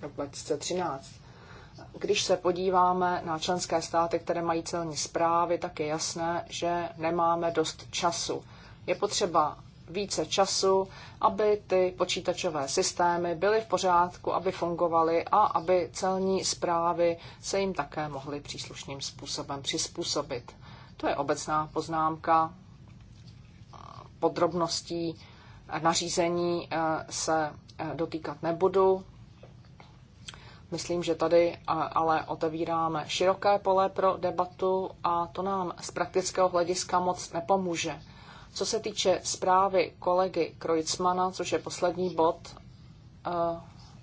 2013. Když se podíváme na členské státy, které mají celní zprávy, tak je jasné, že nemáme dost času je potřeba více času, aby ty počítačové systémy byly v pořádku, aby fungovaly a aby celní zprávy se jim také mohly příslušným způsobem přizpůsobit. To je obecná poznámka. Podrobností nařízení eh, se eh, dotýkat nebudu. Myslím, že tady eh, ale otevíráme široké pole pro debatu a to nám z praktického hlediska moc nepomůže co se týče zprávy kolegy Krojcmana, což je poslední bod, eh,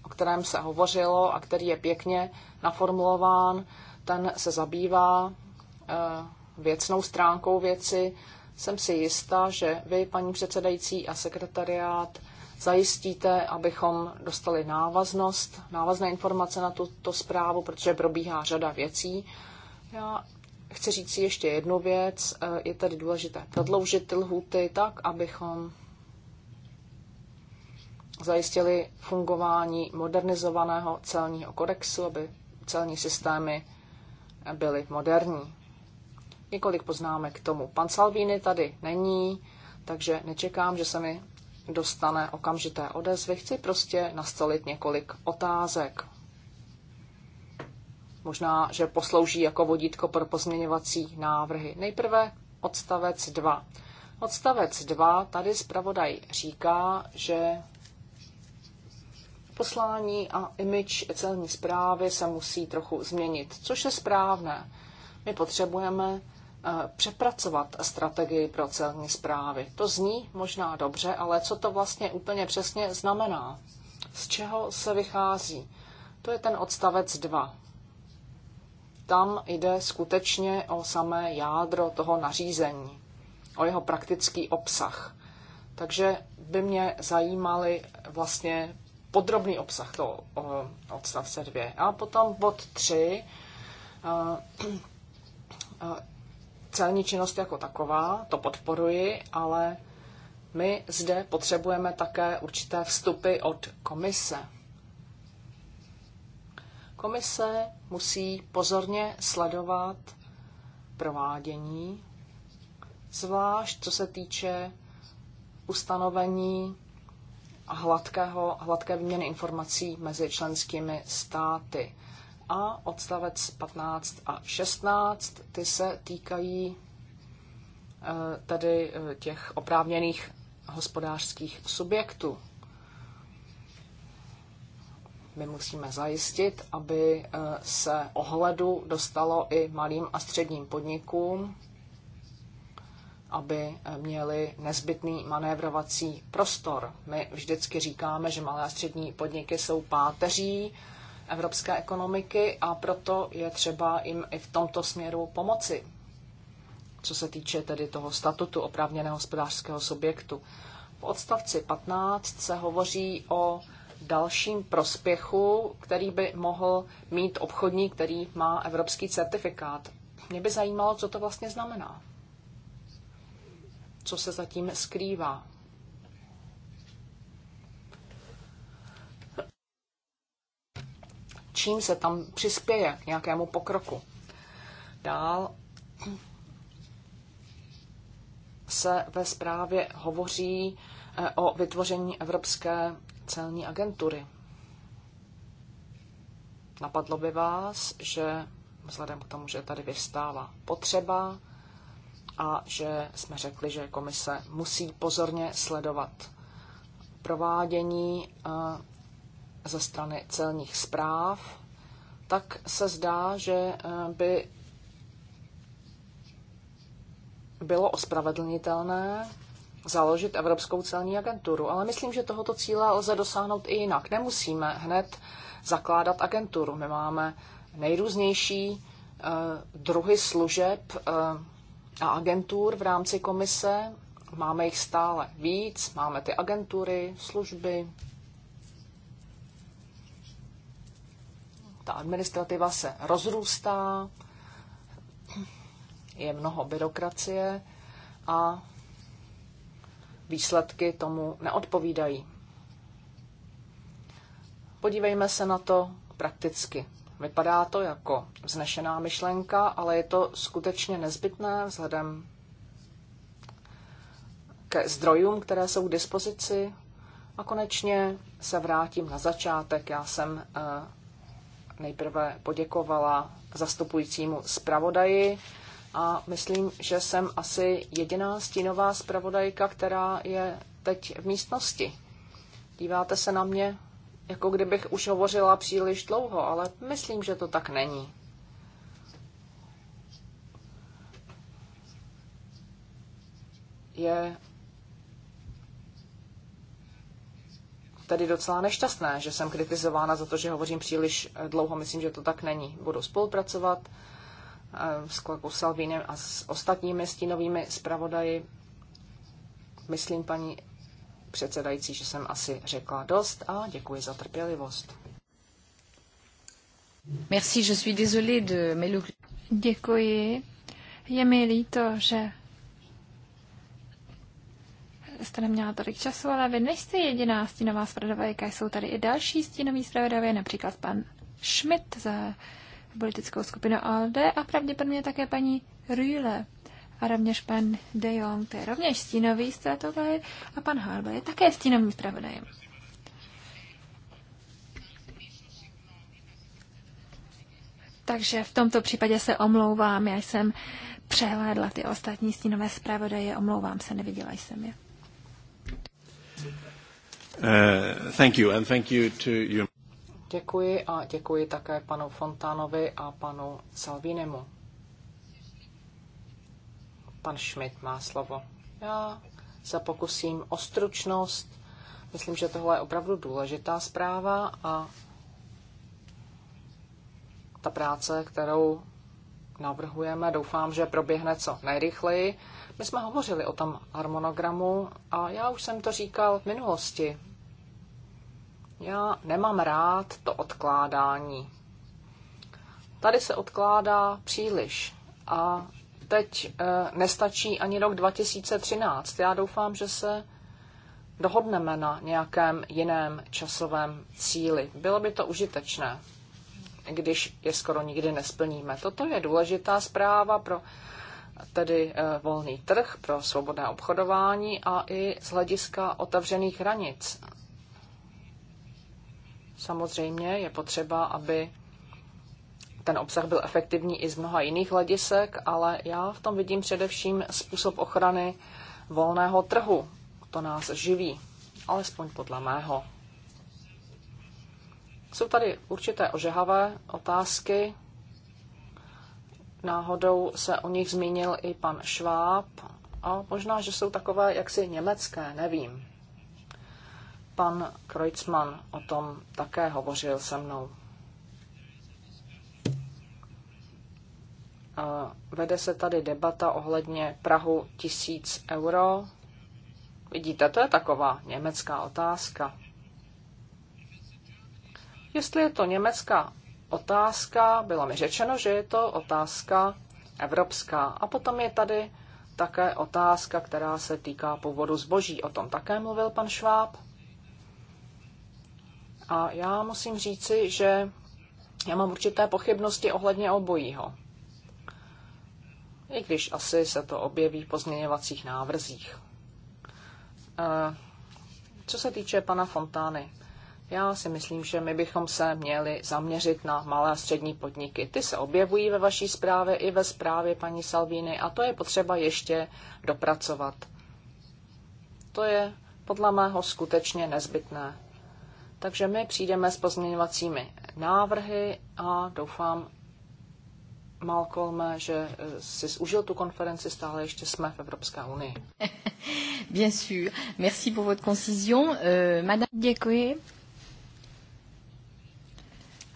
o kterém se hovořilo a který je pěkně naformulován, ten se zabývá eh, věcnou stránkou věci. Jsem si jistá, že vy, paní předsedající a sekretariát, zajistíte, abychom dostali návaznost, návazné informace na tuto zprávu, protože probíhá řada věcí. Já chci říct si ještě jednu věc. E, je tady důležité prodloužit ty lhuty tak, abychom zajistili fungování modernizovaného celního kodexu, aby celní systémy byly moderní. Několik poznámek k tomu. Pan Salvini tady není, takže nečekám, že se mi dostane okamžité odezvy. Chci prostě nastolit několik otázek. Možná, že poslouží jako vodítko pro pozměňovací návrhy. Nejprve odstavec 2. Odstavec 2, tady zpravodaj říká, že poslání a image celní zprávy se musí trochu změnit, což je správné. My potřebujeme eh, přepracovat strategii pro celní zprávy. To zní možná dobře, ale co to vlastně úplně přesně znamená? Z čeho se vychází? To je ten odstavec 2 tam jde skutečně o samé jádro toho nařízení, o jeho praktický obsah. Takže by mě zajímaly vlastně podrobný obsah toho odstavce 2. A potom bod 3, eh, eh, celní činnost jako taková, to podporuji, ale my zde potřebujeme také určité vstupy od komise. Komise musí pozorně sledovat provádění, zvlášť co se týče ustanovení hladkého, hladké výměny informací mezi členskými státy. A odstavec 15 a 16, ty se týkají eh, tedy eh, těch oprávněných hospodářských subjektů. My musíme zajistit, aby eh, se ohledu dostalo i malým a středním podnikům, aby eh, měli nezbytný manévrovací prostor. My vždycky říkáme, že malé a střední podniky jsou páteří evropské ekonomiky a proto je třeba jim i v tomto směru pomoci, co se týče tedy toho statutu oprávněného hospodářského subjektu. V odstavci 15 se hovoří o dalším prospěchu, který by mohl mít obchodník, který má evropský certifikát. Mě by zajímalo, co to vlastně znamená. Co se zatím skrývá. Čím se tam přispěje k nějakému pokroku. Dál se ve zprávě hovoří eh, o vytvoření evropské celní agentury. Napadlo by vás, že vzhledem k tomu, že tady vystála potřeba a že jsme řekli, že komise musí pozorně sledovat provádění eh, ze strany celních zpráv, tak se zdá, že eh, by bylo ospravedlnitelné založit Evropskou celní agenturu, ale myslím, že tohoto cíle lze dosáhnout i jinak. Nemusíme hned zakládat agenturu. My máme nejrůznější eh, druhy služeb eh, a agentur v rámci komise. Máme jich stále víc, máme ty agentury, služby. Ta administrativa se rozrůstá, je mnoho byrokracie a výsledky tomu neodpovídají. Podívejme se na to prakticky. Vypadá to jako vznešená myšlenka, ale je to skutečně nezbytné vzhledem ke zdrojům, které jsou k dispozici. A konečně se vrátím na začátek. Já jsem eh, nejprve poděkovala zastupujícímu zpravodaji a myslím, že jsem asi jediná stínová zpravodajka, která je teď v místnosti. Díváte se na mě, jako kdybych už hovořila příliš dlouho, ale myslím, že to tak není. Je tedy docela nešťastné, že jsem kritizována za to, že hovořím příliš dlouho. Myslím, že to tak není. Budu spolupracovat Eh, s kolegou Salvínem a s ostatními stínovými zpravodaji. Myslím, paní předsedající, že jsem asi řekla dost a děkuji za trpělivost. Merci, je suis désolée de Děkuji. Je mi líto, že jste neměla tolik času, ale vy nejste jediná stínová zpravodajka, jsou tady i další stínoví zpravodajové, například pan Schmidt za politickou skupinu ALD a pravděpodobně také paní Rühle a rovněž pan De Jong, to je rovněž stínový stratovej a pan Harba je také stínovým zpravodajem. Takže v tomto případě se omlouvám, já jsem přehlédla ty ostatní stínové zpravodaje, omlouvám se, neviděla jsem je. Uh, thank you and thank you to you. Děkuji a děkuji také panu Fontánovi a panu Salvinemu. Pan Schmidt má slovo. Já se pokusím o stručnost. Myslím, že tohle je opravdu důležitá zpráva a ta práce, kterou navrhujeme, doufám, že proběhne co nejrychleji. My jsme hovořili o tom harmonogramu a já už jsem to říkal v minulosti. Já nemám rád to odkládání. Tady se odkládá příliš a teď e, nestačí ani rok 2013. Já doufám, že se dohodneme na nějakém jiném časovém cíli. Bylo by to užitečné, když je skoro nikdy nesplníme. Toto je důležitá zpráva pro tedy eh, volný trh, pro svobodné obchodování a i z hlediska otevřených hranic. Samozřejmě je potřeba, aby ten obsah byl efektivní i z mnoha jiných hledisek, ale já v tom vidím především způsob ochrany volného trhu. To nás živí, alespoň podle mého. Jsou tady určité ožehavé otázky. Náhodou se o nich zmínil i pan Šváb. A možná, že jsou takové jaksi německé, nevím. Pan Kreutzmann o tom také hovořil se mnou. Vede se tady debata ohledně Prahu tisíc euro. Vidíte, to je taková německá otázka. Jestli je to německá otázka, bylo mi řečeno, že je to otázka evropská. A potom je tady také otázka, která se týká původu zboží. O tom také mluvil pan Šváb. A já musím říci, že já mám určité pochybnosti ohledně obojího. I když asi se to objeví v pozměňovacích návrzích. Eh, co se týče pana Fontány, já si myslím, že my bychom se měli zaměřit na malé a střední podniky. Ty se objevují ve vaší zprávě i ve zprávě paní Salvíny a to je potřeba ještě dopracovat. To je podle mého skutečně nezbytné. Takže my přijdeme s pozměňovacími návrhy a doufám, Malcolme, že eh, jsi užil tu konferenci, stále ještě jsme v Evropské unii. Bien sûr. Merci pour votre concision. Euh, madame... Děkuji.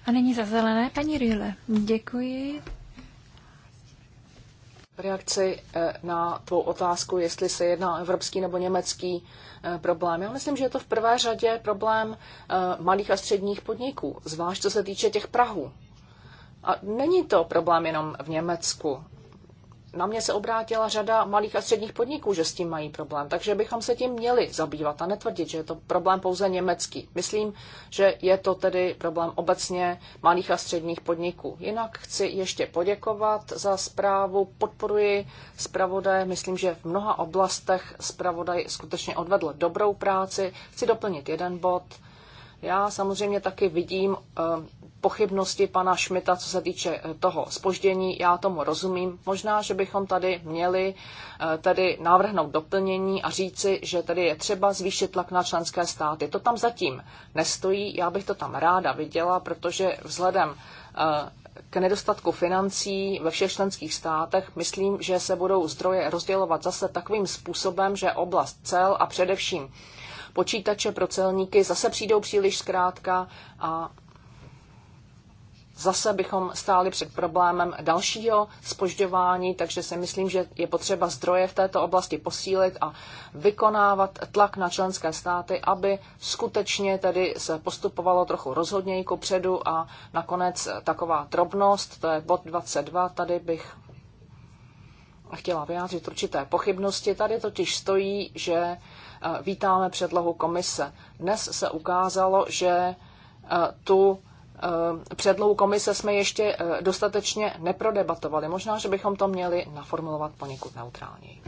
A není za zelené paní Rille. Děkuji reakci eh, na tvou otázku, jestli se jedná o evropský nebo německý eh, problém. Já myslím, že je to v prvé řadě problém eh, malých a středních podniků, zvlášť co se týče těch Prahů. A není to problém jenom v Německu na mě se obrátila řada malých a středních podniků, že s tím mají problém. Takže bychom se tím měli zabývat a netvrdit, že je to problém pouze německý. Myslím, že je to tedy problém obecně malých a středních podniků. Jinak chci ještě poděkovat za zprávu. Podporuji zpravodaje. Myslím, že v mnoha oblastech zpravodaj skutečně odvedl dobrou práci. Chci doplnit jeden bod. Já samozřejmě taky vidím eh, pochybnosti pana Šmita, co se týče eh, toho spoždění, já tomu rozumím. Možná, že bychom tady měli eh, tedy návrhnout doplnění a říci, že tady je třeba zvýšit tlak na členské státy. To tam zatím nestojí, já bych to tam ráda viděla, protože vzhledem eh, k nedostatku financí ve všech členských státech, myslím, že se budou zdroje rozdělovat zase takovým způsobem, že oblast cel a především počítače pro celníky zase přijdou příliš zkrátka a zase bychom stáli před problémem dalšího spožďování, takže si myslím, že je potřeba zdroje v této oblasti posílit a vykonávat tlak na členské státy, aby skutečně tedy se postupovalo trochu rozhodněji ku předu a nakonec taková drobnost, to je bod 22, tady bych chtěla vyjádřit určité pochybnosti. Tady totiž stojí, že e, vítáme předlohu komise. Dnes se ukázalo, že e, tu Eh, předlohu komise jsme ještě eh, dostatečně neprodebatovali. Možná, že bychom to měli naformulovat poněkud neutrálněji.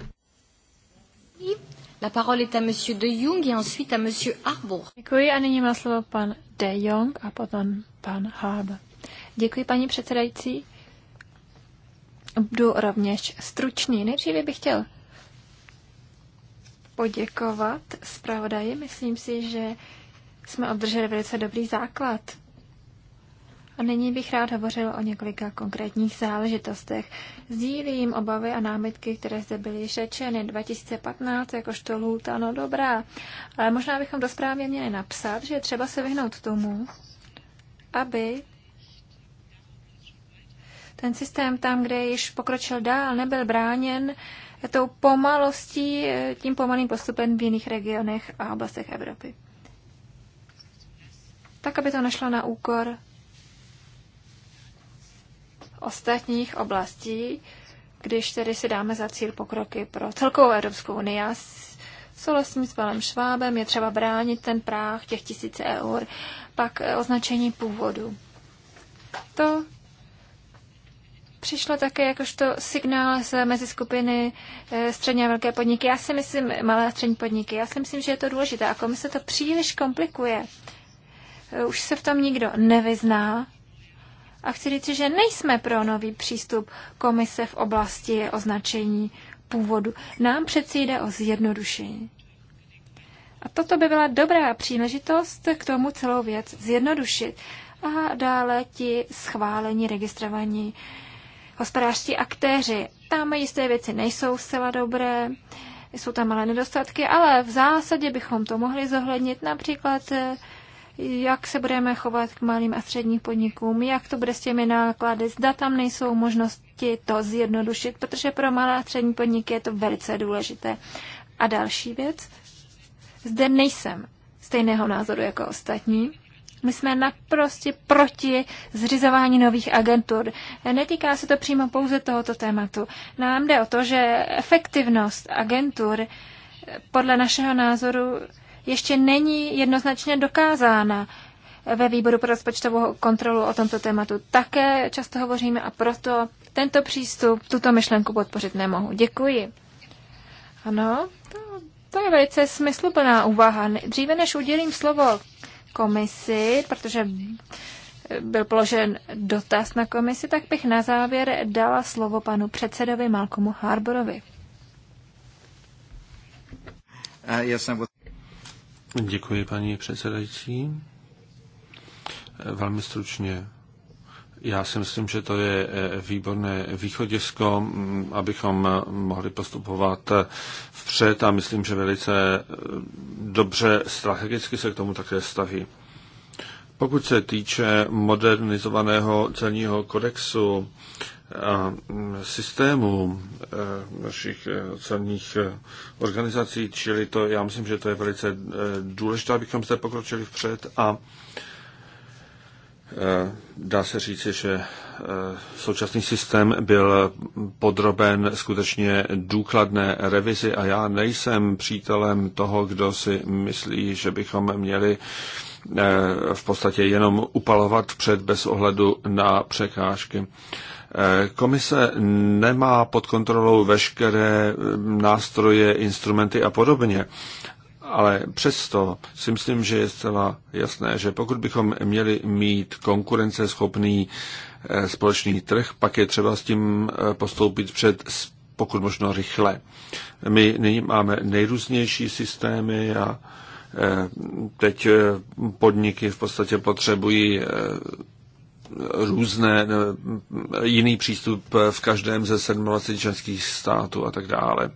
La parole est à monsieur De Jong et ensuite à monsieur Harbour. Děkuji a nyní má slovo pan De Jong a potom pan Harbour. Děkuji, paní předsedající. Budu rovněž stručný. Nejdříve bych chtěl poděkovat zpravodaji. Myslím si, že jsme obdrželi velice dobrý základ a nyní bych rád hovořil o několika konkrétních záležitostech. Sdílím obavy a námitky, které zde byly řečeny 2015, jakožto lůta, no dobrá. Ale možná bychom to správně měli napsat, že třeba se vyhnout tomu, aby ten systém tam, kde již pokročil dál, nebyl bráněn tou pomalostí, tím pomalým postupem v jiných regionech a oblastech Evropy. Tak, aby to nešlo na úkor ostatních oblastí, když tedy si dáme za cíl pokroky pro celkovou Evropskou unii. Já souhlasím s panem Švábem, je třeba bránit ten práh těch tisíce eur, pak eh, označení původu. To přišlo také jakožto signál z mezi skupiny eh, středně a velké podniky. Já si myslím, malé a střední podniky, já si myslím, že je to důležité a komise to příliš komplikuje. Eh, už se v tom nikdo nevyzná a chci říct, že nejsme pro nový přístup komise v oblasti označení původu. Nám přeci jde o zjednodušení. A toto by byla dobrá příležitost k tomu celou věc zjednodušit. A dále ti schválení, registrovaní hospodářští aktéři. Tam jisté věci nejsou zcela dobré, jsou tam malé nedostatky, ale v zásadě bychom to mohli zohlednit například eh, jak se budeme chovat k malým a středním podnikům, jak to bude s těmi náklady, zda tam nejsou možnosti to zjednodušit, protože pro malé a střední podniky je to velice důležité. A další věc, zde nejsem stejného názoru jako ostatní. My jsme naprosto proti zřizování nových agentur. Netýká se to přímo pouze tohoto tématu. Nám jde o to, že efektivnost agentur podle našeho názoru ještě není jednoznačně dokázána. Ve výboru pro rozpočtovou kontrolu o tomto tématu také často hovoříme a proto tento přístup, tuto myšlenku podpořit nemohu. Děkuji. Ano, to, to je velice smysluplná úvaha. Dříve než udělím slovo komisi, protože byl položen dotaz na komisi, tak bych na závěr dala slovo panu předsedovi Malcolmu Harborovi. Uh, Děkuji, paní předsedající. Velmi stručně. Já si myslím, že to je eh, výborné východisko, abychom eh, mohli postupovat eh, vpřed a myslím, že velice dobře strategicky se k tomu také staví. Pokud se týče modernizovaného celního kodexu, a mm, systému e, našich e, celních e, organizací, čili to, já myslím, že to je velice důležité, abychom zde pokročili vpřed a dá se říci, že současný systém byl podroben skutečně důkladné revizi a já nejsem přítelem toho, kdo si myslí, že bychom měli v podstatě jenom upalovat před bez ohledu na překážky. Komise nemá pod kontrolou veškeré nástroje, instrumenty a podobně. Ale přesto si myslím, že je zcela jasné, že pokud bychom měli mít konkurenceschopný eh, společný trh, pak je třeba s tím eh, postoupit před pokud možno rychle. My nyní máme nejrůznější systémy a eh, teď podniky v podstatě potřebují různé, jiný přístup v každém ze 27 členských států a tak dále.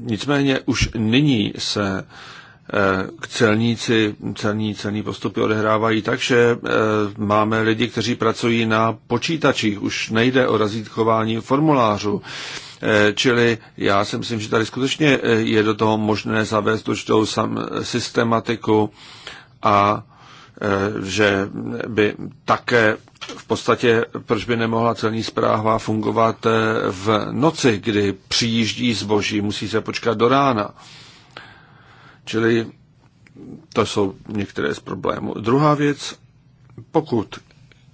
Nicméně už nyní se e, k celníci, celní, celní postupy odehrávají tak, že e, máme lidi, kteří pracují na počítačích, už nejde o razítkování formulářů. E, čili já si myslím, že tady skutečně je do toho možné zavést určitou systematiku, a e, že by také v podstatě, proč by nemohla celní zpráva fungovat e, v noci, kdy přijíždí zboží, musí se počkat do rána. Čili to jsou některé z problémů. Druhá věc, pokud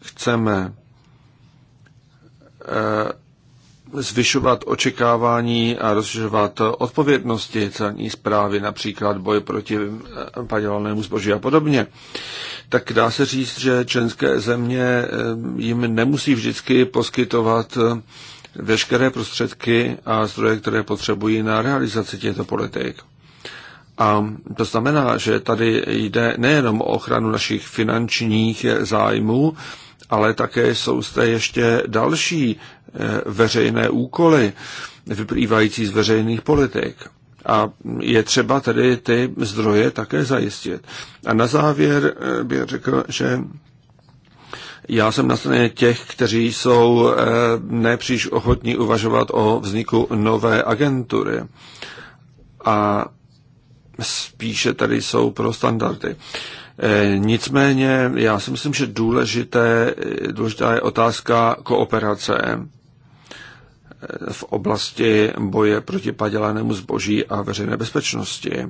chceme e, zvyšovat očekávání a rozšiřovat odpovědnosti celní zprávy, například boj proti eh, padělanému zboží a podobně, tak dá se říct, že členské země eh, jim nemusí vždycky poskytovat eh, veškeré prostředky a zdroje, které potřebují na realizaci těchto politik. A to znamená, že tady jde nejenom o ochranu našich finančních zájmů, ale také jsou zde ještě další eh, veřejné úkoly vyplývající z veřejných politik. A je třeba tedy ty zdroje také zajistit. A na závěr eh, bych řekl, že já jsem na straně těch, kteří jsou eh, nepříliš ochotní uvažovat o vzniku nové agentury. A spíše tady jsou pro standardy. Eh, nicméně já si myslím, že důležité, eh, důležitá je otázka kooperace eh, v oblasti boje proti padělanému zboží a veřejné bezpečnosti.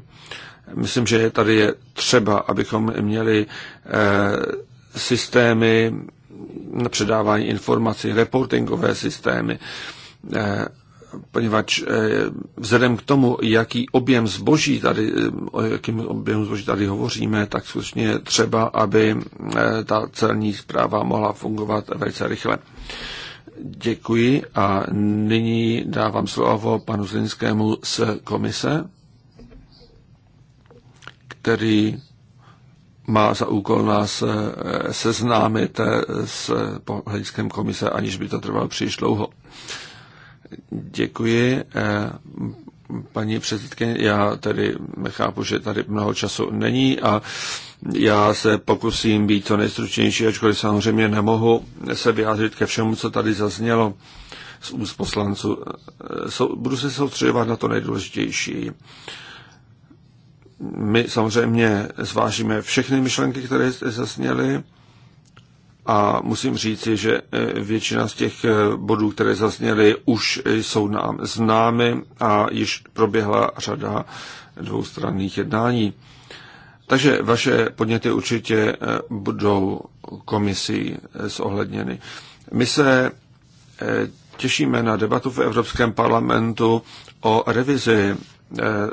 Myslím, že tady je třeba, abychom měli systémy na předávání informací, reportingové systémy, poněvadž eh, vzhledem k tomu, jaký objem zboží tady, eh, o jakém objemu zboží tady hovoříme, tak skutečně je třeba, aby eh, ta celní zpráva mohla fungovat velice rychle. Děkuji a nyní dávám slovo panu Zlinskému z komise, který má za úkol nás seznámit s pohlediskem komise, aniž by to trvalo příliš dlouho. Děkuji. Eh, paní předsedkyně, já tady chápu, že tady mnoho času není a já se pokusím být co nejstručnější, ačkoliv samozřejmě nemohu se vyjádřit ke všemu, co tady zaznělo z úst poslanců. Eh, budu se soustředovat na to nejdůležitější. My samozřejmě zvážíme všechny myšlenky, které jste zazněly a musím říci, že e, většina z těch e, bodů, které zazněly, už jsou nám známy a již proběhla řada dvoustranných jednání. Takže vaše podněty určitě e, budou komisí zohledněny. My se těšíme na debatu v Evropském parlamentu o revizi Eh,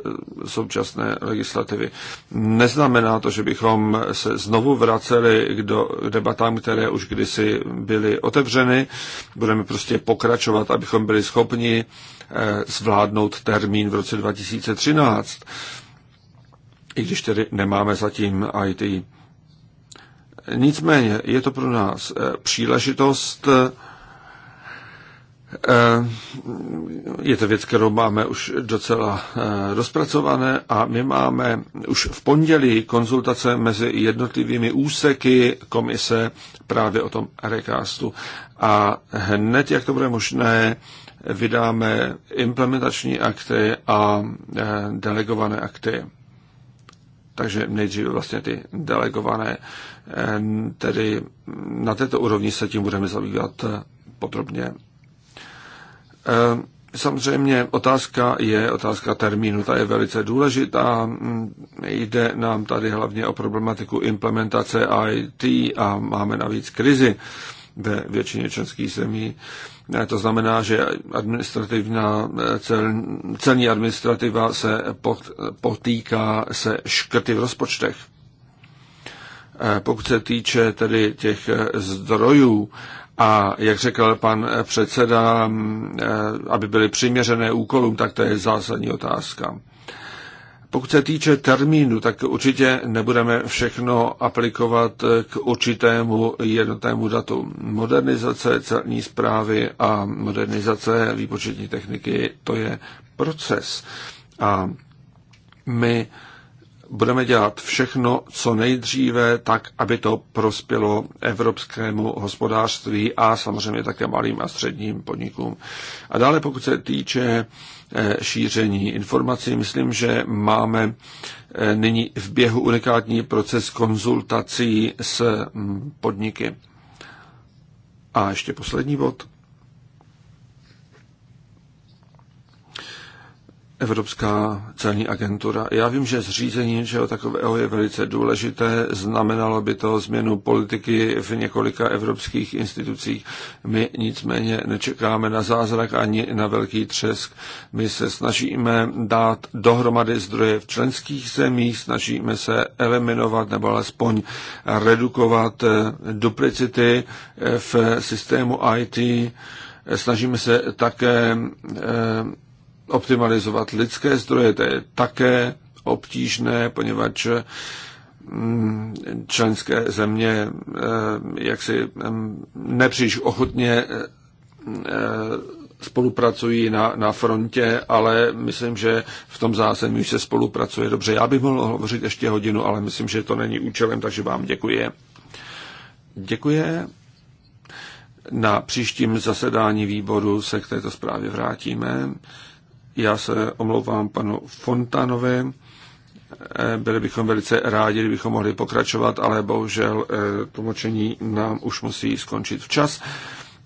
současné legislativy. Neznamená to, že bychom se znovu vraceli k, do, debatám, které už kdysi byly otevřeny. Budeme prostě pokračovat, abychom byli schopni eh, zvládnout termín v roce 2013. I když tedy nemáme zatím IT. Nicméně je to pro nás eh, příležitost Eh, je to věc, kterou máme už docela eh, rozpracované a my máme už v pondělí konzultace mezi jednotlivými úseky komise právě o tom recastu. A hned, jak to bude možné, vydáme implementační akty a eh, delegované akty. Takže nejdříve vlastně ty delegované, tedy na této úrovni se tím budeme zabývat podrobně. Eh, samozřejmě otázka je, otázka termínu, ta je velice důležitá. Mm, jde nám tady hlavně o problematiku implementace IT a máme navíc krizi ve většině členských zemí. Eh, to znamená, že administrativná eh, cel, celní administrativa se potýká se škrty v rozpočtech. Pokud se týče tedy těch zdrojů, a jak řekl pan předseda, e, aby byly přiměřené úkolům, tak to je zásadní otázka. Pokud se týče termínu, tak určitě nebudeme všechno aplikovat k určitému jednotnému datu. Modernizace celní zprávy a modernizace výpočetní techniky, to je proces. A my budeme dělat všechno, co nejdříve, tak, aby to prospělo evropskému hospodářství a samozřejmě také malým a středním podnikům. A dále, pokud se týče eh, šíření informací, myslím, že máme eh, nyní v běhu unikátní proces konzultací s mm, podniky. A ještě poslední bod. Evropská celní agentura. Já vím, že zřízení něčeho takového je velice důležité. Znamenalo by to změnu politiky v několika evropských institucích. My nicméně nečekáme na zázrak ani na velký třesk. My se snažíme dát dohromady zdroje v členských zemích, snažíme se eliminovat nebo alespoň redukovat eh, duplicity eh, v systému IT. Snažíme se také eh, optimalizovat lidské zdroje, to je také obtížné, poněvadž mm, členské země eh, jaksi mm, nepříliš ochotně eh, eh, spolupracují na, na frontě, ale myslím, že v tom zásadě už se spolupracuje dobře. Já bych mohl hovořit ještě hodinu, ale myslím, že to není účelem, takže vám děkuji. Děkuji. Na příštím zasedání výboru se k této zprávě vrátíme. Já se omlouvám panu Fontanovi. Eh, byli bychom velice rádi, kdybychom mohli pokračovat, ale bohužel eh, tlumočení nám už musí skončit včas.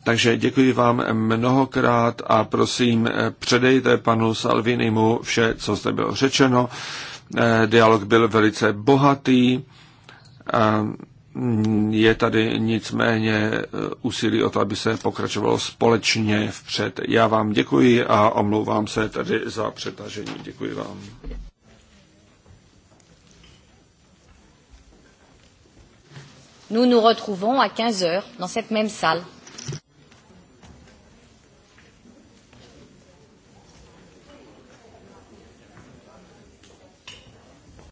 Takže děkuji vám mnohokrát a prosím, eh, předejte panu Salvinimu vše, co zde bylo řečeno. Dialog byl velice bohatý je tady nicméně eh, úsilí o to, aby se pokračovalo společně vpřed. Já vám děkuji a omlouvám se tady za přetažení. Děkuji vám. Nous nous retrouvons à 15 heures dans cette même salle.